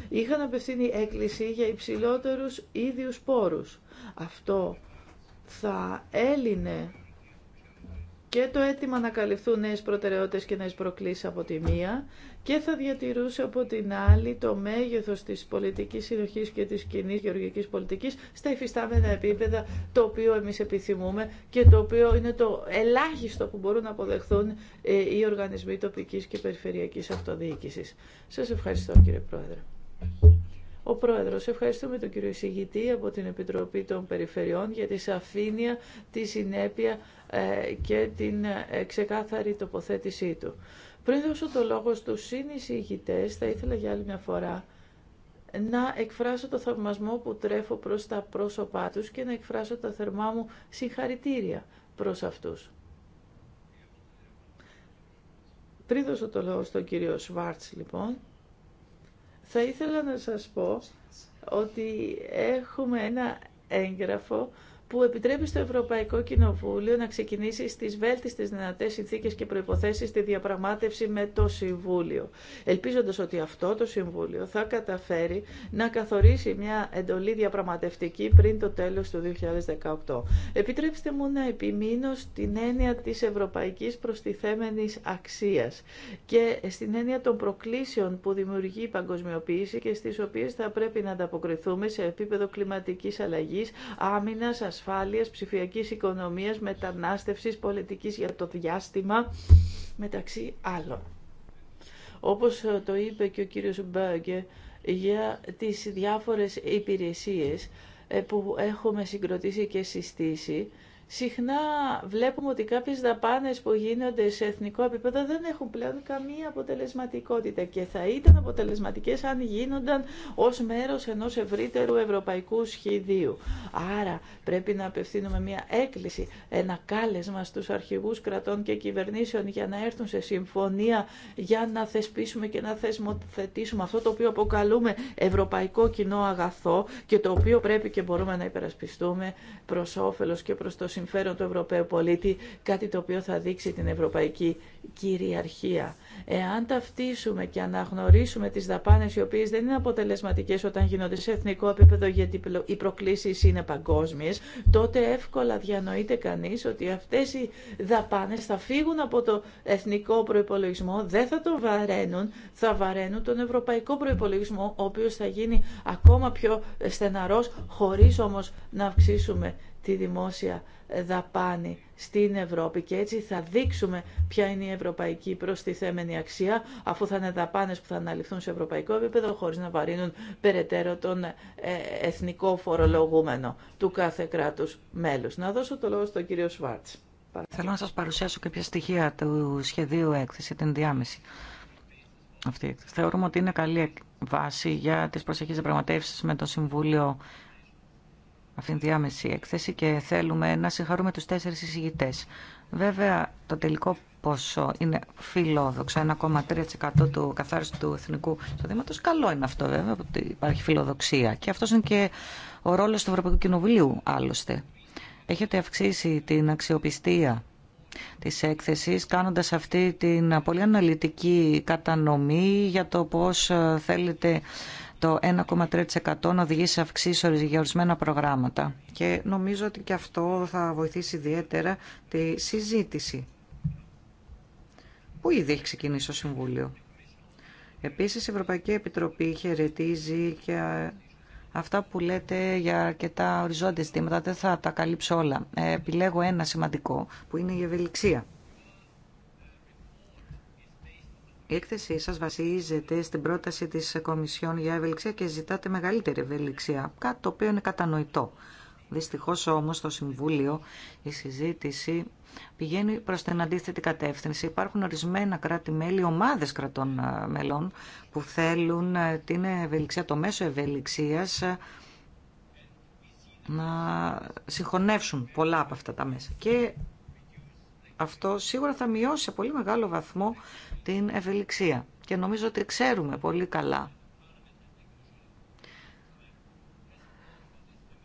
είχαν απευθύνει έκκληση για υψηλότερους ίδιους πόρους. Αυτό θα έλυνε και το αίτημα να καλυφθούν νέες προτεραιότητες και νέες προκλήσεις από τη μία και θα διατηρούσε από την άλλη το μέγεθος της πολιτικής συνοχής και της κοινή γεωργικής πολιτικής στα υφιστάμενα επίπεδα το οποίο εμείς επιθυμούμε και το οποίο είναι το ελάχιστο που μπορούν να αποδεχθούν ε, οι οργανισμοί τοπικής και περιφερειακής αυτοδιοίκησης. Σας ευχαριστώ κύριε Πρόεδρε. Ο Πρόεδρος, ευχαριστούμε τον κύριο εισηγητή από την Επιτροπή των Περιφερειών για τη σαφήνεια, τη συνέπεια ε, και την ε, ξεκάθαρη τοποθέτησή του. Πριν δώσω το λόγο στους συνεισηγητές, θα ήθελα για άλλη μια φορά να εκφράσω το θαυμασμό που τρέφω προς τα πρόσωπά τους και να εκφράσω τα θερμά μου συγχαρητήρια προς αυτούς. Πριν δώσω το λόγο στον κύριο Σβάρτς, λοιπόν, θα ήθελα να σας πω ότι έχουμε ένα έγγραφο που επιτρέπει στο Ευρωπαϊκό Κοινοβούλιο να ξεκινήσει στις βέλτιστες δυνατέ συνθήκε και προποθέσει τη διαπραγμάτευση με το Συμβούλιο. Ελπίζοντα ότι αυτό το Συμβούλιο θα καταφέρει να καθορίσει μια εντολή διαπραγματευτική πριν το τέλο του 2018. Επιτρέψτε μου να επιμείνω στην έννοια τη Ευρωπαϊκή προστιθέμενη αξία και στην έννοια των προκλήσεων που δημιουργεί η παγκοσμιοποίηση και στι οποίε θα πρέπει να ανταποκριθούμε σε επίπεδο κλιματική αλλαγή, άμυνας, ασφάλειας, ψηφιακής οικονομίας, μετανάστευσης, πολιτικής για το διάστημα, μεταξύ άλλων. Όπως ε, το είπε και ο κύριος Μπέγκε, για τις διάφορες υπηρεσίες ε, που έχουμε συγκροτήσει και συστήσει, Συχνά βλέπουμε ότι κάποιες δαπάνες που γίνονται σε εθνικό επίπεδο δεν έχουν πλέον καμία αποτελεσματικότητα και θα ήταν αποτελεσματικές αν γίνονταν ως μέρος ενός ευρύτερου ευρωπαϊκού σχεδίου. Άρα πρέπει να απευθύνουμε μια έκκληση, ένα κάλεσμα στους αρχηγούς κρατών και κυβερνήσεων για να έρθουν σε συμφωνία, για να θεσπίσουμε και να θεσμοθετήσουμε αυτό το οποίο αποκαλούμε ευρωπαϊκό κοινό αγαθό και το οποίο πρέπει και μπορούμε να υπερασπιστούμε προς όφελος και προς το συμφέρον του Ευρωπαίου πολίτη, κάτι το οποίο θα δείξει την ευρωπαϊκή κυριαρχία. Εάν ταυτίσουμε και αναγνωρίσουμε τις δαπάνες οι οποίες δεν είναι αποτελεσματικές όταν γίνονται σε εθνικό επίπεδο γιατί οι προκλήσεις είναι παγκόσμιες, τότε εύκολα διανοείται κανείς ότι αυτές οι δαπάνες θα φύγουν από το εθνικό προϋπολογισμό, δεν θα τον βαραίνουν, θα βαραίνουν τον ευρωπαϊκό προϋπολογισμό, ο οποίος θα γίνει ακόμα πιο στεναρό, χωρί όμω να αυξήσουμε τη δημόσια δαπάνη στην Ευρώπη και έτσι θα δείξουμε ποια είναι η ευρωπαϊκή προστιθέμενη αξία αφού θα είναι δαπάνες που θα αναλυθούν σε ευρωπαϊκό επίπεδο χωρίς να βαρύνουν περαιτέρω τον ε, εθνικό φορολογούμενο του κάθε κράτους μέλους. Να δώσω το λόγο στον κύριο Σβάρτς. Θέλω να σας παρουσιάσω κάποια στοιχεία του σχεδίου έκθεση, την διάμεση. Αυτή. Θεωρούμε ότι είναι καλή βάση για τις προσεχείς διαπραγματεύσεις με το Συμβούλιο αυτήν η διάμεση έκθεση και θέλουμε να συγχαρούμε τους τέσσερις εισηγητές. Βέβαια, το τελικό ποσό είναι φιλόδοξο, 1,3% του καθάριστου του εθνικού εισοδήματος. Καλό είναι αυτό βέβαια, ότι υπάρχει φιλοδοξία. Και αυτός είναι και ο ρόλος του Ευρωπαϊκού Κοινοβουλίου, άλλωστε. Έχετε αυξήσει την αξιοπιστία της έκθεσης κάνοντας αυτή την πολύ αναλυτική κατανομή για το πώς ε, θέλετε το 1,3% να οδηγήσει για ορισμένα προγράμματα. Και νομίζω ότι και αυτό θα βοηθήσει ιδιαίτερα τη συζήτηση που ήδη έχει ξεκινήσει το Συμβούλιο. Επίσης, η Ευρωπαϊκή Επιτροπή χαιρετίζει και αυτά που λέτε για αρκετά οριζόντια ζητήματα. Δεν θα τα καλύψω όλα. Ε, επιλέγω ένα σημαντικό, που είναι η ευελιξία. Η έκθεσή σας βασίζεται στην πρόταση της Κομισιόν για ευελιξία και ζητάτε μεγαλύτερη ευελιξία, κάτι το οποίο είναι κατανοητό. Δυστυχώς όμως στο Συμβούλιο η συζήτηση πηγαίνει προς την αντίθετη κατεύθυνση. Υπάρχουν ορισμένα κράτη-μέλη, ομάδες κρατών ε, μελών που θέλουν ε, την ευελιξία, το μέσο ευελιξία, ε, να συγχωνεύσουν πολλά από αυτά τα μέσα. Και αυτό σίγουρα θα μειώσει σε πολύ μεγάλο βαθμό την ευελιξία. Και νομίζω ότι ξέρουμε πολύ καλά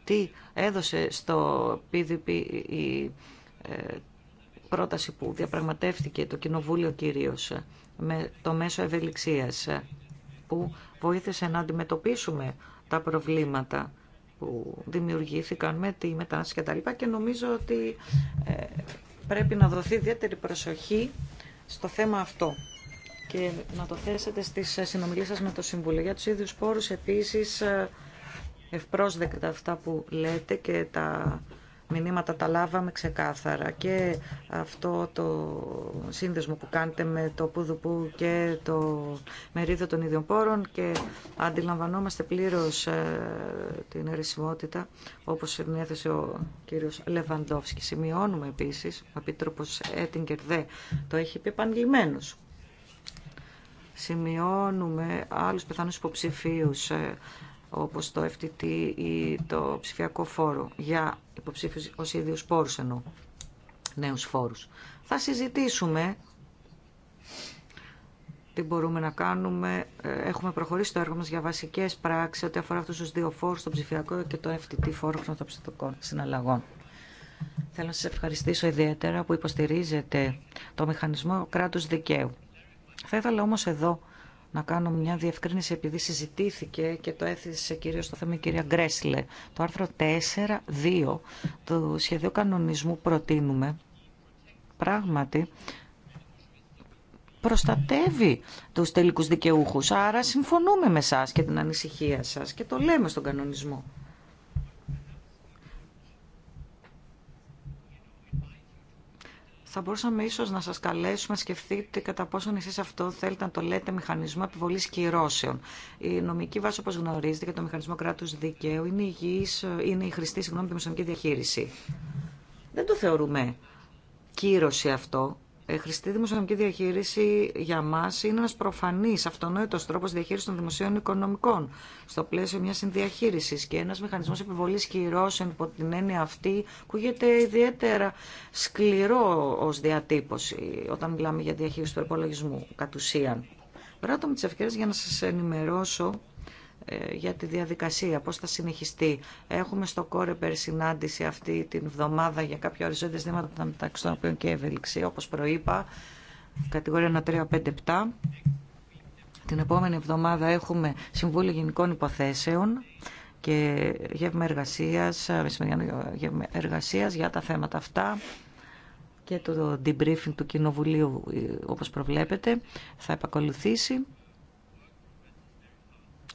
τι έδωσε στο PDP η ε, πρόταση που διαπραγματεύτηκε το Κοινοβούλιο κυρίως ε, με το μέσο ευελιξίας ε, που βοήθησε να αντιμετωπίσουμε τα προβλήματα που δημιουργήθηκαν με τη μετανάστευση και και νομίζω ότι πρέπει να δοθεί ιδιαίτερη προσοχή στο θέμα αυτό και να το θέσετε στις ε, συνομιλίες σας με το Συμβούλιο. Για τους ίδιους πόρους επίσης ε, ευπρόσδεκτα αυτά που λέτε και τα μηνύματα τα λάβαμε ξεκάθαρα και αυτό το σύνδεσμο που κάνετε με το πουδουπού και το μερίδιο των ίδιων πόρων και αντιλαμβανόμαστε πλήρως ε, την αρισιμότητα όπως συνέθεσε ο κύριος Λεβαντόφσκι. Σημειώνουμε επίσης, ο Επίτροπος Έτιγκερ το έχει πει επανειλημμένος σημειώνουμε άλλους πιθανούς υποψηφίους ε, όπως το FTT ή το ψηφιακό φόρο για υποψήφιους ως ίδιους πόρους ενώ νέους φόρους. Θα συζητήσουμε τι μπορούμε να κάνουμε. Ε, έχουμε προχωρήσει το έργο μας για βασικές πράξεις ό,τι αφορά αυτούς τους δύο φόρους, τον ψηφιακό και το FTT φόρο ψηφιακών συναλλαγών. Θέλω να σας ευχαριστήσω ιδιαίτερα που υποστηρίζετε το μηχανισμό κράτους δικαίου. Θα ήθελα όμως εδώ να κάνω μια διευκρίνηση επειδή συζητήθηκε και το έθεσε κυρίως το θέμα η κυρία Γκρέσλε. Το άρθρο 4.2 του σχεδίου κανονισμού προτείνουμε πράγματι προστατεύει τους τελικούς δικαιούχους. Άρα συμφωνούμε με σας και την ανησυχία σας και το λέμε στον κανονισμό. θα μπορούσαμε ίσως να σας καλέσουμε να σκεφτείτε κατά πόσον εσείς αυτό θέλετε να το λέτε μηχανισμό επιβολής κυρώσεων. Η νομική βάση όπως γνωρίζετε για το μηχανισμό κράτους δικαίου είναι η, γης, είναι η χρηστή συγγνώμη, διαχείριση. Δεν το θεωρούμε κύρωση αυτό. Ε, χρηστή δημοσιονομική διαχείριση για μα είναι ένα προφανή, αυτονόητο τρόπο διαχείριση των δημοσίων οικονομικών στο πλαίσιο μια συνδιαχείριση και ένα μηχανισμό επιβολή κυρώσεων υπό την έννοια αυτή γίνεται ιδιαίτερα σκληρό ω διατύπωση όταν μιλάμε για διαχείριση του υπολογισμού κατ' ουσίαν. Πράττω με τι ευκαιρίε για να σα ενημερώσω ε, για τη διαδικασία, πώς θα συνεχιστεί. Έχουμε στο Κόρεπερ συνάντηση αυτή την εβδομάδα για κάποια οριζόντες δήματα μεταξύ των οποίων και ευελιξία, όπως προείπα, κατηγορία 13-5-7. Την επόμενη εβδομάδα έχουμε Συμβούλιο Γενικών Υποθέσεων και γεύμα εργασίας, ε, γεύμα εργασίας για τα θέματα αυτά και το debriefing του Κοινοβουλίου ε, όπως προβλέπετε θα επακολουθήσει.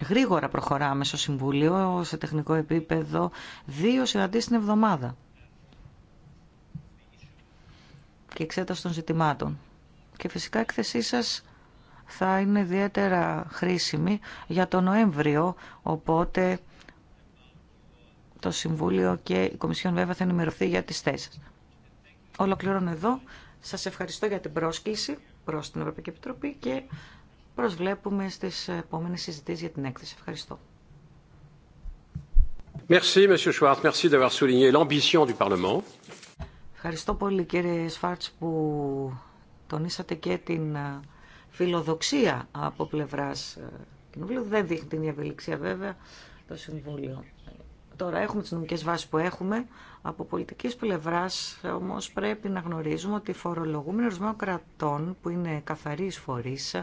Γρήγορα προχωράμε στο Συμβουλίο, σε τεχνικό επίπεδο, δύο συναντήσεις την εβδομάδα και εξέταση των ζητημάτων. Και φυσικά η έκθεσή σας θα είναι ιδιαίτερα χρήσιμη για τον Νοέμβριο, οπότε το Συμβούλιο και η Κομισιόν βέβαια θα ενημερωθεί για τις θέσεις. Ολοκληρώνω εδώ. Σας ευχαριστώ για την πρόσκληση προς την Ευρωπαϊκή Επιτροπή προσβλέπουμε στις επόμενες συζητήσει για την έκθεση. Ευχαριστώ. Merci, Monsieur Schwartz. Merci d'avoir souligné l'ambition du Parlement. Ευχαριστώ πολύ, κύριε Σφάρτς, που τονίσατε και την ε, φιλοδοξία από πλευράς ε, κοινοβουλίου. Δεν δείχνει την ευελιξία, βέβαια, το Συμβούλιο. Τώρα έχουμε τις νομικές βάσεις που έχουμε. Από πολιτικής πλευράς όμως πρέπει να γνωρίζουμε ότι φορολογούμενοι ορισμένων κρατών που είναι καθαροί εισφορείς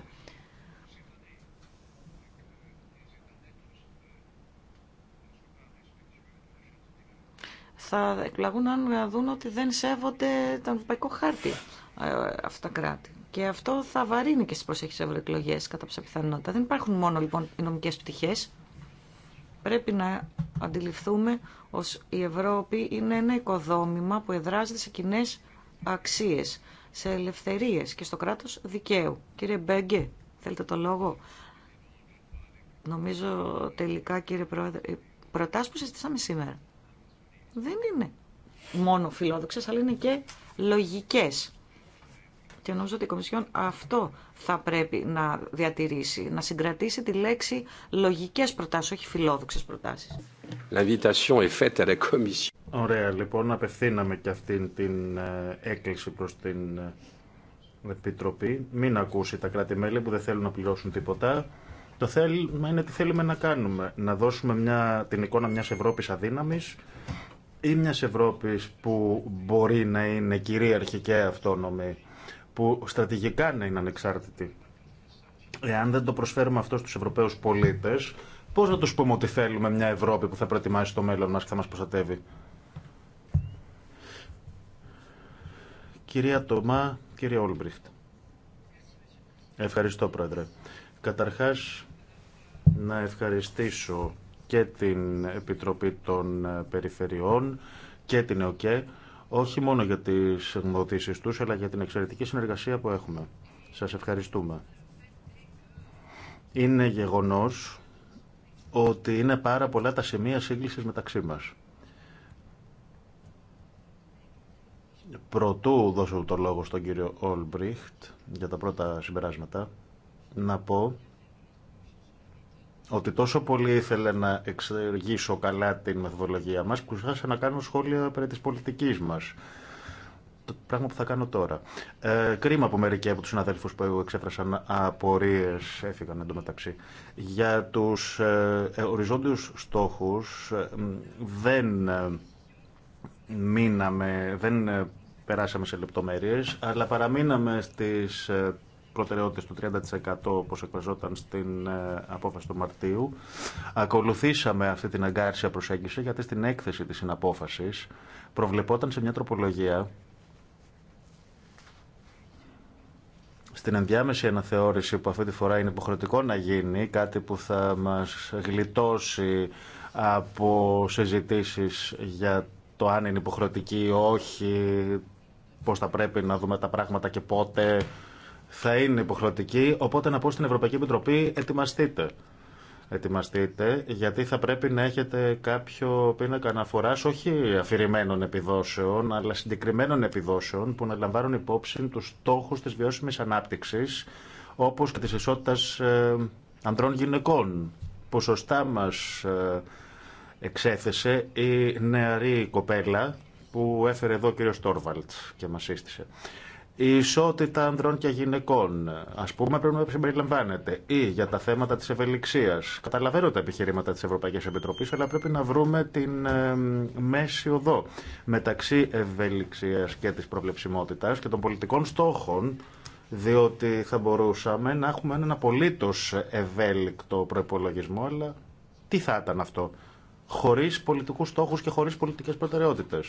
θα εκπλαγούν αν δουν ότι δεν σέβονται τον Ευρωπαϊκό Χάρτη ε, αυτά τα κράτη. Και αυτό θα βαρύνει και στι προσεχεί ευρωεκλογέ κατά πάσα πιθανότητα. Δεν υπάρχουν μόνο λοιπόν οι νομικέ πτυχέ. Πρέπει να αντιληφθούμε ότι η Ευρώπη είναι ένα οικοδόμημα που εδράζεται σε κοινέ αξίε, σε ελευθερίε και στο κράτο δικαίου. Κύριε Μπέγκε, θέλετε το λόγο. Νομίζω τελικά, κύριε Πρόεδρε, προτάσει που συζητήσαμε σήμερα δεν είναι μόνο φιλόδοξε, αλλά είναι και λογικέ. Και νομίζω ότι η Κομισιόν αυτό θα πρέπει να διατηρήσει, να συγκρατήσει τη λέξη λογικέ προτάσει, όχι φιλόδοξες προτάσεις. Ωραία, λοιπόν, απευθύναμε και αυτήν την ε, έκκληση προ την ε, Επιτροπή. Μην ακούσει τα κράτη-μέλη που δεν θέλουν να πληρώσουν τίποτα. Το θέλουμε είναι τι θέλουμε να κάνουμε. Να δώσουμε μια, την εικόνα μια ευρώπη αδυναμη ή μιας Ευρώπης που μπορεί να είναι κυρίαρχη και αυτόνομη, που στρατηγικά να είναι ανεξάρτητη. Εάν δεν το προσφέρουμε αυτό στους Ευρωπαίους πολίτες, πώς να τους πούμε ότι θέλουμε μια Ευρώπη που θα προετοιμάσει το μέλλον μας και θα μας προστατεύει. Κυρία Τομα, κύριε Όλμπριχτ. Ευχαριστώ, Πρόεδρε. Καταρχάς, να ευχαριστήσω και την Επιτροπή των ε, Περιφερειών και την ΕΟΚΕ, όχι μόνο για τις γνωδήσεις τους, αλλά για την εξαιρετική συνεργασία που έχουμε. Σας ευχαριστούμε. Είναι γεγονός ότι είναι πάρα πολλά τα σημεία σύγκλησης μεταξύ μας. Προτού δώσω το λόγο στον κύριο Όλμπριχτ για τα πρώτα συμπεράσματα, να πω ότι τόσο πολύ ήθελα να εξεργήσω καλά την μεθοδολογία μας που ήθελα να κάνω σχόλια περί της πολιτικής μας. Το πράγμα που θα κάνω τώρα. Ε, κρίμα που μερικοί από τους συναδέλφους που εξέφρασαν απορίες έφυγαν εντωμεταξύ. Για τους ε, ε οριζόντιους στόχους ε, δεν ε, μείναμε, δεν περάσαμε σε λεπτομέρειες, αλλά παραμείναμε στις προτεραιότητες του 30% όπως εκπαιδευόταν στην ε, απόφαση του Μαρτίου. Ακολουθήσαμε αυτή την αγκάρσια προσέγγιση γιατί στην έκθεση της συναπόφασης προβλεπόταν σε μια τροπολογία στην ενδιάμεση αναθεώρηση που αυτή τη φορά είναι υποχρεωτικό να γίνει, κάτι που θα μας γλιτώσει από συζητήσεις για το αν είναι υποχρεωτική ή όχι, πώς θα πρέπει να δούμε τα πράγματα και πότε, θα είναι υποχρεωτική, οπότε να πω στην Ευρωπαϊκή Επιτροπή ετοιμαστείτε. Ετοιμαστείτε, γιατί θα πρέπει να έχετε κάποιο πίνακα αναφορά όχι αφηρημένων επιδόσεων, αλλά συγκεκριμένων επιδόσεων που να λαμβάνουν υπόψη του στόχου τη βιώσιμη ανάπτυξη, όπω και τη ισότητα ε, ανδρών γυναικών. Που σωστά μα ε, εξέθεσε η νεαρή κοπέλα που έφερε εδώ ο κ. Τόρβαλτ και μα σύστησε η ισότητα ανδρών και γυναικών, α πούμε, πρέπει να συμπεριλαμβάνεται. Ή για τα θέματα τη ευελιξία. Καταλαβαίνω τα επιχειρήματα τη Ευρωπαϊκή Επιτροπή, αλλά πρέπει να βρούμε την μέση οδό μεταξύ ευελιξία και τη προβλεψιμότητα και των πολιτικών στόχων, διότι θα μπορούσαμε να έχουμε έναν απολύτω ευέλικτο προπολογισμό, αλλά τι θα ήταν αυτό, χωρί πολιτικού στόχου και χωρί πολιτικέ προτεραιότητε.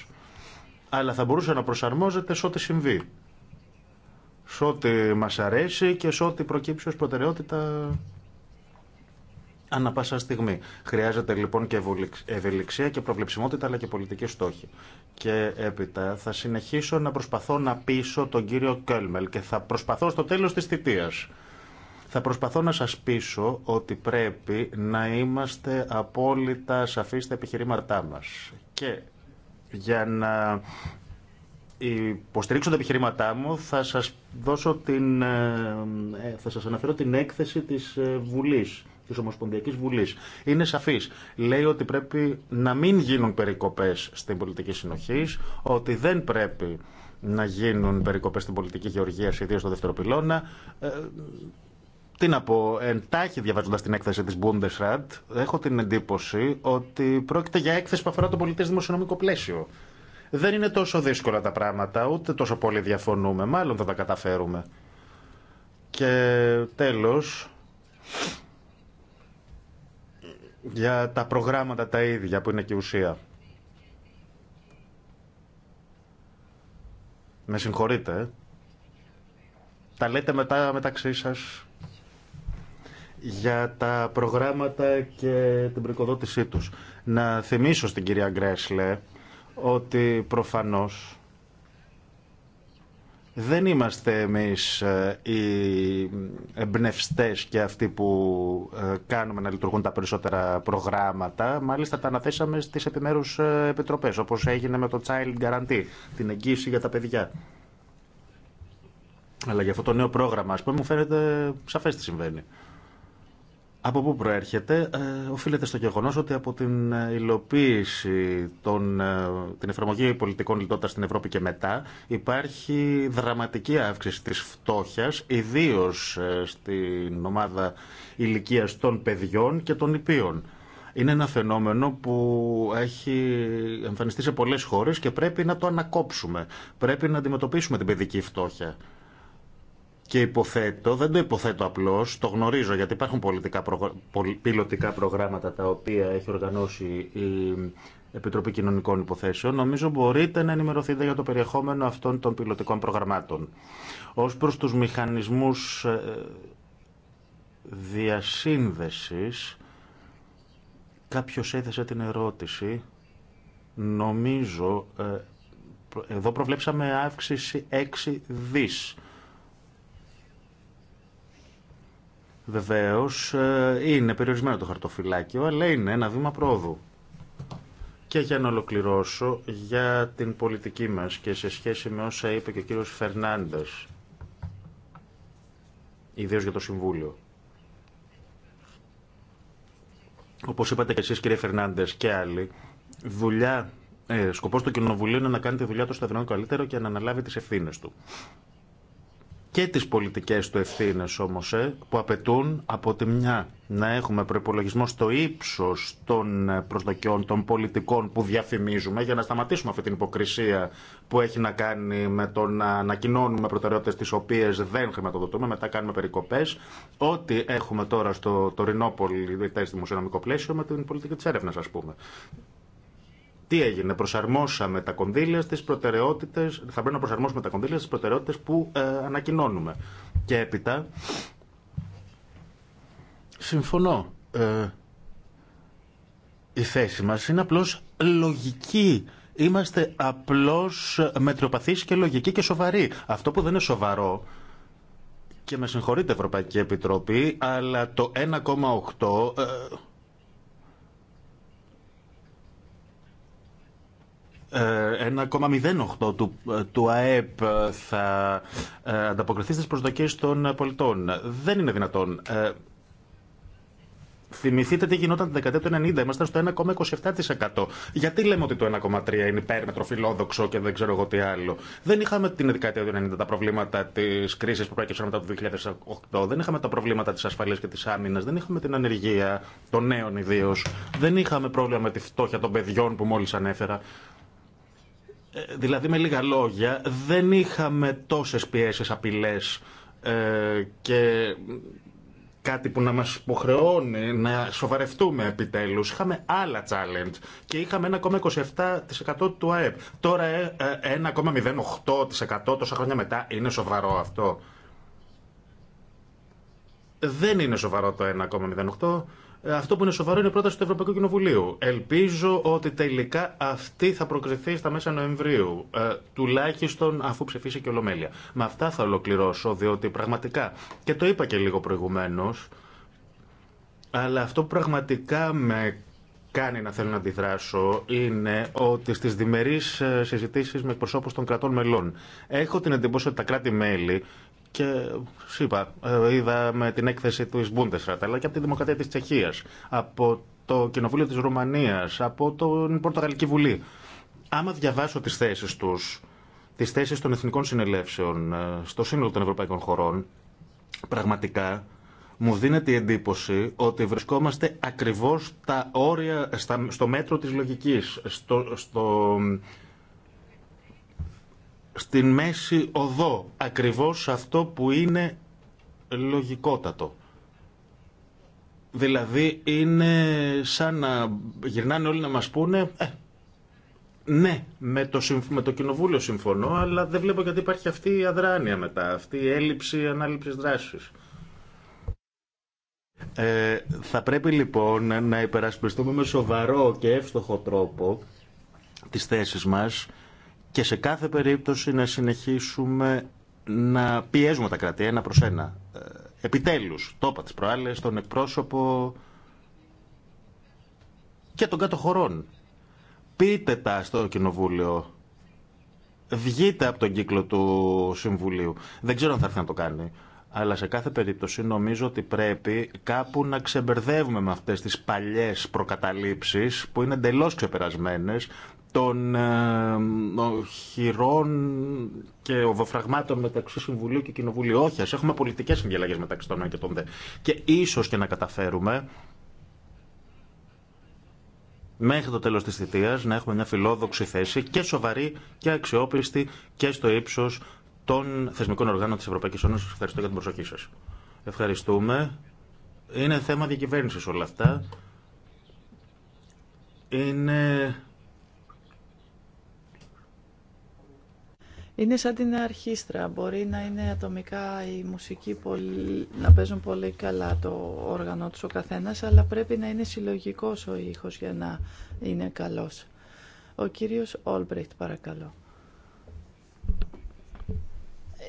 Αλλά θα μπορούσε να προσαρμόζεται σε ό,τι συμβεί σε ό,τι μας αρέσει και σε ό,τι προκύψει ω προτεραιότητα ανά πάσα στιγμή. Χρειάζεται λοιπόν και ευελιξία και προβλεψιμότητα αλλά και πολιτική στόχη. Και έπειτα θα συνεχίσω να προσπαθώ να πείσω τον κύριο Κέλμελ και θα προσπαθώ στο τέλος της θητεία. Θα προσπαθώ να σας πείσω ότι πρέπει να είμαστε απόλυτα σαφείς στα επιχειρήματά μας. Και για να υποστηρίξω τα επιχειρήματά μου, θα σας, δώσω την, ε, ε, θα σας αναφέρω την έκθεση της ε, Βουλής, της Ομοσπονδιακής Βουλής. Είναι σαφής. Λέει ότι πρέπει να μην γίνουν περικοπές στην πολιτική συνοχή, ότι δεν πρέπει να γίνουν περικοπές στην πολιτική γεωργία, ιδίω στο δεύτερο πυλώνα. Τι να πω, εντάχει διαβάζοντα την έκθεση της Bundesrat, έχω την εντύπωση ότι πρόκειται για έκθεση που αφορά το πολιτέ δημοσιονομικό πλαίσιο. Δεν είναι τόσο δύσκολα τα πράγματα, ούτε τόσο πολύ διαφωνούμε. Μάλλον θα τα καταφέρουμε. Και τέλος, για τα προγράμματα τα ίδια που είναι και ουσία. Με συγχωρείτε. Ε. Τα λέτε μετά μεταξύ σας για τα προγράμματα και την πρικοδότησή τους. Να θυμίσω στην κυρία Γκρέσλε ότι προφανώς δεν είμαστε εμείς ε, οι εμπνευστέ και αυτοί που ε, κάνουμε να λειτουργούν τα περισσότερα προγράμματα. Μάλιστα τα αναθέσαμε στις επιμέρους ε, επιτροπές, όπως έγινε με το Child Guarantee, την εγγύηση για τα παιδιά. Αλλά για αυτό το νέο πρόγραμμα, ας πούμε, μου φαίνεται σαφές τι συμβαίνει από πού προέρχεται, ε, οφείλεται στο γεγονό ότι από την ε, υλοποίηση, των, ε, την εφαρμογή πολιτικών λιτότητα στην Ευρώπη και μετά, υπάρχει δραματική αύξηση τη φτώχεια, ιδίω στην ομάδα ηλικία των παιδιών και των υπείων. Είναι ένα φαινόμενο που έχει εμφανιστεί σε πολλές χώρες και πρέπει να το ανακόψουμε. Πρέπει να αντιμετωπίσουμε την παιδική φτώχεια και υποθέτω, δεν το υποθέτω απλώς, το γνωρίζω γιατί υπάρχουν πολιτικά πιλωτικά προγράμματα τα οποία έχει οργανώσει η Επιτροπή Κοινωνικών Υποθέσεων. Νομίζω μπορείτε να ενημερωθείτε για το περιεχόμενο αυτών των πιλωτικών προγραμμάτων. Ως προς τους μηχανισμούς ε, διασύνδεση, κάποιο έθεσε την ερώτηση, νομίζω, ε, εδώ προβλέψαμε αύξηση 6 δις Βεβαίω ε, είναι περιορισμένο το χαρτοφυλάκιο, αλλά είναι ένα βήμα πρόοδου. Και για να ολοκληρώσω για την πολιτική μας και σε σχέση με όσα είπε και ο κύριος Φερνάντε, Ιδίω για το Συμβούλιο. Όπως είπατε και εσείς κύριε Φερνάντε και άλλοι, δουλειά, ε, σκοπός του Κοινοβουλίου είναι να κάνει τη δουλειά του στα δυνατόν καλύτερο και να αναλάβει τι ευθύνε του και τις πολιτικές του ευθύνε όμως ε, που απαιτούν από τη μια να έχουμε προπολογισμό στο ύψος των ε, προσδοκιών των πολιτικών που διαφημίζουμε για να σταματήσουμε αυτή την υποκρισία που έχει να κάνει με το να ανακοινώνουμε προτεραιότητες τις οποίες δεν χρηματοδοτούμε, μετά κάνουμε περικοπές. Ό,τι έχουμε τώρα στο τωρινό τα δημοσιονομικό πλαίσιο με την πολιτική της έρευνας ας πούμε. Τι έγινε, προσαρμόσαμε τα κονδύλια στις προτεραιότητες, θα πρέπει να προσαρμόσουμε τα κονδύλια στις προτεραιότητες που ε, ανακοινώνουμε. Και έπειτα, συμφωνώ, ε, η θέση μας είναι απλώς λογική. Είμαστε απλώς μετριοπαθείς και λογικοί και σοβαροί. Αυτό που δεν είναι σοβαρό και με συγχωρείτε Ευρωπαϊκή Επιτροπή, αλλά το 1,8 1,08 ε, του, ε, του ΑΕΠ ε, θα ανταποκριθεί στις προσδοκίες των πολιτών. Δεν είναι δυνατόν. Θυμηθείτε τι γινόταν την δεκαετία του 1990. Είμαστε στο 1,27%. Γιατί λέμε ότι το 1,3 είναι υπέρμετρο, φιλόδοξο και δεν ξέρω εγώ τι άλλο. Δεν είχαμε την δεκαετία του 1990 τα προβλήματα τη κρίση που πρόκειται μετά το 2008. Δεν είχαμε τα προβλήματα τη ασφαλεία και τη άμυνα. Δεν είχαμε την ανεργία των νέων ιδίω. Δεν είχαμε πρόβλημα με τη φτώχεια των παιδιών που μόλι ανέφερα. Ε, δηλαδή με λίγα λόγια δεν είχαμε τόσες πιέσεις, απειλές ε, και κάτι που να μας υποχρεώνει να σοβαρευτούμε επιτέλους. Είχαμε άλλα challenge και είχαμε 1,27% του ΑΕΠ. Τώρα 1,08% ε, ε, τόσα χρόνια μετά είναι σοβαρό αυτό. Δεν είναι σοβαρό το 1,08%. Ε, αυτό που είναι σοβαρό είναι η πρόταση του Ευρωπαϊκού Κοινοβουλίου. Ελπίζω ότι τελικά αυτή θα προκριθεί στα μέσα Νοεμβρίου, ε, τουλάχιστον αφού ψηφίσει και ολομέλεια. Με αυτά θα ολοκληρώσω, διότι πραγματικά, και το είπα και λίγο προηγουμένω, αλλά αυτό που πραγματικά με κάνει να θέλω να αντιδράσω είναι ότι στι διμερεί ε, συζητήσει με εκπροσώπου των κρατών μελών έχω την εντύπωση ότι τα κράτη-μέλη και είπα, ε, είδα με την έκθεση του Ισμπούντες, αλλά και από τη Δημοκρατία της Τσεχίας, από το Κοινοβούλιο της Ρουμανίας, από την Πορτογαλική Βουλή. Άμα διαβάσω τις θέσεις τους, τις θέσεις των εθνικών συνελεύσεων ε, στο σύνολο των ευρωπαϊκών χωρών, πραγματικά μου δίνεται η εντύπωση ότι βρισκόμαστε ακριβώς στα όρια, στο μέτρο της λογικής, στο, στο στην μέση οδό, ακριβώς αυτό που είναι λογικότατο. Δηλαδή είναι σαν να γυρνάνε όλοι να μας πούνε ε, ναι, με το, με το κοινοβούλιο συμφωνώ, αλλά δεν βλέπω γιατί υπάρχει αυτή η αδράνεια μετά, αυτή η έλλειψη ανάληψης δράσης. Ε, θα πρέπει λοιπόν να υπερασπιστούμε με σοβαρό και εύστοχο τρόπο τις θέσεις μας και σε κάθε περίπτωση να συνεχίσουμε να πιέζουμε τα κρατή ένα προς ένα. Ε, επιτέλους, το είπα τις προάλλες, τον εκπρόσωπο και των κάτω χωρών. Πείτε τα στο Κοινοβούλιο. Βγείτε από τον κύκλο του Συμβουλίου. Δεν ξέρω αν θα έρθει να το κάνει. Αλλά σε κάθε περίπτωση νομίζω ότι πρέπει κάπου να ξεμπερδεύουμε με αυτές τις παλιές προκαταλήψεις που είναι εντελώ ξεπερασμένες των ε, χειρών και οδοφραγμάτων μεταξύ Συμβουλίου και Κοινοβουλίου. Όχι, ας έχουμε πολιτικές συνδιαλλαγές μεταξύ των και των ΔΕ. Και ίσως και να καταφέρουμε μέχρι το τέλος της θητείας να έχουμε μια φιλόδοξη θέση και σοβαρή και αξιόπιστη και στο ύψος των θεσμικών οργάνων της Ευρωπαϊκής Ένωσης. Ευχαριστώ για την προσοχή σας. Ευχαριστούμε. Είναι θέμα διακυβέρνησης όλα αυτά. Είναι Είναι σαν την αρχίστρα. Μπορεί να είναι ατομικά οι μουσικοί πολύ, να παίζουν πολύ καλά το όργανο του ο καθένας, αλλά πρέπει να είναι συλλογικό ο ήχο για να είναι καλός. Ο κύριος Όλμπρεχτ παρακαλώ.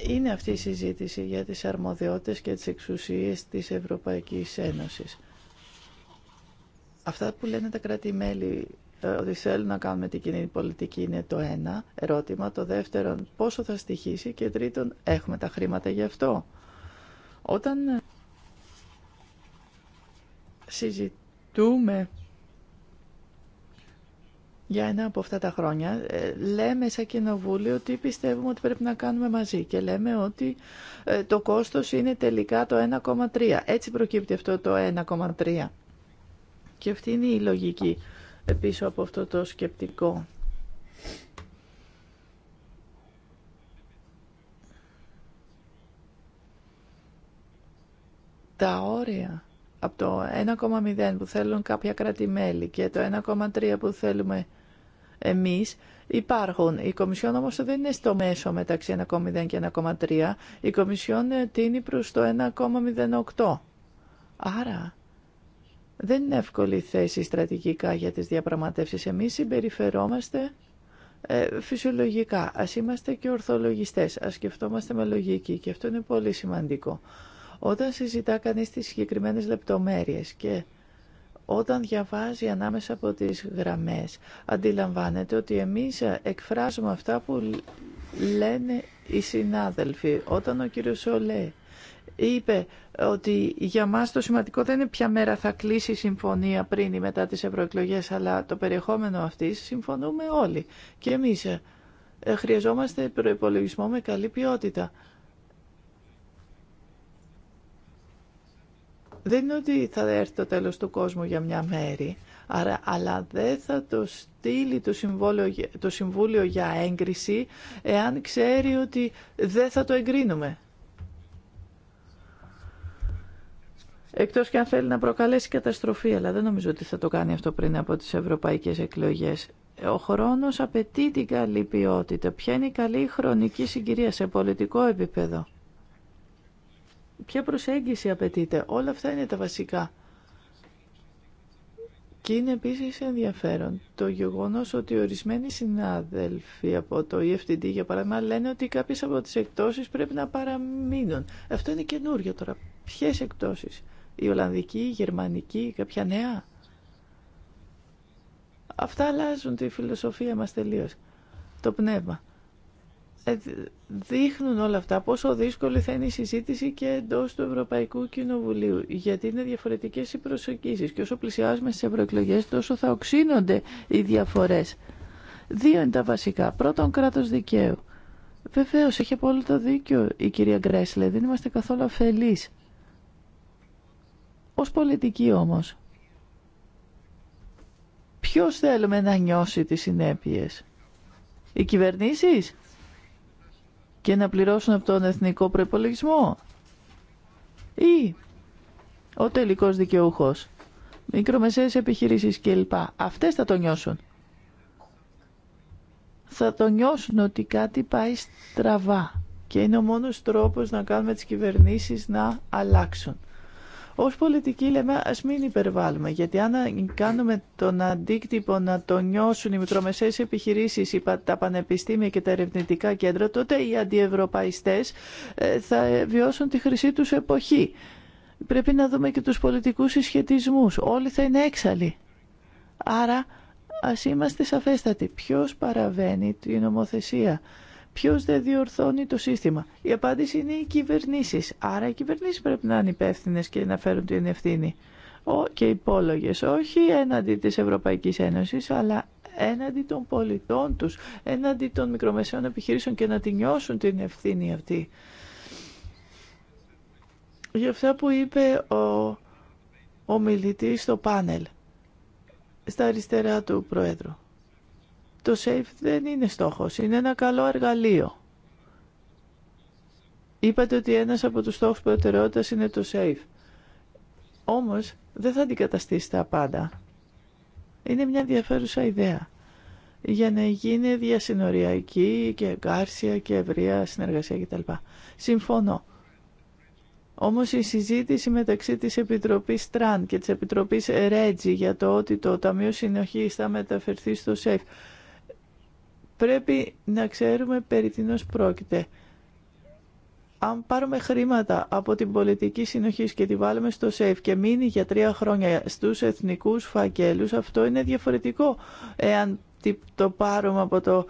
Είναι αυτή η συζήτηση για τις αρμοδιότητες και τις εξουσίες της Ευρωπαϊκής Ένωσης. Αυτά που λένε τα κράτη-μέλη ότι θέλουν να κάνουμε την κοινή πολιτική είναι το ένα ερώτημα. Το δεύτερο, πόσο θα στοιχήσει και τρίτον, έχουμε τα χρήματα γι' αυτό. Όταν συζητούμε για ένα από αυτά τα χρόνια, ε, λέμε σαν κοινοβούλιο ότι πιστεύουμε ότι πρέπει να κάνουμε μαζί και λέμε ότι ε, το κόστος είναι τελικά το 1,3. Έτσι προκύπτει αυτό το 1,3. Και αυτή είναι η λογική πίσω από αυτό το σκεπτικό. Τα όρια από το 1,0 που θέλουν κάποια κράτη-μέλη και το 1,3 που θέλουμε εμείς υπάρχουν. Η Κομισιόν όμως δεν είναι στο μέσο μεταξύ 1,0 και 1,3. Η Κομισιόν τίνει προς το 1,08. Άρα δεν είναι εύκολη θέση στρατηγικά για τις διαπραγματεύσεις. Εμείς συμπεριφερόμαστε ε, φυσιολογικά. Ας είμαστε και ορθολογιστές. Ας σκεφτόμαστε με λογική και αυτό είναι πολύ σημαντικό. Όταν συζητά κανείς τις συγκεκριμένες λεπτομέρειες και όταν διαβάζει ανάμεσα από τις γραμμές αντιλαμβάνεται ότι εμείς εκφράζουμε αυτά που λένε οι συνάδελφοι. Όταν ο κύριος Σολέ είπε ότι για μας το σημαντικό δεν είναι ποια μέρα θα κλείσει η συμφωνία πριν ή μετά τις ευρωεκλογέ, αλλά το περιεχόμενο αυτής συμφωνούμε όλοι. Και εμείς ε, ε, χρειαζόμαστε προϋπολογισμό με καλή ποιότητα. Δεν είναι ότι θα έρθει το τέλος του κόσμου για μια μέρη, αλλά δεν θα το στείλει το, το Συμβούλιο για έγκριση εάν ξέρει ότι δεν θα το εγκρίνουμε. Εκτός και αν θέλει να προκαλέσει καταστροφή, αλλά δεν νομίζω ότι θα το κάνει αυτό πριν από τις ευρωπαϊκές εκλογές. Ο χρόνος απαιτεί την καλή ποιότητα. Ποια είναι η καλή χρονική συγκυρία σε πολιτικό επίπεδο. Ποια προσέγγιση απαιτείται. Όλα αυτά είναι τα βασικά. Και είναι επίση ενδιαφέρον το γεγονό ότι ορισμένοι συνάδελφοι από το EFTD για παράδειγμα λένε ότι κάποιε από τι εκτόσει πρέπει να παραμείνουν. Αυτό είναι καινούριο τώρα. Ποιε εκτόσει η Ολλανδική, η Γερμανική, κάποια νέα. Αυτά αλλάζουν τη φιλοσοφία μας τελείως, το πνεύμα. Ε, δείχνουν όλα αυτά πόσο δύσκολη θα είναι η συζήτηση και εντό του Ευρωπαϊκού Κοινοβουλίου, γιατί είναι διαφορετικές οι προσεγγίσεις και όσο πλησιάζουμε στι ευρωεκλογέ, τόσο θα οξύνονται οι διαφορές. Δύο είναι τα βασικά. Πρώτον, κράτο δικαίου. Βεβαίω, έχει απόλυτο δίκιο η κυρία Γκρέσλε. Δεν είμαστε καθόλου αφελεί ως πολιτικοί όμως, ποιος θέλουμε να νιώσει τις συνέπειες. Οι κυβερνήσεις και να πληρώσουν από τον εθνικό προπολογισμό ή ο τελικός δικαιούχος, μικρομεσαίες επιχειρήσεις κλπ. Αυτές θα το νιώσουν. Θα το νιώσουν ότι κάτι πάει στραβά και είναι ο μόνος τρόπος να κάνουμε τις κυβερνήσεις να αλλάξουν. Ω πολιτικοί λέμε α μην υπερβάλλουμε, γιατί αν κάνουμε τον αντίκτυπο να το νιώσουν οι μικρομεσαίε επιχειρήσει, τα πανεπιστήμια και τα ερευνητικά κέντρα, τότε οι αντιευρωπαϊστές ε, θα βιώσουν τη χρυσή τους εποχή. Πρέπει να δούμε και τους πολιτικούς συσχετισμού. Όλοι θα είναι έξαλλοι. Άρα α είμαστε σαφέστατοι. ποιο παραβαίνει την νομοθεσία Ποιο δεν διορθώνει το σύστημα. Η απάντηση είναι οι κυβερνήσει. Άρα οι κυβερνήσει πρέπει να είναι υπεύθυνε και να φέρουν την ευθύνη. Ο, και υπόλογε. όχι έναντι τη Ευρωπαϊκής Ένωσης, αλλά έναντι των πολιτών τους, έναντι των μικρομεσαίων επιχειρήσεων και να τη νιώσουν την ευθύνη αυτή. Για αυτά που είπε ο, ο στο πάνελ, στα αριστερά του Πρόεδρου. Το SAFE δεν είναι στόχος, είναι ένα καλό εργαλείο. Είπατε ότι ένας από τους στόχους προτεραιότητας είναι το SAFE. Όμως δεν θα αντικαταστήσει τα πάντα. Είναι μια ενδιαφέρουσα ιδέα για να γίνει διασυνοριακή και εγκάρσια και ευρεία συνεργασία κτλ. Συμφωνώ. Όμως η συζήτηση μεταξύ της Επιτροπής Τραν και της Επιτροπής Ρέτζι για το ότι το Ταμείο Συνοχής θα μεταφερθεί στο ΣΕΦ πρέπει να ξέρουμε περί τίνος πρόκειται. Αν πάρουμε χρήματα από την πολιτική συνοχή και τη βάλουμε στο safe και μείνει για τρία χρόνια στους εθνικούς φακέλους, αυτό είναι διαφορετικό. Εάν το πάρουμε από το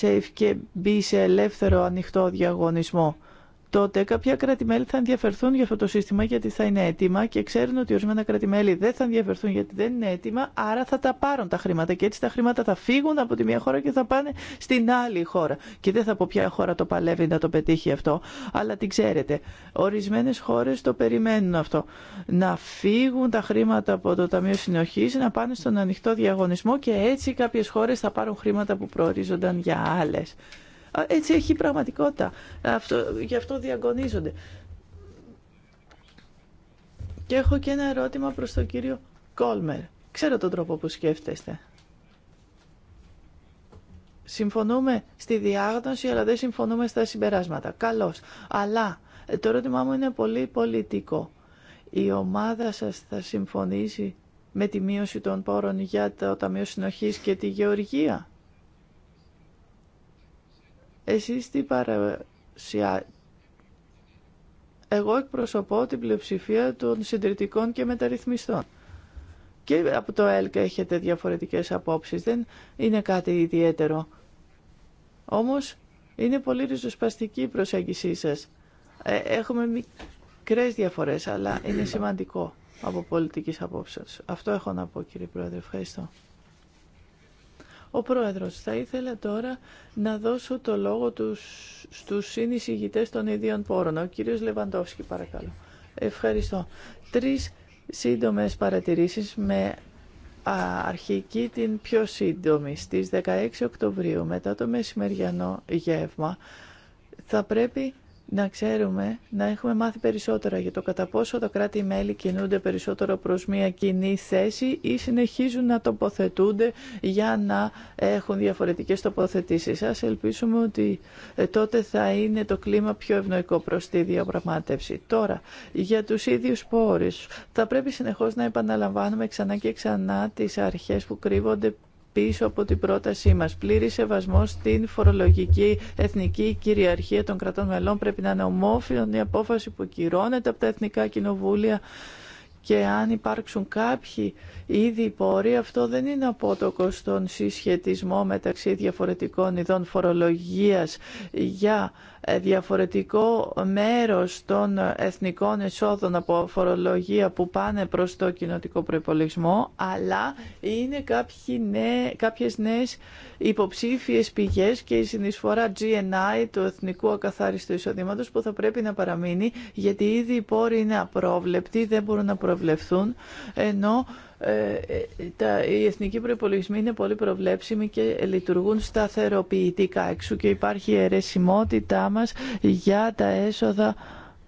safe και μπει σε ελεύθερο ανοιχτό διαγωνισμό τότε κάποια κράτη-μέλη θα ενδιαφερθούν για αυτό το σύστημα γιατί θα είναι έτοιμα και ξέρουν ότι ορισμένα κράτη-μέλη δεν θα ενδιαφερθούν γιατί δεν είναι έτοιμα, άρα θα τα πάρουν τα χρήματα και έτσι τα χρήματα θα φύγουν από τη μία χώρα και θα πάνε στην άλλη χώρα. Και δεν θα πω ποια χώρα το παλεύει να το πετύχει αυτό, αλλά την ξέρετε. Ορισμένε χώρε το περιμένουν αυτό. Να φύγουν τα χρήματα από το Ταμείο Συνοχή, να πάνε στον ανοιχτό διαγωνισμό και έτσι κάποιε χώρε θα πάρουν χρήματα που προορίζονταν για άλλε. Έτσι έχει η πραγματικότητα. Αυτό, γι' αυτό διαγωνίζονται. Και έχω και ένα ερώτημα προς τον κύριο Κόλμερ. Ξέρω τον τρόπο που σκέφτεστε. Συμφωνούμε στη διάγνωση, αλλά δεν συμφωνούμε στα συμπεράσματα. Καλώς. Αλλά ε, το ερώτημά μου είναι πολύ πολιτικό. Η ομάδα σας θα συμφωνήσει με τη μείωση των πόρων για το Ταμείο Συνοχής και τη Γεωργία. Εσείς τι παρασιά... Εγώ εκπροσωπώ την πλειοψηφία των συντηρητικών και μεταρρυθμιστών. Και από το ΕΛΚ έχετε διαφορετικές απόψεις. Δεν είναι κάτι ιδιαίτερο. Όμως είναι πολύ ριζοσπαστική η προσέγγισή σας. Ε, έχουμε μικρέ διαφορές, αλλά είναι σημαντικό από πολιτικής απόψεως. Αυτό έχω να πω κύριε Πρόεδρε. Ευχαριστώ. Ο Πρόεδρος, θα ήθελα τώρα να δώσω το λόγο τους, στους συνεισηγητές των ιδίων πόρων. Ο κύριος Λεβαντόφσκι, παρακαλώ. Ευχαριστώ. Τρεις σύντομες παρατηρήσεις με αρχική την πιο σύντομη. Στις 16 Οκτωβρίου, μετά το μεσημεριανό γεύμα, θα πρέπει να ξέρουμε, να έχουμε μάθει περισσότερα για το κατά πόσο τα κράτη-μέλη κινούνται περισσότερο προς μια κοινή θέση ή συνεχίζουν να τοποθετούνται για να έχουν διαφορετικές τοποθετήσεις. Ας ελπίσουμε ότι ε, τότε θα είναι το κλίμα πιο ευνοϊκό προς τη διαπραγμάτευση. Τώρα, για τους ίδιους πόρους, θα πρέπει συνεχώς να επαναλαμβάνουμε ξανά και ξανά τις αρχές που κρύβονται πίσω από την πρότασή μας. Πλήρη σεβασμό στην φορολογική εθνική κυριαρχία των κρατών μελών πρέπει να είναι ομόφυλον η απόφαση που κυρώνεται από τα εθνικά κοινοβούλια και αν υπάρξουν κάποιοι ήδη πόροι, αυτό δεν είναι απότοκο στον συσχετισμό μεταξύ διαφορετικών ειδών φορολογίας για ε, διαφορετικό μέρος των εθνικών εσόδων από φορολογία που πάνε προς το κοινοτικό προϋπολογισμό, αλλά είναι κάποιες νέες υποψήφιες πηγές και η συνεισφορά GNI του Εθνικού Ακαθάριστου Εισοδήματος που θα πρέπει να παραμείνει, γιατί ήδη οι πόροι είναι απρόβλεπτοι, δεν μπορούν να προβλεφθούν, ενώ ε, ε, τα, οι εθνικοί προπολογισμοί είναι πολύ προβλέψιμοι και λειτουργούν σταθεροποιητικά. Εξού και υπάρχει η αιρεσιμότητά μας για τα έσοδα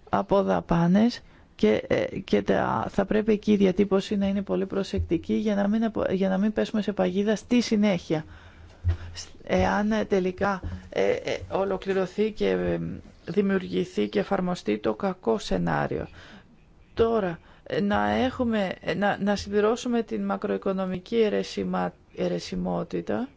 από δαπάνες και, ε, και τα, θα πρέπει εκεί η διατύπωση να είναι πολύ προσεκτική για να μην, για να μην πέσουμε σε παγίδα στη συνέχεια. Εάν τελικά ολοκληρωθεί και δημιουργηθεί και εφαρμοστεί το κακό σενάριο. Τώρα, να, έχουμε, να, να συμπληρώσουμε την μακροοικονομική ερεσιμότητα αιρεσιμότητα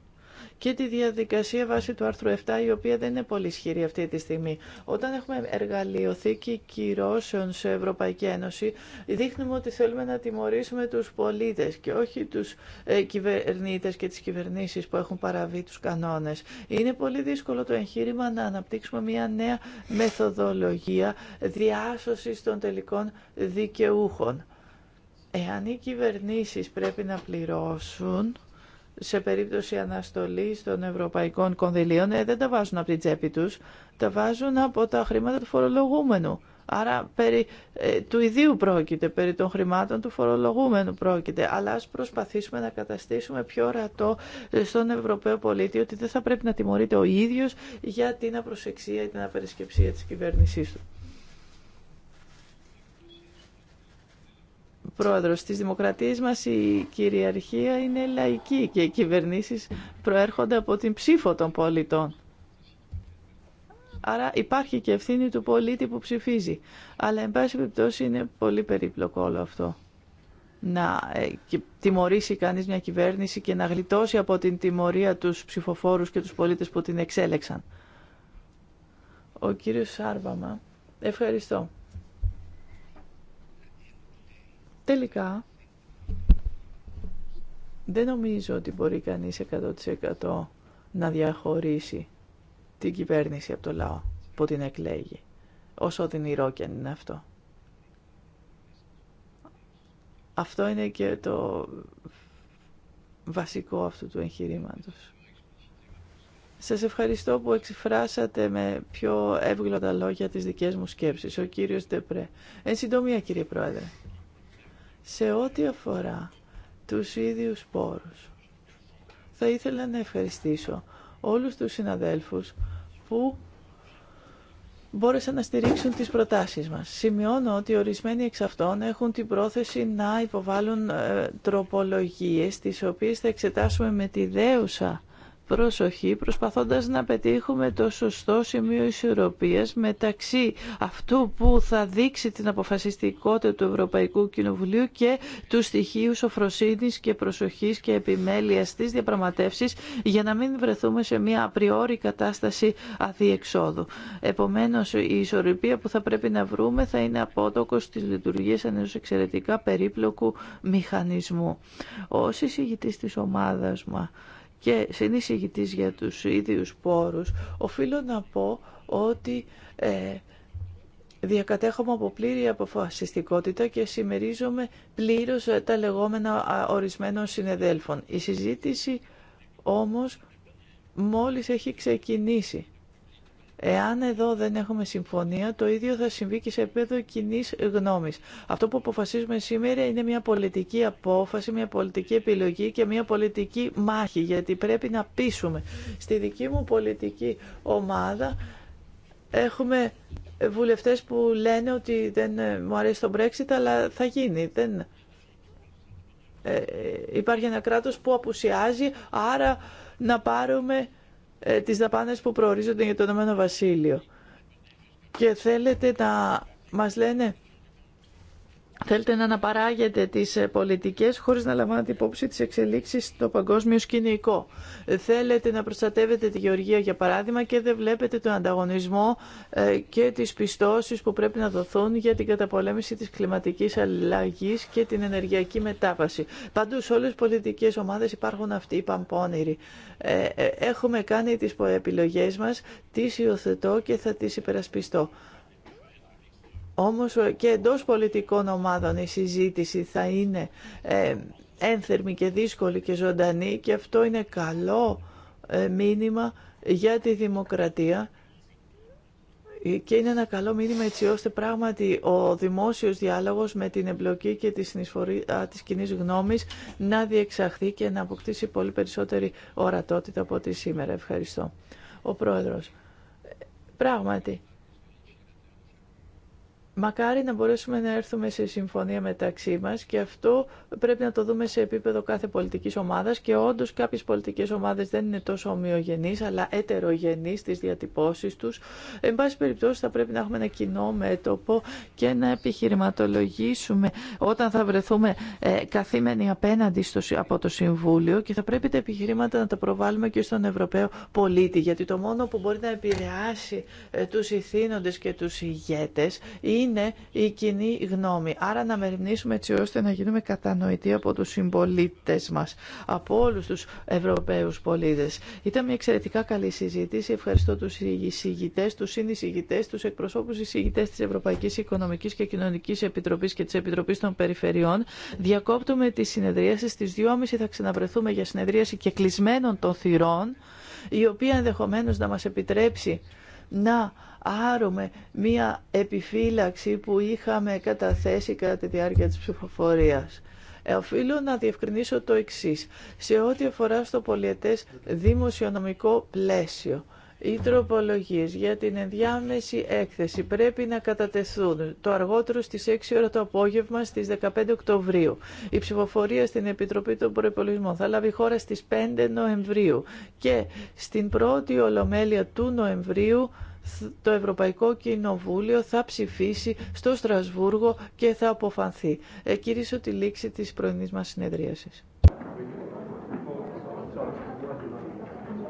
και τη διαδικασία βάσει του άρθρου 7, η οποία δεν είναι πολύ ισχυρή αυτή τη στιγμή. Όταν έχουμε εργαλειοθήκη κυρώσεων σε Ευρωπαϊκή Ένωση, δείχνουμε ότι θέλουμε να τιμωρήσουμε τους πολίτες και όχι τους ε, κυβερνήτες και τις κυβερνήσεις που έχουν παραβεί τους κανόνες. Είναι πολύ δύσκολο το εγχείρημα να αναπτύξουμε μια νέα μεθοδολογία διάσωσης των τελικών δικαιούχων. Εάν οι κυβερνήσεις πρέπει να πληρώσουν σε περίπτωση αναστολής των ευρωπαϊκών κονδυλίων ε, δεν τα βάζουν από την τσέπη τους, τα βάζουν από τα χρήματα του φορολογούμενου. Άρα περί ε, του ιδίου πρόκειται, περί των χρημάτων του φορολογούμενου πρόκειται. Αλλά ας προσπαθήσουμε να καταστήσουμε πιο ορατό ε, στον Ευρωπαίο πολίτη ότι δεν θα πρέπει να τιμωρείται ο ίδιος για την απροσεξία ή την απερισκεψία της κυβέρνησής του. πρόεδρος. της Δημοκρατίας μας η κυριαρχία είναι λαϊκή και οι κυβερνήσεις προέρχονται από την ψήφο των πολιτών. Άρα υπάρχει και ευθύνη του πολίτη που ψηφίζει. Αλλά, εν πάση περιπτώσει, είναι πολύ περίπλοκο όλο αυτό. Να ε, και τιμωρήσει κανείς μια κυβέρνηση και να γλιτώσει από την τιμωρία τους ψηφοφόρους και τους πολίτες που την εξέλεξαν. Ο κύριος Σάρβαμα. Ευχαριστώ. Τελικά, δεν νομίζω ότι μπορεί κανείς 100% να διαχωρίσει την κυβέρνηση από το λαό που την εκλέγει, όσο την και είναι αυτό. Αυτό είναι και το βασικό αυτού του εγχειρήματος. Σας ευχαριστώ που εξεφράσατε με πιο εύγλωτα λόγια τις δικές μου σκέψεις, ο κύριος Ντεπρέ. Εν συντομία κύριε Πρόεδρε. Σε ό,τι αφορά τους ίδιους πόρους, θα ήθελα να ευχαριστήσω όλους τους συναδέλφους που μπόρεσαν να στηρίξουν τις προτάσεις μας. Σημειώνω ότι ορισμένοι εξ αυτών έχουν την πρόθεση να υποβάλουν ε, τροπολογίες τις οποίες θα εξετάσουμε με τη δέουσα προσοχή προσπαθώντας να πετύχουμε το σωστό σημείο ισορροπίας μεταξύ αυτού που θα δείξει την αποφασιστικότητα του Ευρωπαϊκού Κοινοβουλίου και του στοιχείου σοφροσύνης και προσοχής και επιμέλειας στις διαπραγματεύσεις για να μην βρεθούμε σε μια απριόρη κατάσταση αδιεξόδου. Επομένως η ισορροπία που θα πρέπει να βρούμε θα είναι απότοκο της λειτουργία ενό εξαιρετικά περίπλοκου μηχανισμού. Ω εισηγητής τη ομάδα μας και συνεισηγητής για τους ίδιους πόρους, οφείλω να πω ότι ε, διακατέχομαι από πλήρη αποφασιστικότητα και συμμερίζομαι πλήρως ε, τα λεγόμενα ορισμένων συνεδέλφων. Η συζήτηση όμως μόλις έχει ξεκινήσει. Εάν εδώ δεν έχουμε συμφωνία, το ίδιο θα συμβεί και σε επίπεδο κοινή γνώμη. Αυτό που αποφασίζουμε σήμερα είναι μια πολιτική απόφαση, μια πολιτική επιλογή και μια πολιτική μάχη, γιατί πρέπει να πείσουμε. Στη δική μου πολιτική ομάδα έχουμε βουλευτές που λένε ότι δεν ε, μου αρέσει το Brexit, αλλά θα γίνει. Δεν... Ε, ε υπάρχει ένα κράτος που απουσιάζει, άρα να πάρουμε ε, τις δαπάνες που προορίζονται για το Ηνωμένο Βασίλειο. Και θέλετε να μας λένε Θέλετε να αναπαράγετε τις ε, πολιτικές χωρίς να λαμβάνετε υπόψη τις εξελίξεις στο παγκόσμιο σκηνικό. Ε, θέλετε να προστατεύετε τη γεωργία για παράδειγμα και δεν βλέπετε τον ανταγωνισμό ε, και τις πιστώσεις που πρέπει να δοθούν για την καταπολέμηση της κλιματικής αλλαγής και την ενεργειακή μετάβαση. Παντού σε όλες τις πολιτικές ομάδες υπάρχουν αυτοί οι παμπόνηροι. Έχουμε κάνει τις επιλογές μας, τι υιοθετώ και θα τι υπερασπιστώ. Όμως και εντός πολιτικών ομάδων η συζήτηση θα είναι ε, ένθερμη και δύσκολη και ζωντανή και αυτό είναι καλό ε, μήνυμα για τη δημοκρατία ε, και είναι ένα καλό μήνυμα έτσι ώστε πράγματι ο δημόσιος διάλογος με την εμπλοκή και τη συνεισφορή της κοινή γνώμης να διεξαχθεί και να αποκτήσει πολύ περισσότερη ορατότητα από ό,τι σήμερα. Ευχαριστώ. Ο Πρόεδρος. Πράγματι, Μακάρι να μπορέσουμε να έρθουμε σε συμφωνία μεταξύ μας και αυτό πρέπει να το δούμε σε επίπεδο κάθε πολιτικής ομάδας και όντως κάποιες πολιτικές ομάδες δεν είναι τόσο ομοιογενείς αλλά ετερογενείς στις διατυπώσεις τους. Εν πάση περιπτώσει θα πρέπει να έχουμε ένα κοινό μέτωπο και να επιχειρηματολογήσουμε όταν θα βρεθούμε ε, καθήμενοι απέναντι στο, από το Συμβούλιο και θα πρέπει τα επιχειρήματα να τα προβάλλουμε και στον Ευρωπαίο πολίτη γιατί το μόνο που μπορεί να επηρεάσει ε, τους και τους ηγέτε. είναι είναι η κοινή γνώμη. Άρα να μεριμνήσουμε έτσι ώστε να γίνουμε κατανοητοί από τους συμπολίτε μας, από όλους τους Ευρωπαίους πολίτες. Ήταν μια εξαιρετικά καλή συζήτηση. Ευχαριστώ τους εισηγητές, τους συνεισηγητές, τους εκπροσώπους εισηγητές της Ευρωπαϊκής Οικονομικής και Κοινωνικής Επιτροπής και της Επιτροπής των Περιφερειών. Διακόπτουμε τη συνεδρίαση στις 2.30 θα ξαναβρεθούμε για συνεδρίαση και κλεισμένων των θυρών, η οποία ενδεχομένως να μας επιτρέψει να άρουμε μία επιφύλαξη που είχαμε καταθέσει κατά τη διάρκεια της ψηφοφορίας. Ε, οφείλω να διευκρινίσω το εξής. Σε ό,τι αφορά στο πολιετές δημοσιονομικό πλαίσιο, οι τροπολογίε για την ενδιάμεση έκθεση πρέπει να κατατεθούν το αργότερο στις 6 ώρα το απόγευμα στις 15 Οκτωβρίου. Η ψηφοφορία στην Επιτροπή των Προπολογισμών θα λάβει χώρα στις 5 Νοεμβρίου και στην πρώτη Ολομέλεια του Νοεμβρίου το Ευρωπαϊκό Κοινοβούλιο θα ψηφίσει στο Στρασβούργο και θα αποφανθεί. Ε, τη λήξη της πρωινής μας συνεδρίασης.